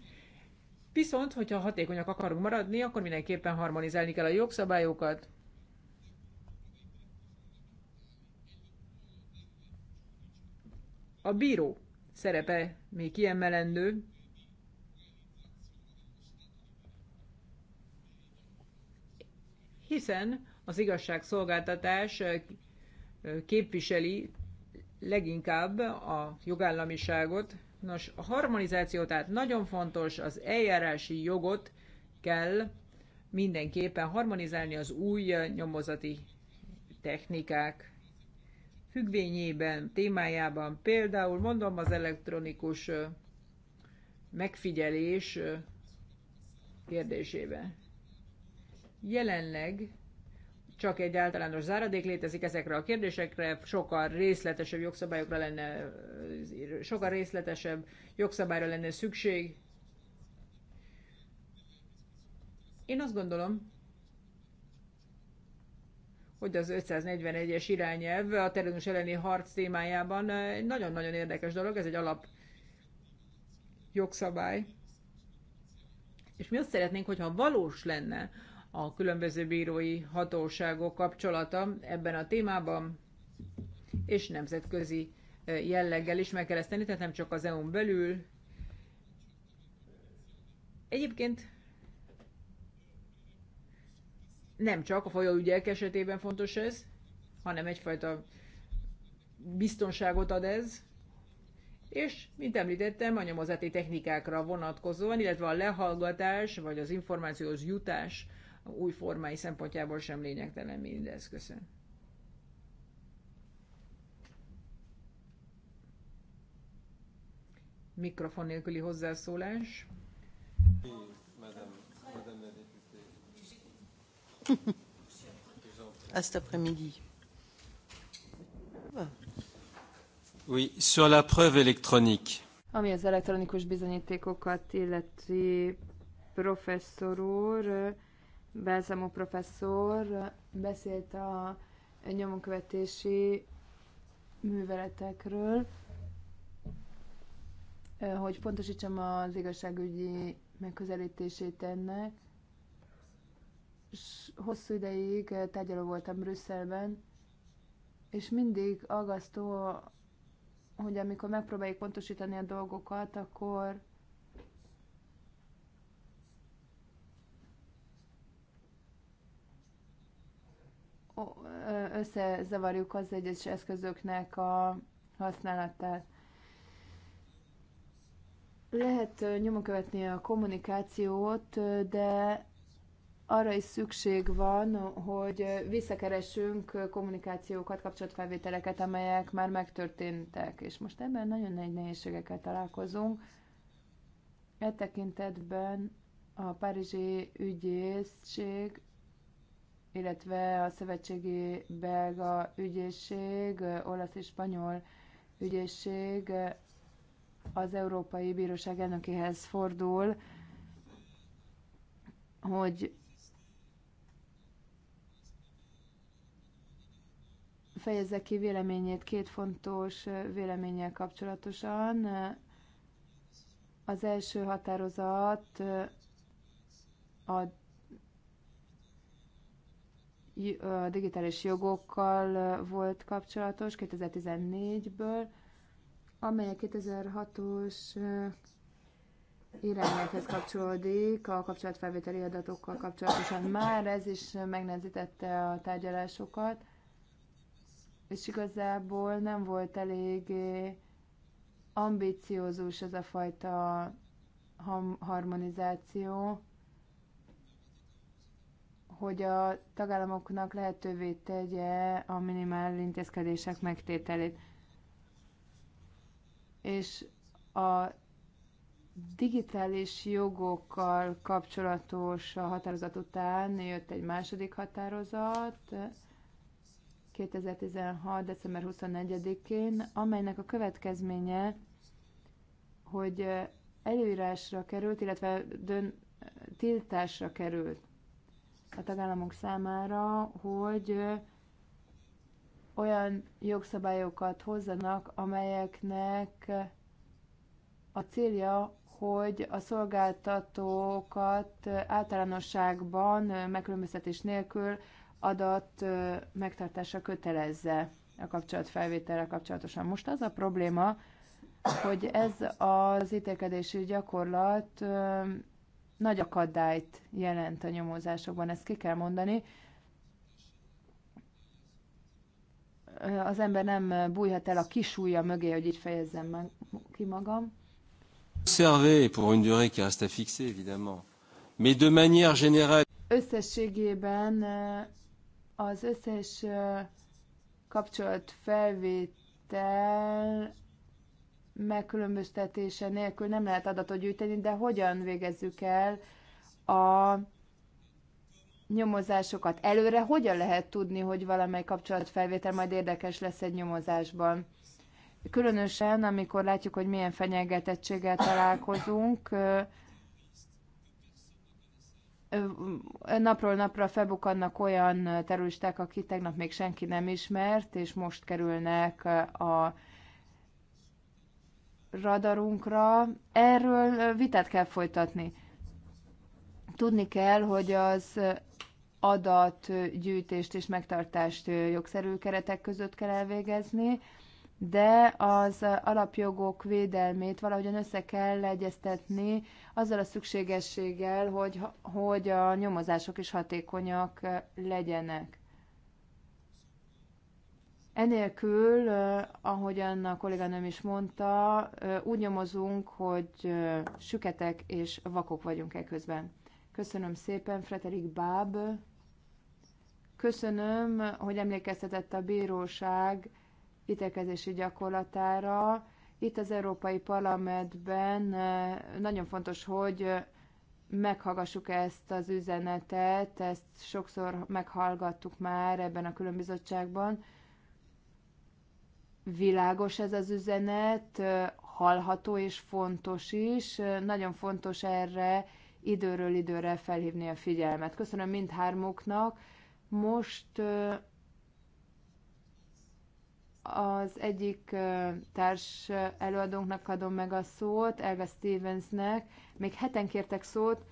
Viszont, hogyha hatékonyak akarunk maradni, akkor mindenképpen harmonizálni kell a jogszabályokat. A bíró szerepe még kiemelendő. Hiszen az igazságszolgáltatás képviseli leginkább a jogállamiságot. Nos, a harmonizáció tehát nagyon fontos, az eljárási jogot kell mindenképpen harmonizálni az új nyomozati technikák függvényében, témájában, például mondom az elektronikus megfigyelés kérdésében. Jelenleg csak egy általános záradék létezik ezekre a kérdésekre, sokkal részletesebb jogszabályokra lenne, sokkal részletesebb jogszabályra lenne szükség. Én azt gondolom, hogy az 541-es irányelv a terrorizmus elleni harc témájában eh, egy nagyon-nagyon érdekes dolog, ez egy alap jogszabály. És mi azt szeretnénk, hogyha valós lenne a különböző bírói hatóságok kapcsolata ebben a témában, és nemzetközi eh, jelleggel is meg kell ezt tenni, tehát nem csak az EU-n belül. Egyébként nem csak a fajaügyek esetében fontos ez, hanem egyfajta biztonságot ad ez, és, mint említettem, a nyomozati technikákra vonatkozóan, illetve a lehallgatás vagy az információhoz jutás új formái szempontjából sem lényegtelen mindez. Köszönöm. Mikrofon nélküli hozzászólás. Madame. à cet après-midi. Oui, sur la preuve électronique. Ami az elektronikus bizonyítékokat illeti professzor úr, Belzamo professzor beszélt a nyomonkövetési műveletekről, hogy pontosítsam az igazságügyi megközelítését ennek, hosszú ideig eh, tárgyaló voltam Brüsszelben, és mindig aggasztó, hogy amikor megpróbáljuk pontosítani a dolgokat, akkor összezavarjuk az egyes eszközöknek a használatát. Lehet nyomon követni a kommunikációt, de arra is szükség van, hogy visszakeressünk kommunikációkat, kapcsolatfelvételeket, amelyek már megtörténtek, és most ebben nagyon nagy nehézségekkel találkozunk. E tekintetben a Párizsi ügyészség, illetve a szövetségi belga ügyészség, olasz és spanyol ügyészség az Európai Bíróság elnökéhez fordul, hogy fejezze ki véleményét két fontos véleménnyel kapcsolatosan. Az első határozat a digitális jogokkal volt kapcsolatos 2014-ből, amely a 2006-os irányelvhez kapcsolódik, a kapcsolatfelvételi adatokkal kapcsolatosan már ez is megnehezítette a tárgyalásokat és igazából nem volt elég ambiciózus ez a fajta harmonizáció, hogy a tagállamoknak lehetővé tegye a minimál intézkedések megtételét. És a digitális jogokkal kapcsolatos a határozat után jött egy második határozat, 2016. december 24-én, amelynek a következménye, hogy előírásra került, illetve dön, tiltásra került a tagállamok számára, hogy olyan jogszabályokat hozzanak, amelyeknek a célja, hogy a szolgáltatókat általánosságban megkülönböztetés nélkül adat megtartása kötelezze a kapcsolatfelvételre kapcsolatosan. Most az a probléma, hogy ez az ítélkedési gyakorlat nagy akadályt jelent a nyomozásokban, ezt ki kell mondani. Az ember nem bújhat el a ujja mögé, hogy így fejezzem meg, ki magam. pour une durée qui reste fixée, évidemment. Mais de manière générale... Összességében az összes kapcsolat felvétel megkülönböztetése nélkül nem lehet adatot gyűjteni, de hogyan végezzük el a nyomozásokat? Előre hogyan lehet tudni, hogy valamely kapcsolatfelvétel majd érdekes lesz egy nyomozásban? Különösen, amikor látjuk, hogy milyen fenyegetettséggel találkozunk, napról napra felbukannak olyan terroristák, akik tegnap még senki nem ismert, és most kerülnek a radarunkra. Erről vitát kell folytatni. Tudni kell, hogy az adatgyűjtést és megtartást jogszerű keretek között kell elvégezni, de az alapjogok védelmét valahogyan össze kell egyeztetni azzal a szükségességgel, hogy, hogy a nyomozások is hatékonyak legyenek. Enélkül, ahogyan a kolléganőm is mondta, úgy nyomozunk, hogy süketek és vakok vagyunk eközben. Köszönöm szépen, Frederik Báb. Köszönöm, hogy emlékeztetett a bíróság ítélkezési gyakorlatára. Itt az Európai Parlamentben eh, nagyon fontos, hogy eh, meghallgassuk ezt az üzenetet, ezt sokszor meghallgattuk már ebben a különbizottságban. Világos ez az üzenet, eh, hallható és fontos is. Nagyon fontos erre időről időre felhívni a figyelmet. Köszönöm mindhármuknak. Most az egyik társ előadónknak adom meg a szót, Elve Stevensnek. Még heten kértek szót.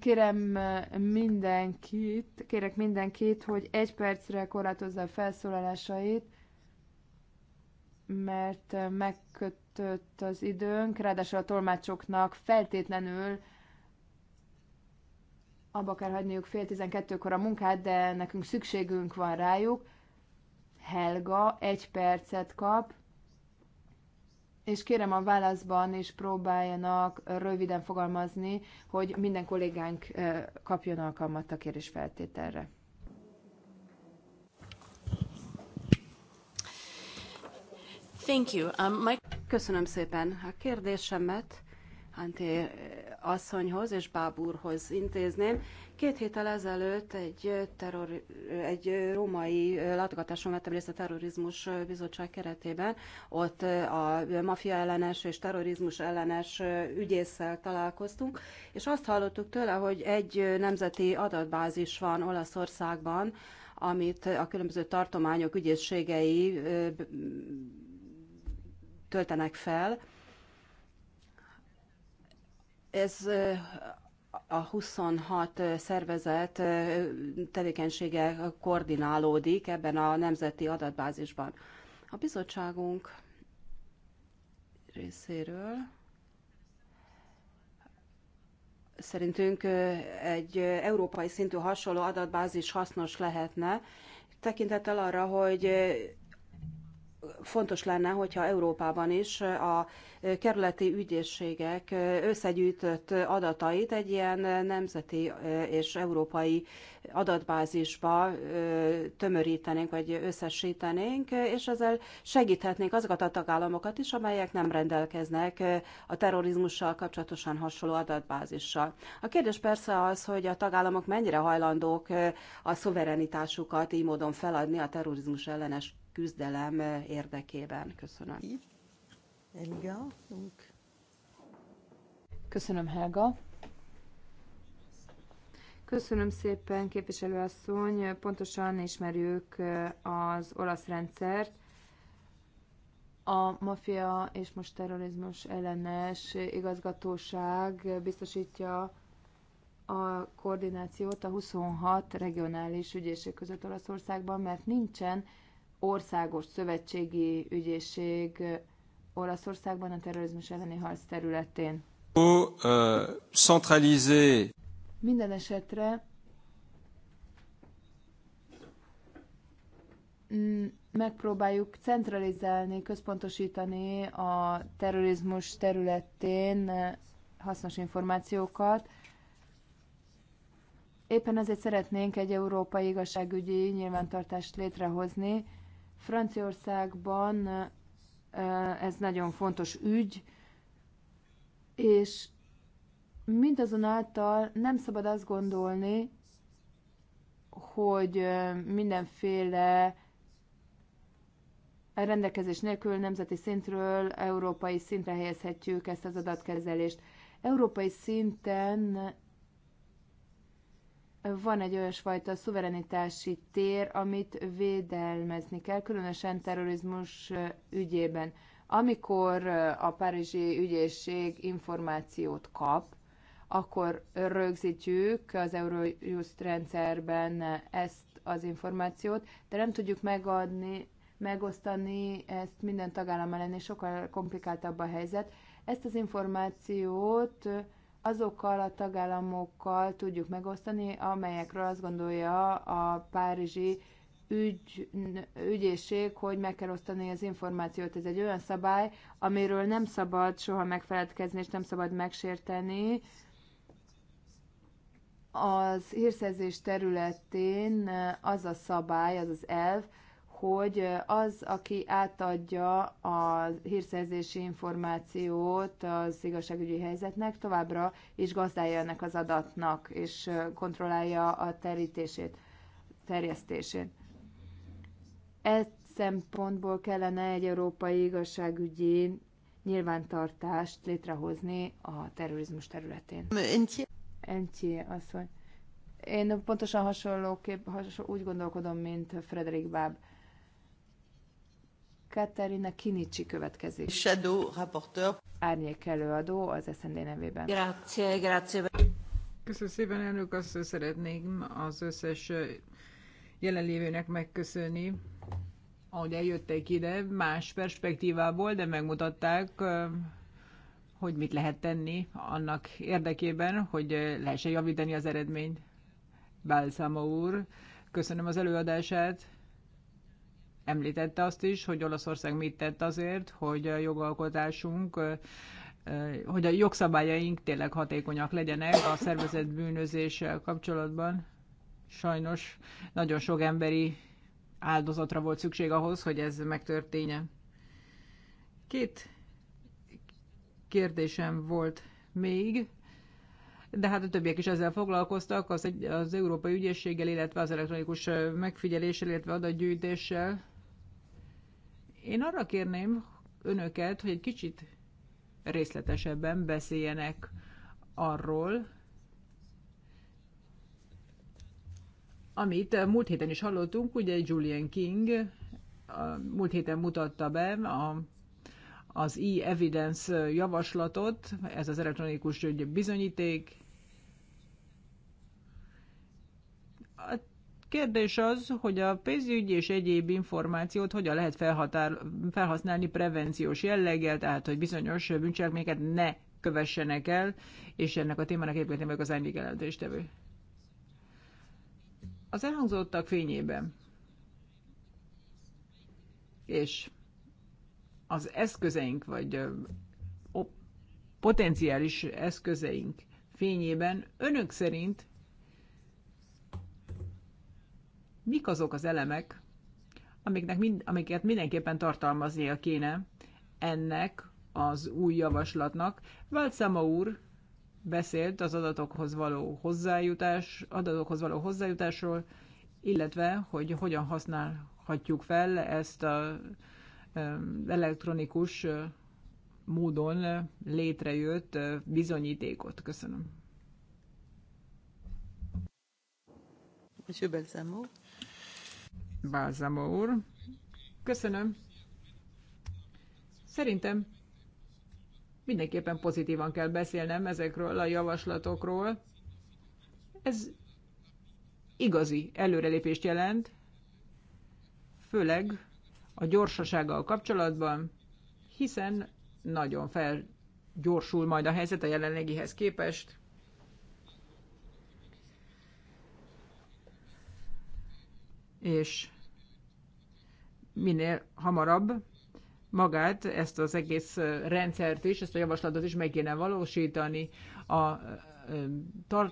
Kérem mindenkit, kérek mindenkit, hogy egy percre korlátozza a felszólalásait, mert megkötött az időnk, ráadásul a tolmácsoknak feltétlenül abba kell hagyniuk fél tizenkettőkor a munkát, de nekünk szükségünk van rájuk. Helga egy percet kap, és kérem a válaszban is próbáljanak röviden fogalmazni, hogy minden kollégánk kapjon alkalmat a kérdésfeltételre. Thank you. Um, my... Köszönöm szépen a kérdésemet. Anté asszonyhoz és Bábúrhoz intézném. Két héttel ezelőtt egy, terror, egy római látogatáson vettem részt a terrorizmus bizottság keretében. Ott a mafia ellenes és terrorizmus ellenes ügyésszel találkoztunk, és azt hallottuk tőle, hogy egy nemzeti adatbázis van Olaszországban, amit a különböző tartományok ügyészségei töltenek fel, ez a 26 szervezet tevékenysége koordinálódik ebben a nemzeti adatbázisban. A bizottságunk részéről szerintünk egy európai szintű hasonló adatbázis hasznos lehetne, tekintettel arra, hogy fontos lenne, hogyha Európában is a kerületi ügyészségek összegyűjtött adatait egy ilyen nemzeti és európai adatbázisba tömörítenénk, vagy összesítenénk, és ezzel segíthetnénk azokat a tagállamokat is, amelyek nem rendelkeznek a terrorizmussal kapcsolatosan hasonló adatbázissal. A kérdés persze az, hogy a tagállamok mennyire hajlandók a szuverenitásukat így módon feladni a terrorizmus ellenes küzdelem érdekében. Köszönöm. Köszönöm, Helga. Köszönöm szépen, képviselőasszony. Pontosan ismerjük eh, az olasz rendszert. A mafia és most terrorizmus ellenes igazgatóság biztosítja a koordinációt a 26 regionális ügyészség között Olaszországban, mert nincsen országos szövetségi ügyészség Olaszországban a terrorizmus elleni harc területén. Euh, centralizé. Minden esetre megpróbáljuk centralizálni, központosítani a terrorizmus területén e, hasznos információkat. Éppen ezért szeretnénk egy európai igazságügyi nyilvántartást létrehozni, Franciaországban ez nagyon fontos ügy, és mindazonáltal nem szabad azt gondolni, hogy mindenféle rendelkezés nélkül nemzeti szintről európai szintre helyezhetjük ezt az adatkezelést. Európai szinten van egy olyasfajta szuverenitási tér, amit védelmezni kell, különösen terrorizmus ügyében. Amikor a Párizsi ügyészség információt kap, akkor rögzítjük az Eurojust rendszerben ezt az információt, de nem tudjuk megadni, megosztani ezt minden tagállam ellen, és sokkal komplikáltabb a helyzet. Ezt az információt azokkal a tagállamokkal tudjuk megosztani, amelyekről azt gondolja a párizsi ügy, ügyészség, hogy meg kell osztani az információt. Ez egy olyan szabály, amiről nem szabad soha megfeledkezni, és nem szabad megsérteni. Az hírszerzés területén az a szabály, az az elv, hogy az, aki átadja a hírszerzési információt az igazságügyi helyzetnek, továbbra is gazdája ennek az adatnak, és kontrollálja a terítését, terjesztését. Ez szempontból kellene egy európai igazságügyi nyilvántartást létrehozni a terrorizmus területén. azt asszony. Én pontosan hasonló kép, úgy gondolkodom, mint Frederik Báb. Katerina Kinicsi következik. Shadow rapporteur. Árnyék előadó az SND nevében. Grazie, grazie. Köszönöm szépen, elnök, azt szeretnék az összes jelenlévőnek megköszönni, ahogy eljöttek ide, más perspektívából, de megmutatták, hogy mit lehet tenni annak érdekében, hogy lehessen javítani az eredményt. Bálszama úr, köszönöm az előadását, Említette azt is, hogy Olaszország mit tett azért, hogy a jogalkotásunk, hogy a jogszabályaink tényleg hatékonyak legyenek a szervezett bűnözéssel kapcsolatban. Sajnos nagyon sok emberi áldozatra volt szükség ahhoz, hogy ez megtörténjen. Két kérdésem volt még, de hát a többiek is ezzel foglalkoztak, az, egy, az Európai Ügyészséggel, illetve az elektronikus megfigyeléssel, illetve adatgyűjtéssel. Én arra kérném önöket, hogy egy kicsit részletesebben beszéljenek arról, amit múlt héten is hallottunk, ugye Julian King múlt héten mutatta be a, az e-evidence javaslatot, ez az elektronikus bizonyíték. A Kérdés az, hogy a pénzügyi és egyéb információt hogyan lehet felhatár, felhasználni prevenciós jelleggel, tehát hogy bizonyos bűncselekményeket ne kövessenek el, és ennek a témának egyébként vagyok az árnyék jelentéstevő. Az elhangzottak fényében és az eszközeink, vagy potenciális eszközeink fényében önök szerint mik azok az elemek, amiknek mind, amiket mindenképpen tartalmaznia kéne ennek az új javaslatnak. Váltszáma úr beszélt az adatokhoz való hozzájutás, adatokhoz való hozzájutásról, illetve hogy hogyan használhatjuk fel ezt a elektronikus módon létrejött bizonyítékot. Köszönöm. Monsieur Balsamo. Bálzama úr. Köszönöm. Szerintem mindenképpen pozitívan kell beszélnem ezekről a javaslatokról. Ez igazi előrelépést jelent, főleg a gyorsasággal kapcsolatban, hiszen nagyon felgyorsul majd a helyzet a jelenlegihez képest. És minél hamarabb magát, ezt az egész rendszert is, ezt a javaslatot is meg kéne valósítani a,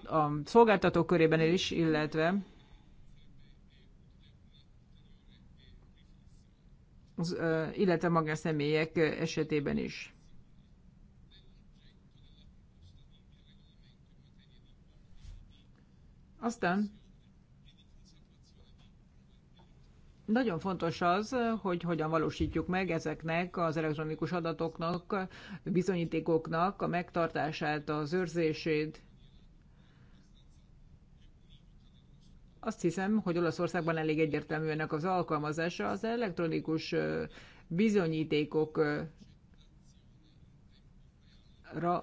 a szolgáltatók körében is, illetve az, illetve magánszemélyek esetében is. Aztán Nagyon fontos az, hogy hogyan valósítjuk meg ezeknek az elektronikus adatoknak, bizonyítékoknak a megtartását, az őrzését. Azt hiszem, hogy Olaszországban elég egyértelmű ennek az alkalmazása. Az elektronikus bizonyítékok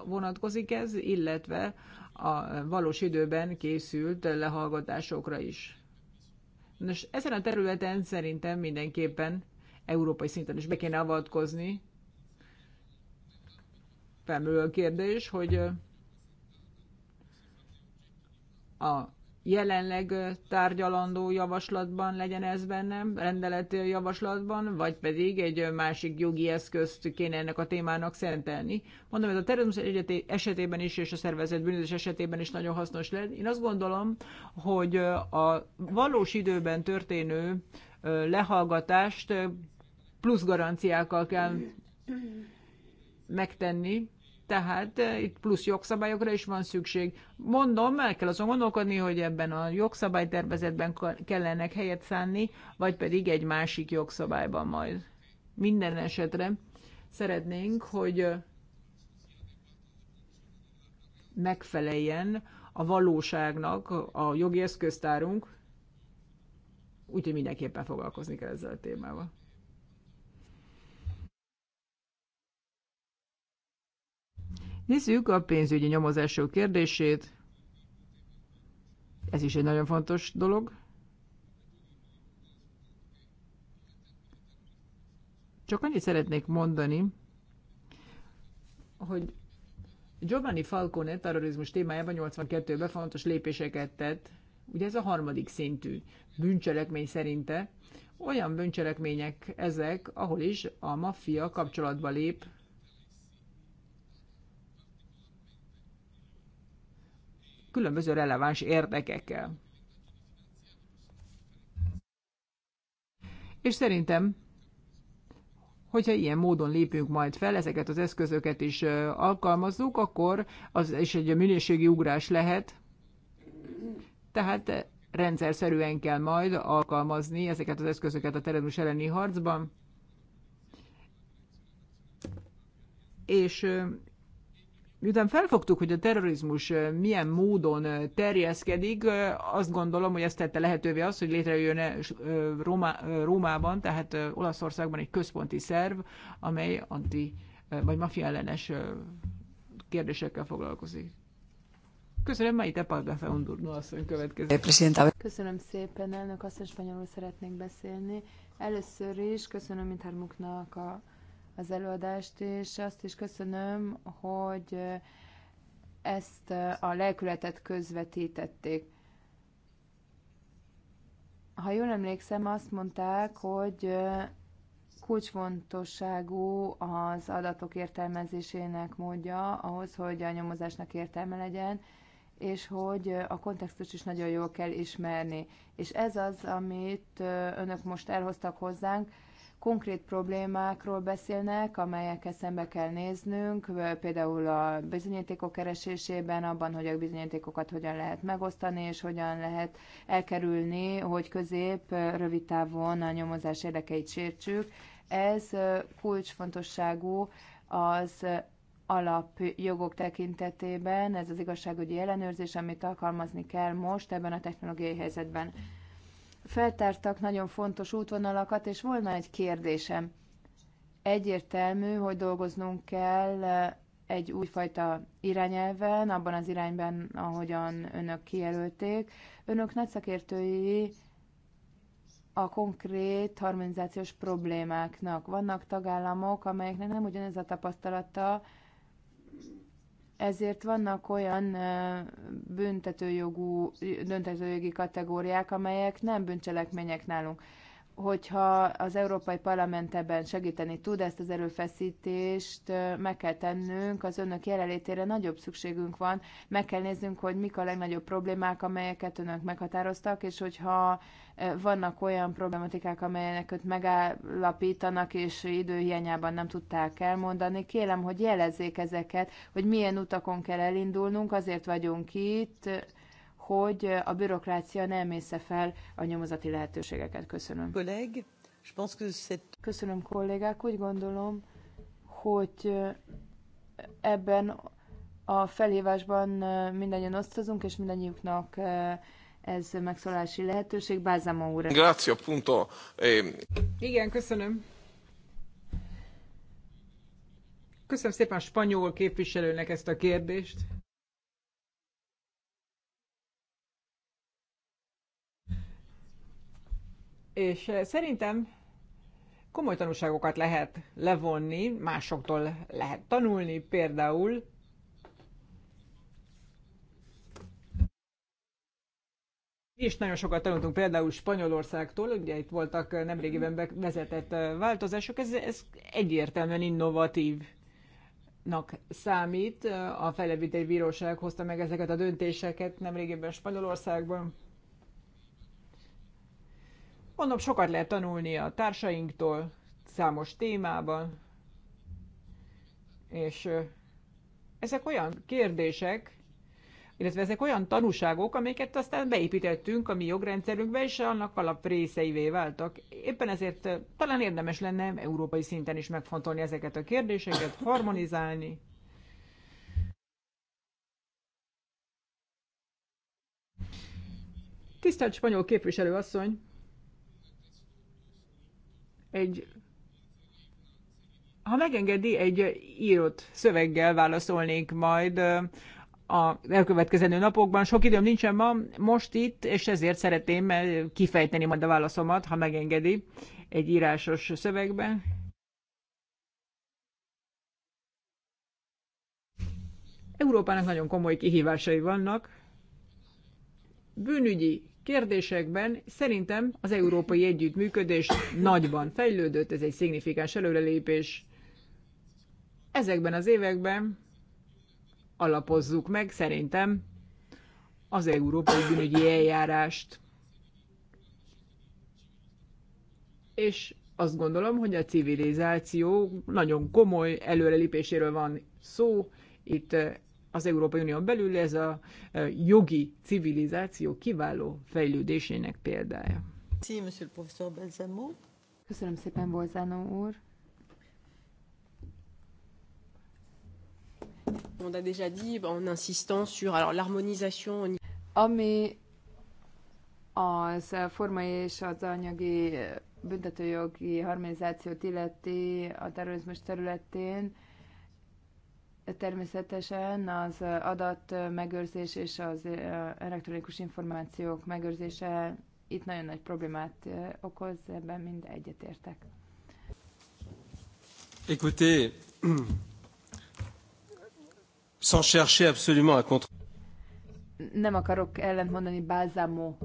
vonatkozik ez, illetve a valós időben készült lehallgatásokra is. Nos, ezen a területen szerintem mindenképpen európai szinten is be kéne avatkozni. Felmerül a kérdés, hogy a jelenleg tárgyalandó javaslatban legyen ez benne, rendeleti javaslatban, vagy pedig egy másik jogi eszközt kéne ennek a témának szentelni. Mondom, ez a terrorizmus esetében is, és a szervezet bűnözés esetében is nagyon hasznos lehet. Én azt gondolom, hogy a valós időben történő lehallgatást plusz garanciákkal kell megtenni, tehát eh, itt plusz jogszabályokra is van szükség. Mondom, el kell azon gondolkodni, hogy ebben a jogszabálytervezetben kellene helyet szánni, vagy pedig egy másik jogszabályban majd. Minden esetre szeretnénk, hogy eh, megfeleljen a valóságnak a jogi eszköztárunk, úgyhogy mindenképpen foglalkozni kell ezzel a témával. Nézzük a pénzügyi nyomozások kérdését. Ez is egy nagyon fontos dolog. Csak annyit szeretnék mondani, hogy Giovanni Falcone terrorizmus témájában 82-ben fontos lépéseket tett, ugye ez a harmadik szintű bűncselekmény szerinte, olyan bűncselekmények ezek, ahol is a maffia kapcsolatba lép különböző releváns érdekekkel. És szerintem, hogyha ilyen módon lépünk majd fel, ezeket az eszközöket is alkalmazzuk, akkor az is egy minőségi ugrás lehet. Tehát rendszer szerűen kell majd alkalmazni ezeket az eszközöket a terrorizmus elleni harcban. És miután felfogtuk, hogy a terrorizmus milyen módon terjeszkedik, azt gondolom, hogy ezt tette lehetővé az, hogy -e Róma, Rómában, tehát Olaszországban egy központi szerv, amely anti vagy mafia ellenes kérdésekkel foglalkozik. Köszönöm, Maite Parda Feundurno asszony következő. Köszönöm szépen, elnök azt a spanyolul szeretnék beszélni. Először is köszönöm Intármuknak a az előadást, és azt is köszönöm, hogy ezt a lelkületet közvetítették. Ha jól emlékszem, azt mondták, hogy kulcsfontosságú az adatok értelmezésének módja ahhoz, hogy a nyomozásnak értelme legyen, és hogy a kontextus is nagyon jól kell ismerni. És ez az, amit önök most elhoztak hozzánk, konkrét problémákról beszélnek, amelyekkel szembe kell néznünk, például a bizonyítékok keresésében, abban, hogy a bizonyítékokat hogyan lehet megosztani, és hogyan lehet elkerülni, hogy közép, rövid távon a nyomozás érdekeit sértsük. Ez kulcsfontosságú az alapjogok tekintetében, ez az igazságügyi ellenőrzés, amit alkalmazni kell most ebben a technológiai helyzetben feltártak nagyon fontos útvonalakat, és volna egy kérdésem. Egyértelmű, hogy dolgoznunk kell eh, egy újfajta irányelven, abban az irányban, ahogyan önök kijelölték. Önök nagy szakértői a konkrét harmonizációs problémáknak. Vannak tagállamok, amelyeknek nem ugyanez a tapasztalata, ezért vannak olyan büntetőjogú, döntetőjogi kategóriák, amelyek nem bűncselekmények nálunk hogyha az Európai Parlament ebben segíteni tud, ezt az erőfeszítést meg kell tennünk, az önök jelenlétére nagyobb szükségünk van, meg kell néznünk, hogy mik a legnagyobb problémák, amelyeket önök meghatároztak, és hogyha vannak olyan problematikák, amelyeket megállapítanak, és időhiányában nem tudták elmondani, kérem, hogy jelezzék ezeket, hogy milyen utakon kell elindulnunk, azért vagyunk itt, hogy a bürokrácia nem észre fel a nyomozati lehetőségeket. Köszönöm. Köszönöm kollégák, úgy gondolom, hogy ebben a felhívásban mindannyian osztozunk, és mindannyiunknak ez megszólási lehetőség. Bázama úr. Grazie, punto. Eh, Igen, köszönöm. Köszönöm szépen a spanyol képviselőnek ezt a kérdést. És eh, szerintem komoly tanulságokat lehet levonni, másoktól lehet tanulni, például És nagyon sokat tanultunk például Spanyolországtól, ugye itt voltak eh, nemrégiben vezetett eh, változások, ez, ez egyértelműen innovatívnak számít. A Felebítői Bíróság hozta meg ezeket a döntéseket nemrégiben Spanyolországban. Mondom, sokat lehet tanulni a társainktól, számos témában, és ezek olyan kérdések, illetve ezek olyan tanúságok, amiket aztán beépítettünk a mi jogrendszerünkbe, és annak alap részeivé váltak. Éppen ezért talán érdemes lenne európai szinten is megfontolni ezeket a kérdéseket, harmonizálni. Tisztelt spanyol képviselő asszony, egy ha megengedi, egy írott szöveggel válaszolnék majd a elkövetkezendő napokban. Sok időm nincsen ma, most itt, és ezért szeretném eh, kifejteni majd a válaszomat, ha megengedi, egy írásos szövegben. Európának nagyon komoly kihívásai vannak. Bűnügyi kérdésekben szerintem az európai együttműködés nagyban fejlődött, ez egy szignifikáns előrelépés. Ezekben az években alapozzuk meg szerintem az európai bűnügyi eljárást. És azt gondolom, hogy a civilizáció nagyon komoly előrelépéséről van szó. Itt az Európai Unió belül ez a jogi civilizáció kiváló fejlődésének példája. Köszönöm szépen, Bolzano úr. On a déjà dit en insistant sur alors l'harmonisation. Ami az formai és az anyagi büntetőjogi harmonizációt illeti a terrorizmus területén, Természetesen az adat megőrzés és az elektronikus információk megőrzése itt nagyon nagy problémát okoz, ebben mind egyetértek. Écoutez, sans chercher absolument à contre... Nem akarok mondani Bázamó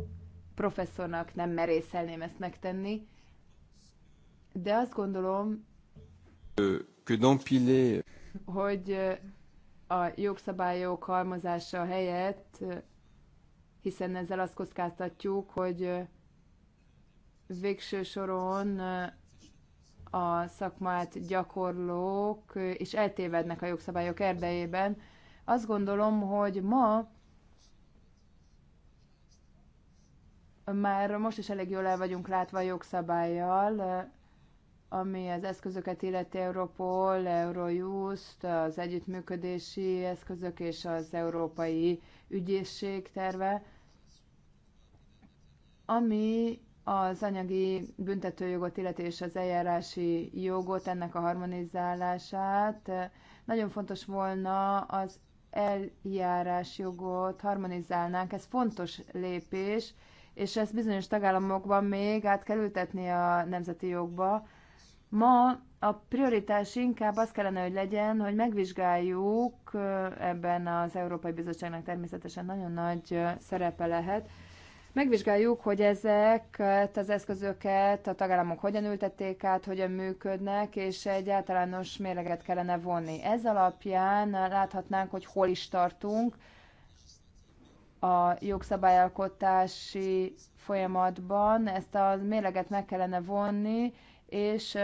professzornak, nem merészelném ezt megtenni, de azt gondolom... Que d'empiler hogy a jogszabályok halmozása helyett, hiszen ezzel azt kockáztatjuk, hogy végső soron a szakmát gyakorlók és eltévednek a jogszabályok erdejében. Azt gondolom, hogy ma már most is elég jól el vagyunk látva a jogszabályjal, ami az eszközöket illeti Europol, Eurojust, az együttműködési eszközök és az Európai Ügyészség terve, ami az anyagi büntetőjogot, illeti és az eljárási jogot, ennek a harmonizálását. Nagyon fontos volna az eljárás jogot harmonizálnánk, ez fontos lépés, és ezt bizonyos tagállamokban még át kell ültetni a nemzeti jogba, Ma a prioritás inkább az kellene, hogy legyen, hogy megvizsgáljuk, ebben az Európai Bizottságnak természetesen nagyon nagy szerepe lehet, megvizsgáljuk, hogy ezeket az eszközöket a tagállamok hogyan ültették át, hogyan működnek, és egy általános mérleget kellene vonni. Ez alapján láthatnánk, hogy hol is tartunk a jogszabályalkotási folyamatban. Ezt a mérleget meg kellene vonni, és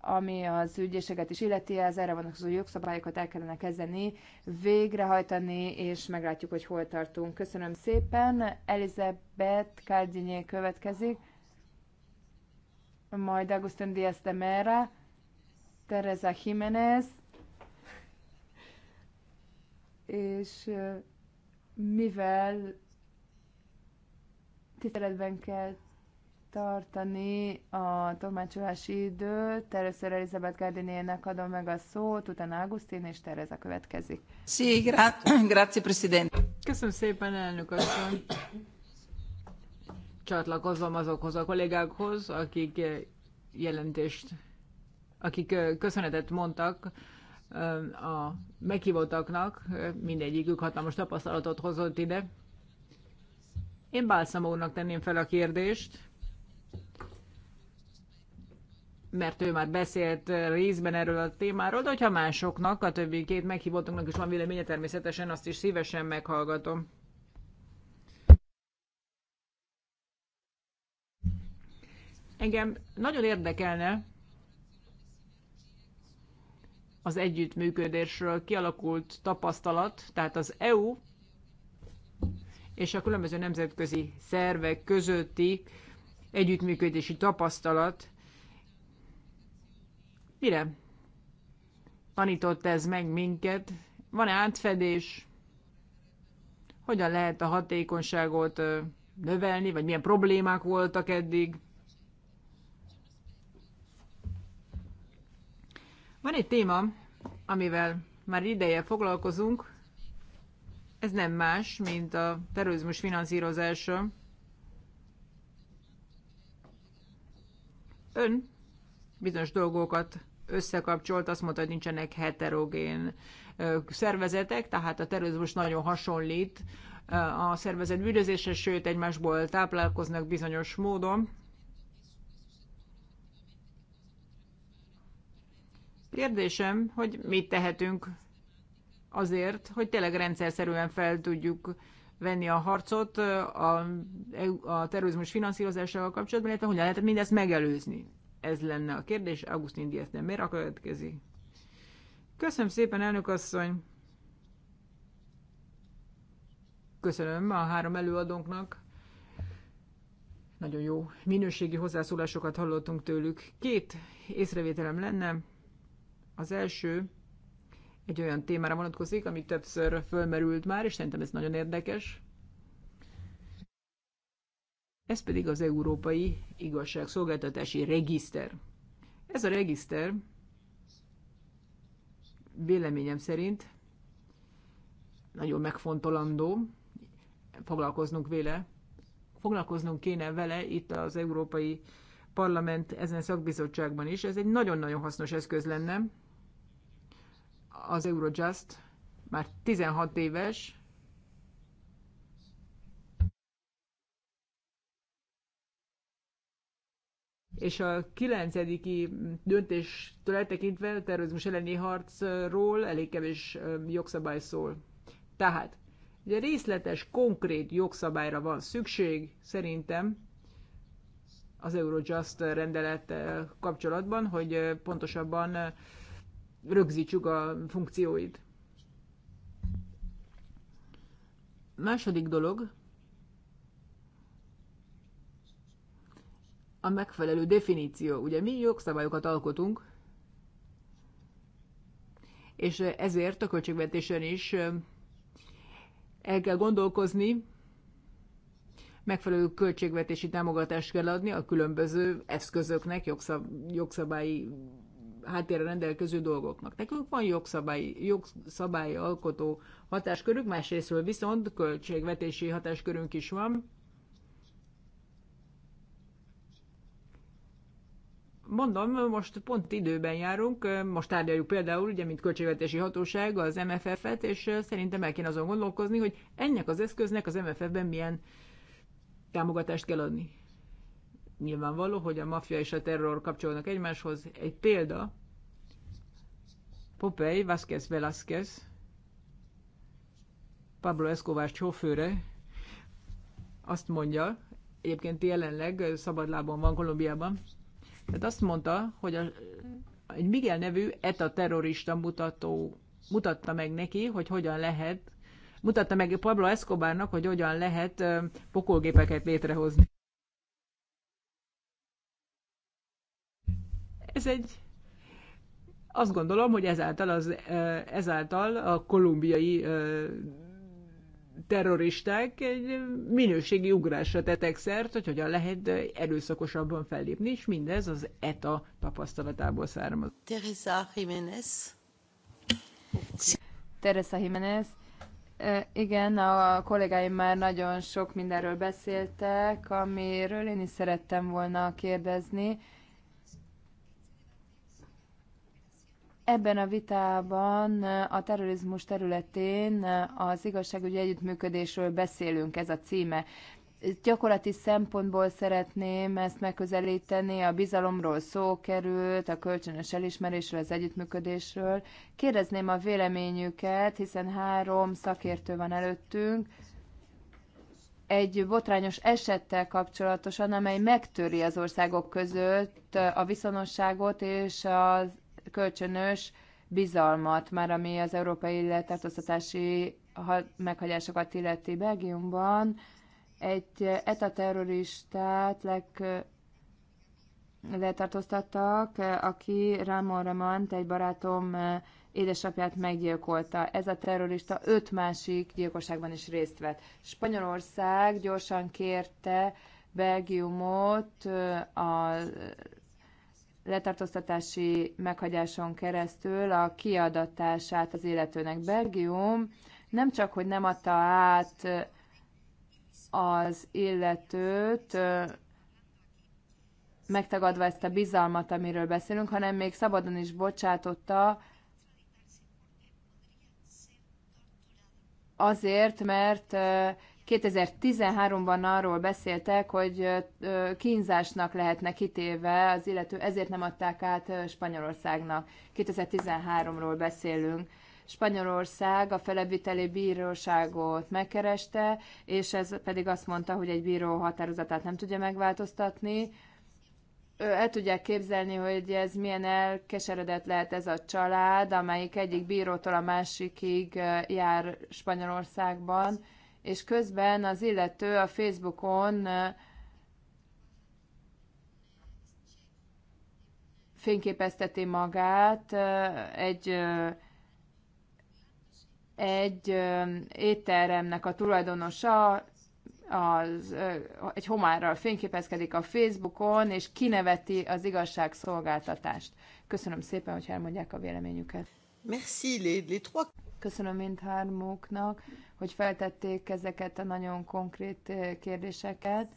ami az ügyészséget is illeti, az erre vonatkozó jogszabályokat el kellene kezdeni, végrehajtani, és meglátjuk, hogy hol tartunk. Köszönöm szépen. Elizabeth Cardinier következik, majd Agustin Díaz de Mera, Teresa Jiménez, és mivel tiszteletben kell tartani a tolmácsolási időt. Először Elizabeth Gardinének adom meg a szót, utána Augustin és Tereza következik. Sí, gra- grazie, Köszönöm szépen, elnök asszony. Csatlakozom azokhoz a kollégákhoz, akik eh, jelentést, akik eh, köszönetet mondtak eh, a meghívottaknak, mindegyikük hatalmas tapasztalatot hozott ide. Én Bálszamónak tenném fel a kérdést, mert ő már beszélt részben erről a témáról, de hogyha másoknak, a többi két meghívottunknak is van véleménye, természetesen azt is szívesen meghallgatom. Engem nagyon érdekelne az együttműködésről kialakult tapasztalat, tehát az EU és a különböző nemzetközi szervek közötti együttműködési tapasztalat Mire tanított ez meg minket? Van-e átfedés? Hogyan lehet a hatékonyságot növelni, vagy milyen problémák voltak eddig? Van egy téma, amivel már ideje foglalkozunk, ez nem más, mint a terrorizmus finanszírozása. Ön bizonyos dolgokat összekapcsolt, azt mondta, hogy nincsenek heterogén szervezetek, tehát a terrorizmus nagyon hasonlít a szervezet bűnözése, sőt egymásból táplálkoznak bizonyos módon. Kérdésem, hogy mit tehetünk azért, hogy tényleg rendszerszerűen fel tudjuk venni a harcot a, a terrorizmus finanszírozásával kapcsolatban, illetve hogyan lehet mindezt megelőzni. Ez lenne a kérdés. Augustin Diaz nem miért következő? Köszönöm szépen, elnök asszony! Köszönöm a három előadónknak. Nagyon jó minőségi hozzászólásokat hallottunk tőlük. Két észrevételem lenne. Az első egy olyan témára vonatkozik, ami többször fölmerült már, és szerintem ez nagyon érdekes ez pedig az Európai Igazságszolgáltatási Regiszter. Ez a regiszter véleményem szerint nagyon megfontolandó, foglalkoznunk vele, foglalkoznunk kéne vele itt az Európai Parlament ezen szakbizottságban is. Ez egy nagyon-nagyon hasznos eszköz lenne. Az Eurojust már 16 éves, és a kilencediki döntéstől eltekintve a terrorizmus elleni harcról elég kevés jogszabály szól. Tehát, ugye részletes, konkrét jogszabályra van szükség, szerintem, az Eurojust rendelet kapcsolatban, hogy pontosabban rögzítsük a funkcióit. Második dolog, a megfelelő definíció. Ugye mi jogszabályokat alkotunk, és ezért a költségvetésen is el kell gondolkozni, megfelelő költségvetési támogatást kell adni a különböző eszközöknek, jogszab, jogszabályi háttérre rendelkező dolgoknak. Nekünk van jogszabályi, jogszabályi alkotó hatáskörük, másrésztről viszont költségvetési hatáskörünk is van. mondom, most pont időben járunk, most tárgyaljuk például, ugye, mint költségvetési hatóság az MFF-et, és szerintem el kéne azon gondolkozni, hogy ennek az eszköznek az MFF-ben milyen támogatást kell adni. Nyilvánvaló, hogy a maffia és a terror kapcsolnak egymáshoz. Egy példa, Popey Vázquez Velázquez, Pablo Escobar csófőre azt mondja, egyébként jelenleg szabadlábon van Kolumbiában, tehát azt mondta, hogy a, egy Miguel nevű ETA terrorista mutató mutatta meg neki, hogy hogyan lehet, mutatta meg Pablo Escobarnak, hogy hogyan lehet pokolgépeket létrehozni. Ez egy azt gondolom, hogy ezáltal, az, ezáltal a kolumbiai terroristák egy minőségi ugrásra tetek szert, hogy hogyan lehet erőszakosabban fellépni, és mindez az ETA tapasztalatából származik. Teresa Jiménez. Teresa Jiménez. Igen, a kollégáim már nagyon sok mindenről beszéltek, amiről én is szerettem volna kérdezni. Ebben a vitában a terrorizmus területén az igazságügyi együttműködésről beszélünk, ez a címe. Gyakorlati szempontból szeretném ezt megközelíteni, a bizalomról szó került, a kölcsönös elismerésről, az együttműködésről. Kérdezném a véleményüket, hiszen három szakértő van előttünk, egy botrányos esettel kapcsolatosan, amely megtöri az országok között a viszonosságot és az kölcsönös bizalmat, már ami az európai letartóztatási meghagyásokat illeti Belgiumban. Egy ETA terroristát leg, letartóztattak, aki Ramon Ramant, egy barátom édesapját meggyilkolta. Ez a terrorista öt másik gyilkosságban is részt vett. Spanyolország gyorsan kérte Belgiumot a letartóztatási meghagyáson keresztül a kiadatását az illetőnek. Belgium nem csak, hogy nem adta át az illetőt, megtagadva ezt a bizalmat, amiről beszélünk, hanem még szabadon is bocsátotta azért, mert 2013-ban arról beszéltek, hogy kínzásnak lehetne kitéve az illető, ezért nem adták át Spanyolországnak. 2013-ról beszélünk. Spanyolország a felebviteli bíróságot megkereste, és ez pedig azt mondta, hogy egy bíró határozatát nem tudja megváltoztatni. El tudják képzelni, hogy ez milyen elkeseredett lehet ez a család, amelyik egyik bírótól a másikig jár Spanyolországban és közben az illető a Facebookon fényképezteti magát egy egy étteremnek a tulajdonosa az, egy homárral fényképezkedik a Facebookon, és kineveti az igazságszolgáltatást. Köszönöm szépen, hogy elmondják a véleményüket. Merci, les, les trois... Köszönöm mindhármuknak, hogy feltették ezeket a nagyon konkrét eh, kérdéseket.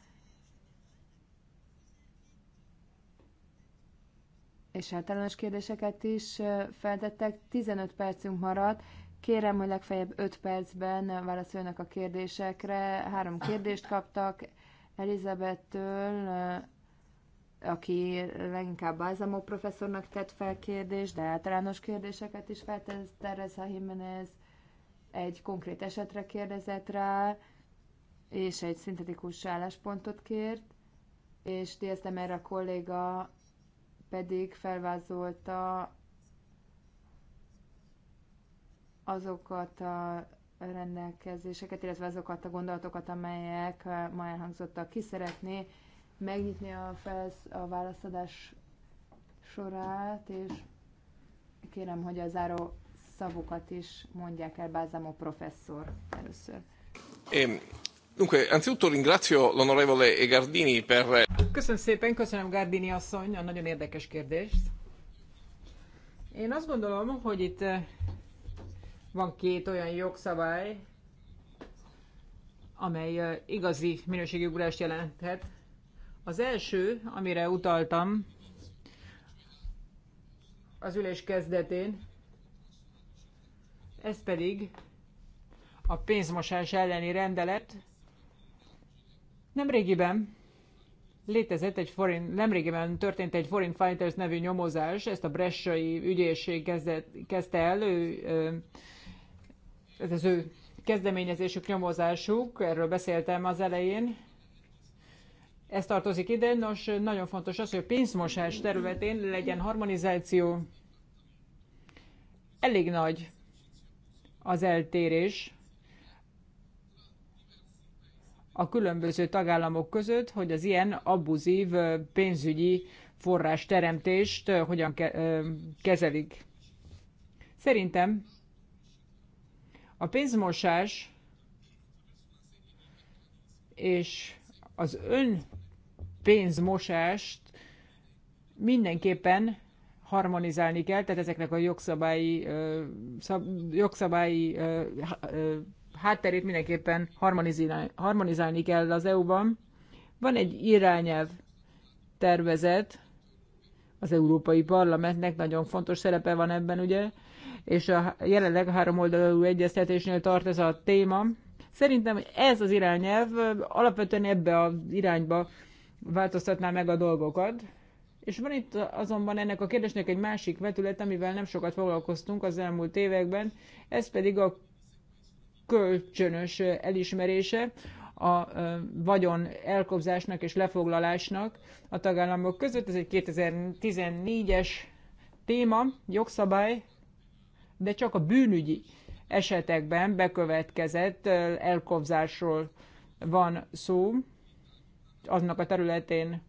És általános kérdéseket is eh, feltettek. 15 percünk maradt. Kérem, hogy legfeljebb 5 percben válaszoljanak a kérdésekre. Három kérdést kaptak Elizabettől, eh, aki leginkább Balzamó professzornak tett fel kérdés, de általános kérdéseket is feltett Teresa Jiménez, egy konkrét esetre kérdezett rá, és egy szintetikus álláspontot kért, és DSM erre a kolléga pedig felvázolta azokat a rendelkezéseket, illetve azokat a gondolatokat, amelyek ma elhangzottak ki. Szeretné megnyitni a, felsz, a válaszadás sorát, és kérem, hogy a záró szavukat is mondják el Bázamo professzor először. Én, dunque, anzitutto ringrazio l'onorevole Gardini per... Köszönöm szépen, köszönöm Gardini asszony a nagyon érdekes kérdést. Én azt gondolom, hogy itt eh, van két olyan jogszabály, amely eh, igazi minőségi ugrást jelenthet az első, amire utaltam az ülés kezdetén, ez pedig a pénzmosás elleni rendelet. Nemrégiben létezett egy forin, nemrégiben történt egy Foreign Fighters nevű nyomozás, ezt a bressai ügyészség kezdett, kezdte el, ő, ez az ő kezdeményezésük, nyomozásuk, erről beszéltem az elején ez tartozik ide. Nos, nagyon fontos az, hogy a pénzmosás területén legyen harmonizáció. Elég nagy az eltérés a különböző tagállamok között, hogy az ilyen abuzív pénzügyi forrás teremtést hogyan kezelik. Szerintem a pénzmosás és az ön pénzmosást mindenképpen harmonizálni kell, tehát ezeknek a jogszabályi, jogszabályi hátterét mindenképpen harmonizálni, harmonizálni kell az EU-ban. Van egy irányelv tervezet, az Európai Parlamentnek nagyon fontos szerepe van ebben, ugye, és a jelenleg a három oldalú egyeztetésnél tart ez a téma. Szerintem ez az irányelv alapvetően ebbe az irányba változtatná meg a dolgokat. És van itt azonban ennek a kérdésnek egy másik vetület, amivel nem sokat foglalkoztunk az elmúlt években, ez pedig a kölcsönös elismerése a vagyon elkobzásnak és lefoglalásnak a tagállamok között. Ez egy 2014-es téma, jogszabály, de csak a bűnügyi esetekben bekövetkezett elkobzásról van szó aznak a területén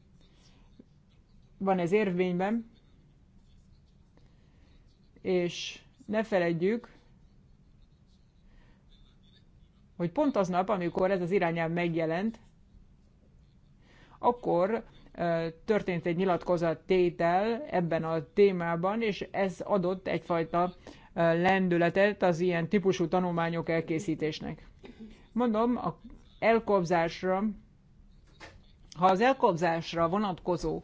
van ez érvényben, és ne feledjük, hogy pont aznap, amikor ez az irányelv megjelent, akkor történt egy nyilatkozat tétel ebben a témában, és ez adott egyfajta lendületet az ilyen típusú tanulmányok elkészítésnek. Mondom, a elkobzásra ha az elkobzásra vonatkozó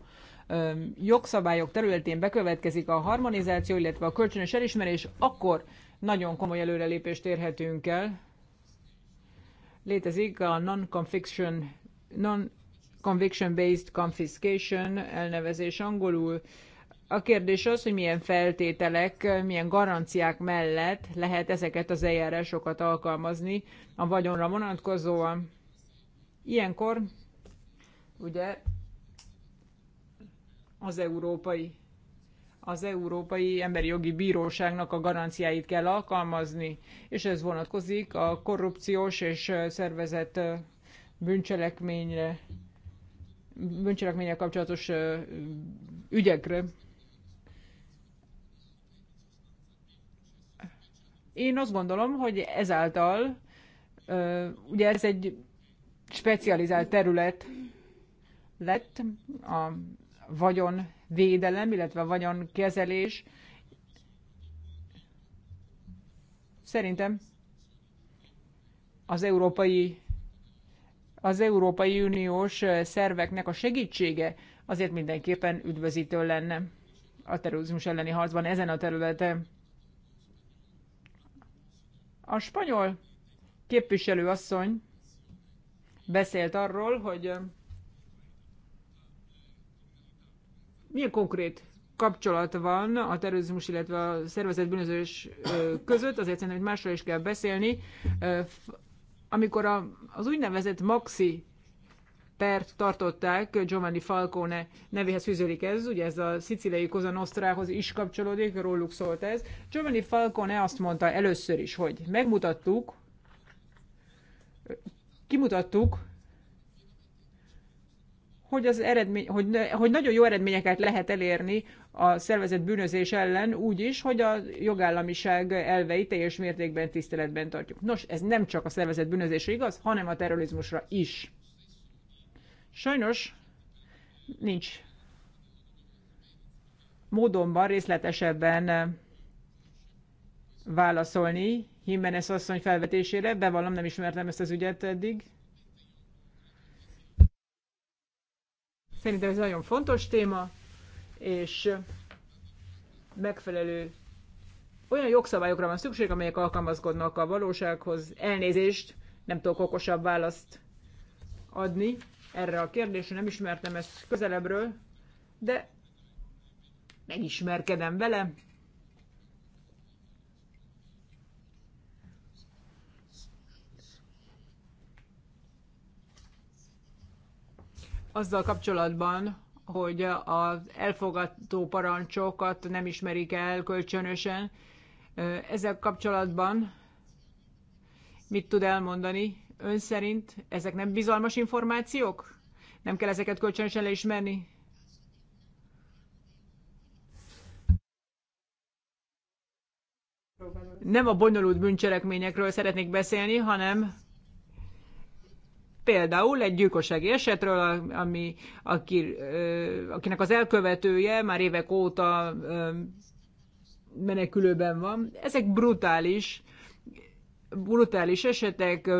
jogszabályok területén bekövetkezik a harmonizáció, illetve a kölcsönös elismerés, akkor nagyon komoly előrelépést érhetünk el. Létezik a non-conviction non conviction-based confiscation elnevezés angolul. A kérdés az, hogy milyen feltételek, milyen garanciák mellett lehet ezeket az eljárásokat alkalmazni a vagyonra vonatkozóan. Ilyenkor ugye az európai az Európai Emberi Jogi Bíróságnak a garanciáit kell alkalmazni, és ez vonatkozik a korrupciós és szervezett bűncselekményre, bűncselekménye kapcsolatos ügyekre. Én azt gondolom, hogy ezáltal, ugye ez egy specializált terület, lett a védelem, illetve a kezelés. Szerintem az európai az Európai Uniós szerveknek a segítsége azért mindenképpen üdvözítő lenne a terrorizmus elleni harcban ezen a területen. A spanyol képviselő asszony beszélt arról, hogy milyen konkrét kapcsolat van a terrorizmus, illetve a szervezett bűnözős között, azért szerintem hogy másról is kell beszélni. Amikor a, az úgynevezett maxi pert tartották, Giovanni Falcone nevéhez fűződik ez, ugye ez a szicilei Cosa Nostrahoz is kapcsolódik, róluk szólt ez. Giovanni Falcone azt mondta először is, hogy megmutattuk, kimutattuk, hogy, az eredmény, hogy, hogy nagyon jó eredményeket lehet elérni a szervezet bűnözés ellen úgy is, hogy a jogállamiság elveit teljes mértékben tiszteletben tartjuk. Nos, ez nem csak a szervezet bűnözésre igaz, hanem a terrorizmusra is. Sajnos nincs módonban részletesebben eh, válaszolni Jimenez asszony felvetésére. Bevallom, nem ismertem ezt az ügyet eddig. Szerintem ez nagyon fontos téma, és megfelelő olyan jogszabályokra van szükség, amelyek alkalmazkodnak a valósághoz. Elnézést, nem tudok okosabb választ adni erre a kérdésre, nem ismertem ezt közelebbről, de megismerkedem vele, azzal kapcsolatban, hogy az elfogadó parancsokat nem ismerik el kölcsönösen. Ezzel kapcsolatban mit tud elmondani ön szerint? Ezek nem bizalmas információk? Nem kell ezeket kölcsönösen leismerni? Nem a bonyolult bűncselekményekről szeretnék beszélni, hanem Például egy gyilkossági esetről, ami, aki, akinek az elkövetője már évek óta menekülőben van. Ezek brutális, brutális esetek.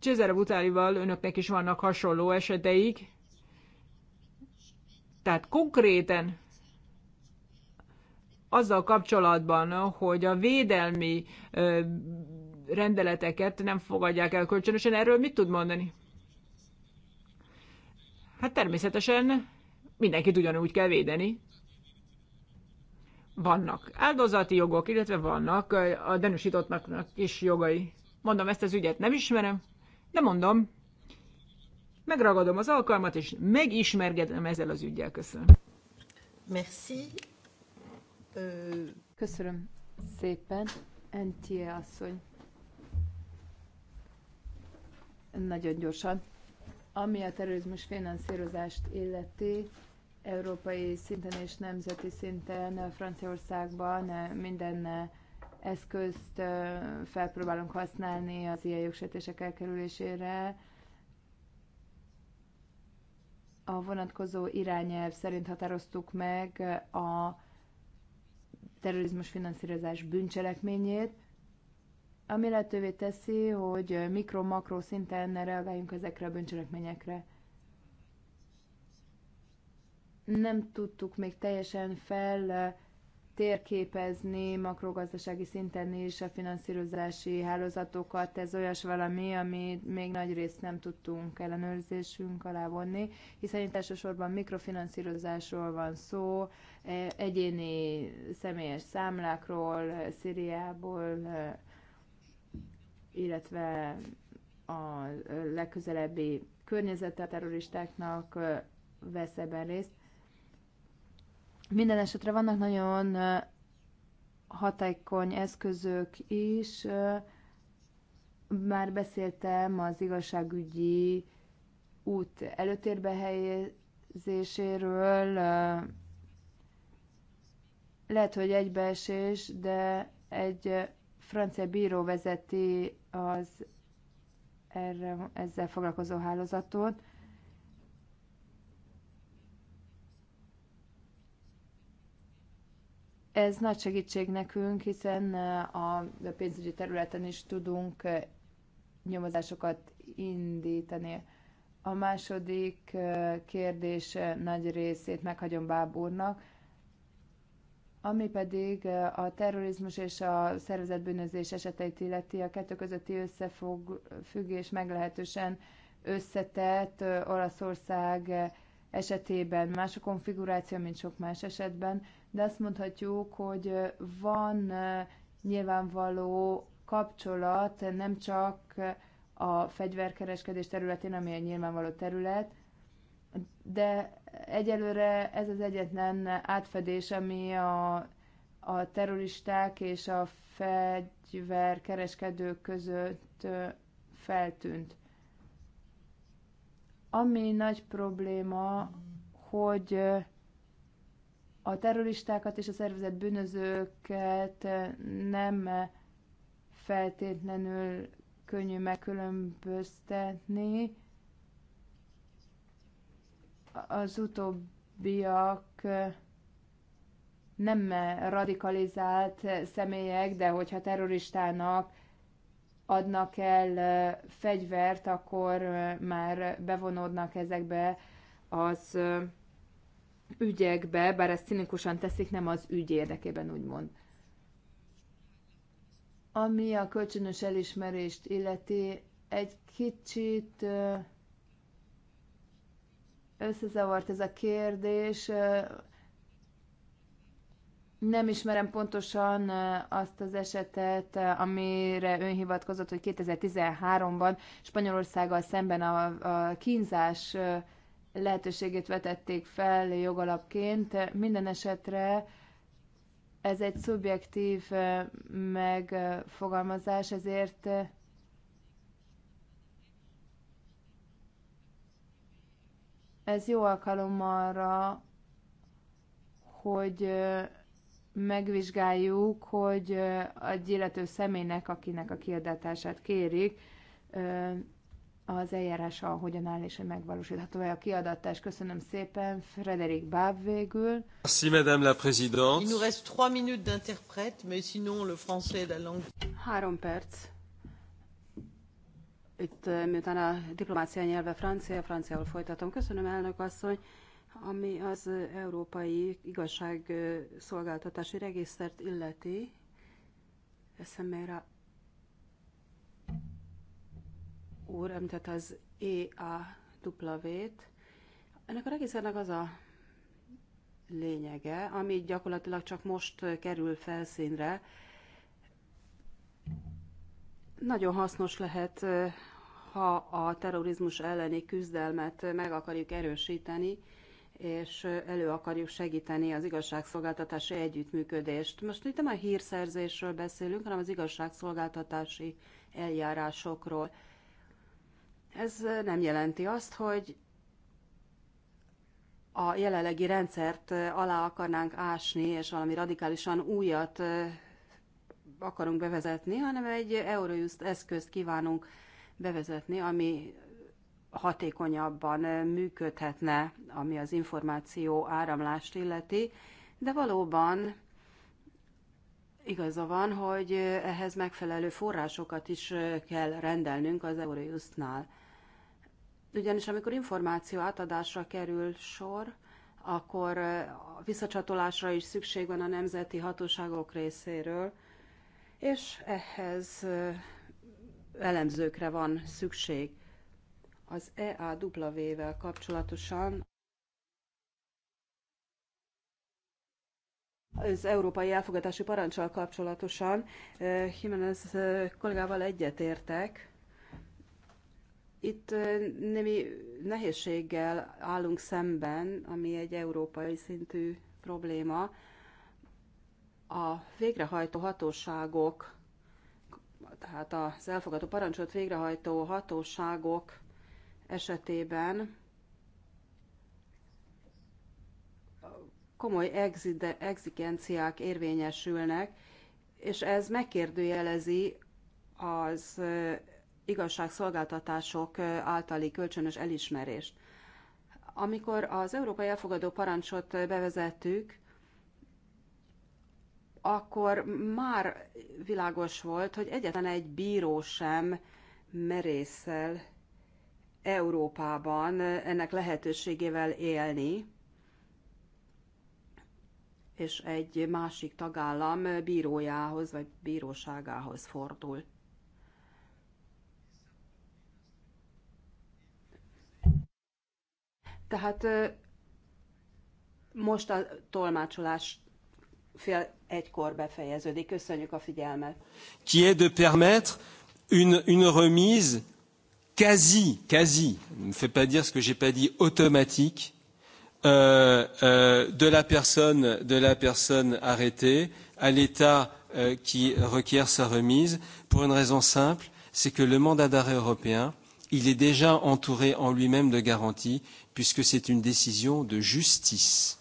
Cesare Butálival önöknek is vannak hasonló eseteik. Tehát konkrétan azzal kapcsolatban, hogy a védelmi rendeleteket nem fogadják el kölcsönösen. Erről mit tud mondani? Hát természetesen mindenkit ugyanúgy kell védeni. Vannak áldozati jogok, illetve vannak a denúsítottnak is jogai. Mondom, ezt az ügyet nem ismerem, de mondom, megragadom az alkalmat, és megismergetem ezzel az ügyel. Köszönöm. Merci. Köszönöm szépen, Entie asszony nagyon gyorsan. Ami a terrorizmus finanszírozást illeti, európai szinten és nemzeti szinten, Franciaországban eh, minden eh, eszközt eh, felpróbálunk használni az ilyen jogsértések elkerülésére. A vonatkozó irányelv szerint határoztuk meg a terrorizmus finanszírozás bűncselekményét, ami lehetővé teszi, hogy mikro-makro szinten reagáljunk ezekre a bűncselekményekre. Nem tudtuk még teljesen fel térképezni makrogazdasági szinten is a finanszírozási hálózatokat. Ez olyas valami, amit még nagy részt nem tudtunk ellenőrzésünk alá vonni, hiszen itt elsősorban mikrofinanszírozásról van szó, egyéni személyes számlákról, Szíriából, illetve a legközelebbi környezete a terroristáknak vesz ebben részt. Minden esetre vannak nagyon hatékony eszközök is. Már beszéltem az igazságügyi út előtérbe helyezéséről. Lehet, hogy egybeesés, de egy francia bíró vezeti az erre, ezzel foglalkozó hálózatot. Ez nagy segítség nekünk, hiszen eh, a pénzügyi területen is tudunk eh, nyomozásokat indítani. A második eh, kérdés nagy részét meghagyom Báb úrnak. Ami pedig a terrorizmus és a szervezetbűnözés eseteit illeti, a kettő közötti összefüggés meglehetősen összetett Olaszország esetében más a konfiguráció, mint sok más esetben, de azt mondhatjuk, hogy van nyilvánvaló kapcsolat nem csak a fegyverkereskedés területén, ami egy nyilvánvaló terület, de Egyelőre ez az egyetlen átfedés, ami a, a terroristák és a fegyverkereskedők között feltűnt. Ami nagy probléma, hogy a terroristákat és a szervezet bűnözőket nem feltétlenül könnyű megkülönböztetni, az utóbbiak nem radikalizált személyek, de hogyha terroristának adnak el fegyvert, akkor már bevonódnak ezekbe az ügyekbe, bár ezt cinikusan teszik, nem az ügy érdekében, úgymond. Ami a kölcsönös elismerést illeti, egy kicsit összezavart ez a kérdés. Nem ismerem pontosan azt az esetet, amire ön hivatkozott, hogy 2013-ban Spanyolországgal szemben a, a kínzás lehetőségét vetették fel jogalapként. Minden esetre ez egy szubjektív megfogalmazás, ezért Ez jó alkalom arra, hogy megvizsgáljuk, hogy egy illető személynek, akinek a kiadatását kérik, az eljárása hogyan áll és hogy megvalósítható-e a kiadatás. Köszönöm szépen, Frederik Báb végül. Merci, Madame la Présidente. Il nous reste trois minutes d'interprète, mais sinon le français et la langue. Három perc itt eh, miután a diplomácia nyelve francia, franciául folytatom. Köszönöm, elnök asszony, ami az eh, Európai Igazságszolgáltatási eh, Regisztert illeti. Eszemére úr említett az EAW-t. Ennek a regiszternek az a lényege, ami gyakorlatilag csak most kerül felszínre, nagyon hasznos lehet ha a terrorizmus elleni küzdelmet meg akarjuk erősíteni, és elő akarjuk segíteni az igazságszolgáltatási együttműködést. Most itt nem a hírszerzésről beszélünk, hanem az igazságszolgáltatási eljárásokról. Ez nem jelenti azt, hogy a jelenlegi rendszert alá akarnánk ásni, és valami radikálisan újat akarunk bevezetni, hanem egy Eurojust eszközt kívánunk bevezetni, ami hatékonyabban működhetne, ami az információ áramlást illeti, de valóban igaza van, hogy ehhez megfelelő forrásokat is kell rendelnünk az Eurojustnál. Ugyanis amikor információ átadásra kerül sor, akkor visszacsatolásra is szükség van a nemzeti hatóságok részéről, és ehhez elemzőkre van szükség. Az EAW-vel kapcsolatosan az európai elfogadási parancsal kapcsolatosan eh, Jimenez eh, kollégával egyetértek. Itt eh, némi nehézséggel állunk szemben, ami egy európai szintű probléma. A végrehajtó hatóságok tehát az elfogadó parancsot végrehajtó hatóságok esetében komoly exigenciák érvényesülnek, és ez megkérdőjelezi az igazságszolgáltatások általi kölcsönös elismerést. Amikor az európai elfogadó parancsot bevezettük, akkor már világos volt, hogy egyetlen egy bíró sem merészel Európában ennek lehetőségével élni, és egy másik tagállam bírójához vagy bíróságához fordul. Tehát most a tolmácsolás fél egykor befejeződik. Köszönjük a figyelmet. Qui est de permettre une, une remise quasi, quasi, ne me fais pas dire ce que j'ai pas dit, automatique euh, euh, de la personne, de la personne arrêtée à l'État euh, qui requiert sa remise pour une raison simple, c'est que le mandat d'arrêt européen, il est déjà entouré en lui-même de garanties puisque c'est une décision de justice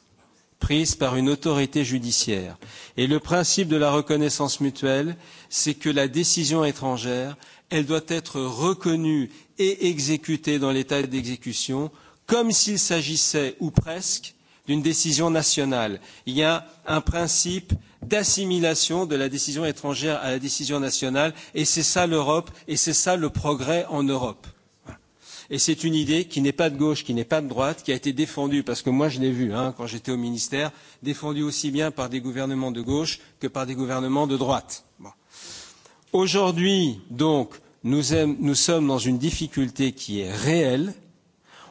prise par une autorité judiciaire. Et le principe de la reconnaissance mutuelle, c'est que la décision étrangère, elle doit être reconnue et exécutée dans l'état d'exécution comme s'il s'agissait, ou presque, d'une décision nationale. Il y a un principe d'assimilation de la décision étrangère à la décision nationale, et c'est ça l'Europe, et c'est ça le progrès en Europe. Et c'est une idée qui n'est pas de gauche, qui n'est pas de droite, qui a été défendue, parce que moi je l'ai vu hein, quand j'étais au ministère, défendue aussi bien par des gouvernements de gauche que par des gouvernements de droite. Bon. Aujourd'hui, donc, nous, aimes, nous sommes dans une difficulté qui est réelle.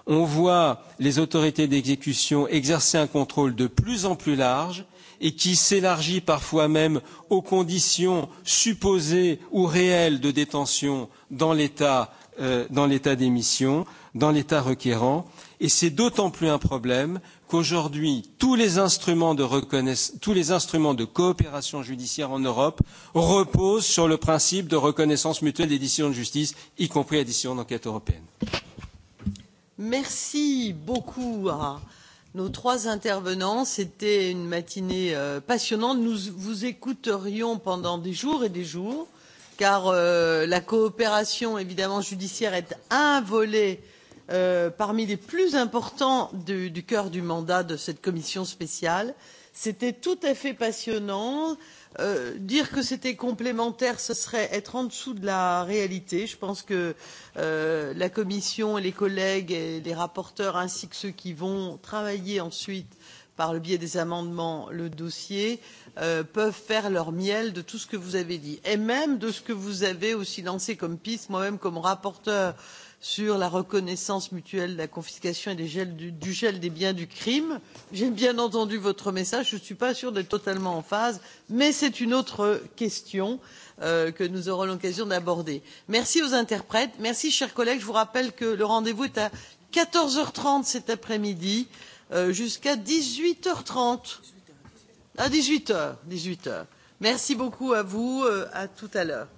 On voit les autorités d'exécution exercer un contrôle de plus en plus large et qui s'élargit parfois même aux conditions supposées ou réelles de détention dans l'État Euh, dans l'état d'émission, dans l'état requérant. Et c'est d'autant plus un problème qu'aujourd'hui, tous les instruments de reconnaissance, tous les instruments de coopération judiciaire en Europe reposent sur le principe de reconnaissance mutuelle des décisions de justice, y compris la décision d'enquête européenne. Merci beaucoup à nos trois intervenants. C'était une matinée euh, passionnante. Nous vous écouterions pendant des jours et des jours car euh, la coopération évidemment judiciaire est un volet euh, parmi les plus importants du, du cœur du mandat de cette commission spéciale. C'était tout à fait passionnant. Euh, dire que c'était complémentaire, ce serait être en dessous de la réalité. Je pense que euh, la Commission et les collègues et les rapporteurs ainsi que ceux qui vont travailler ensuite par le biais des amendements le dossier euh, peuvent faire leur miel de tout ce que vous avez dit et même de ce que vous avez aussi lancé comme piste moi même comme rapporteur sur la reconnaissance mutuelle de la confiscation et des gels, du, du gel des biens du crime. J'ai bien entendu votre message, je ne suis pas sûre d'être totalement en phase, mais c'est une autre question euh, que nous aurons l'occasion d'aborder. Merci aux interprètes, merci chers collègues, je vous rappelle que le rendez-vous est à 14h30 cet après-midi. Euh, jusqu'à 18h30. À 18h, 18h. Merci beaucoup à vous, euh, à tout à l'heure.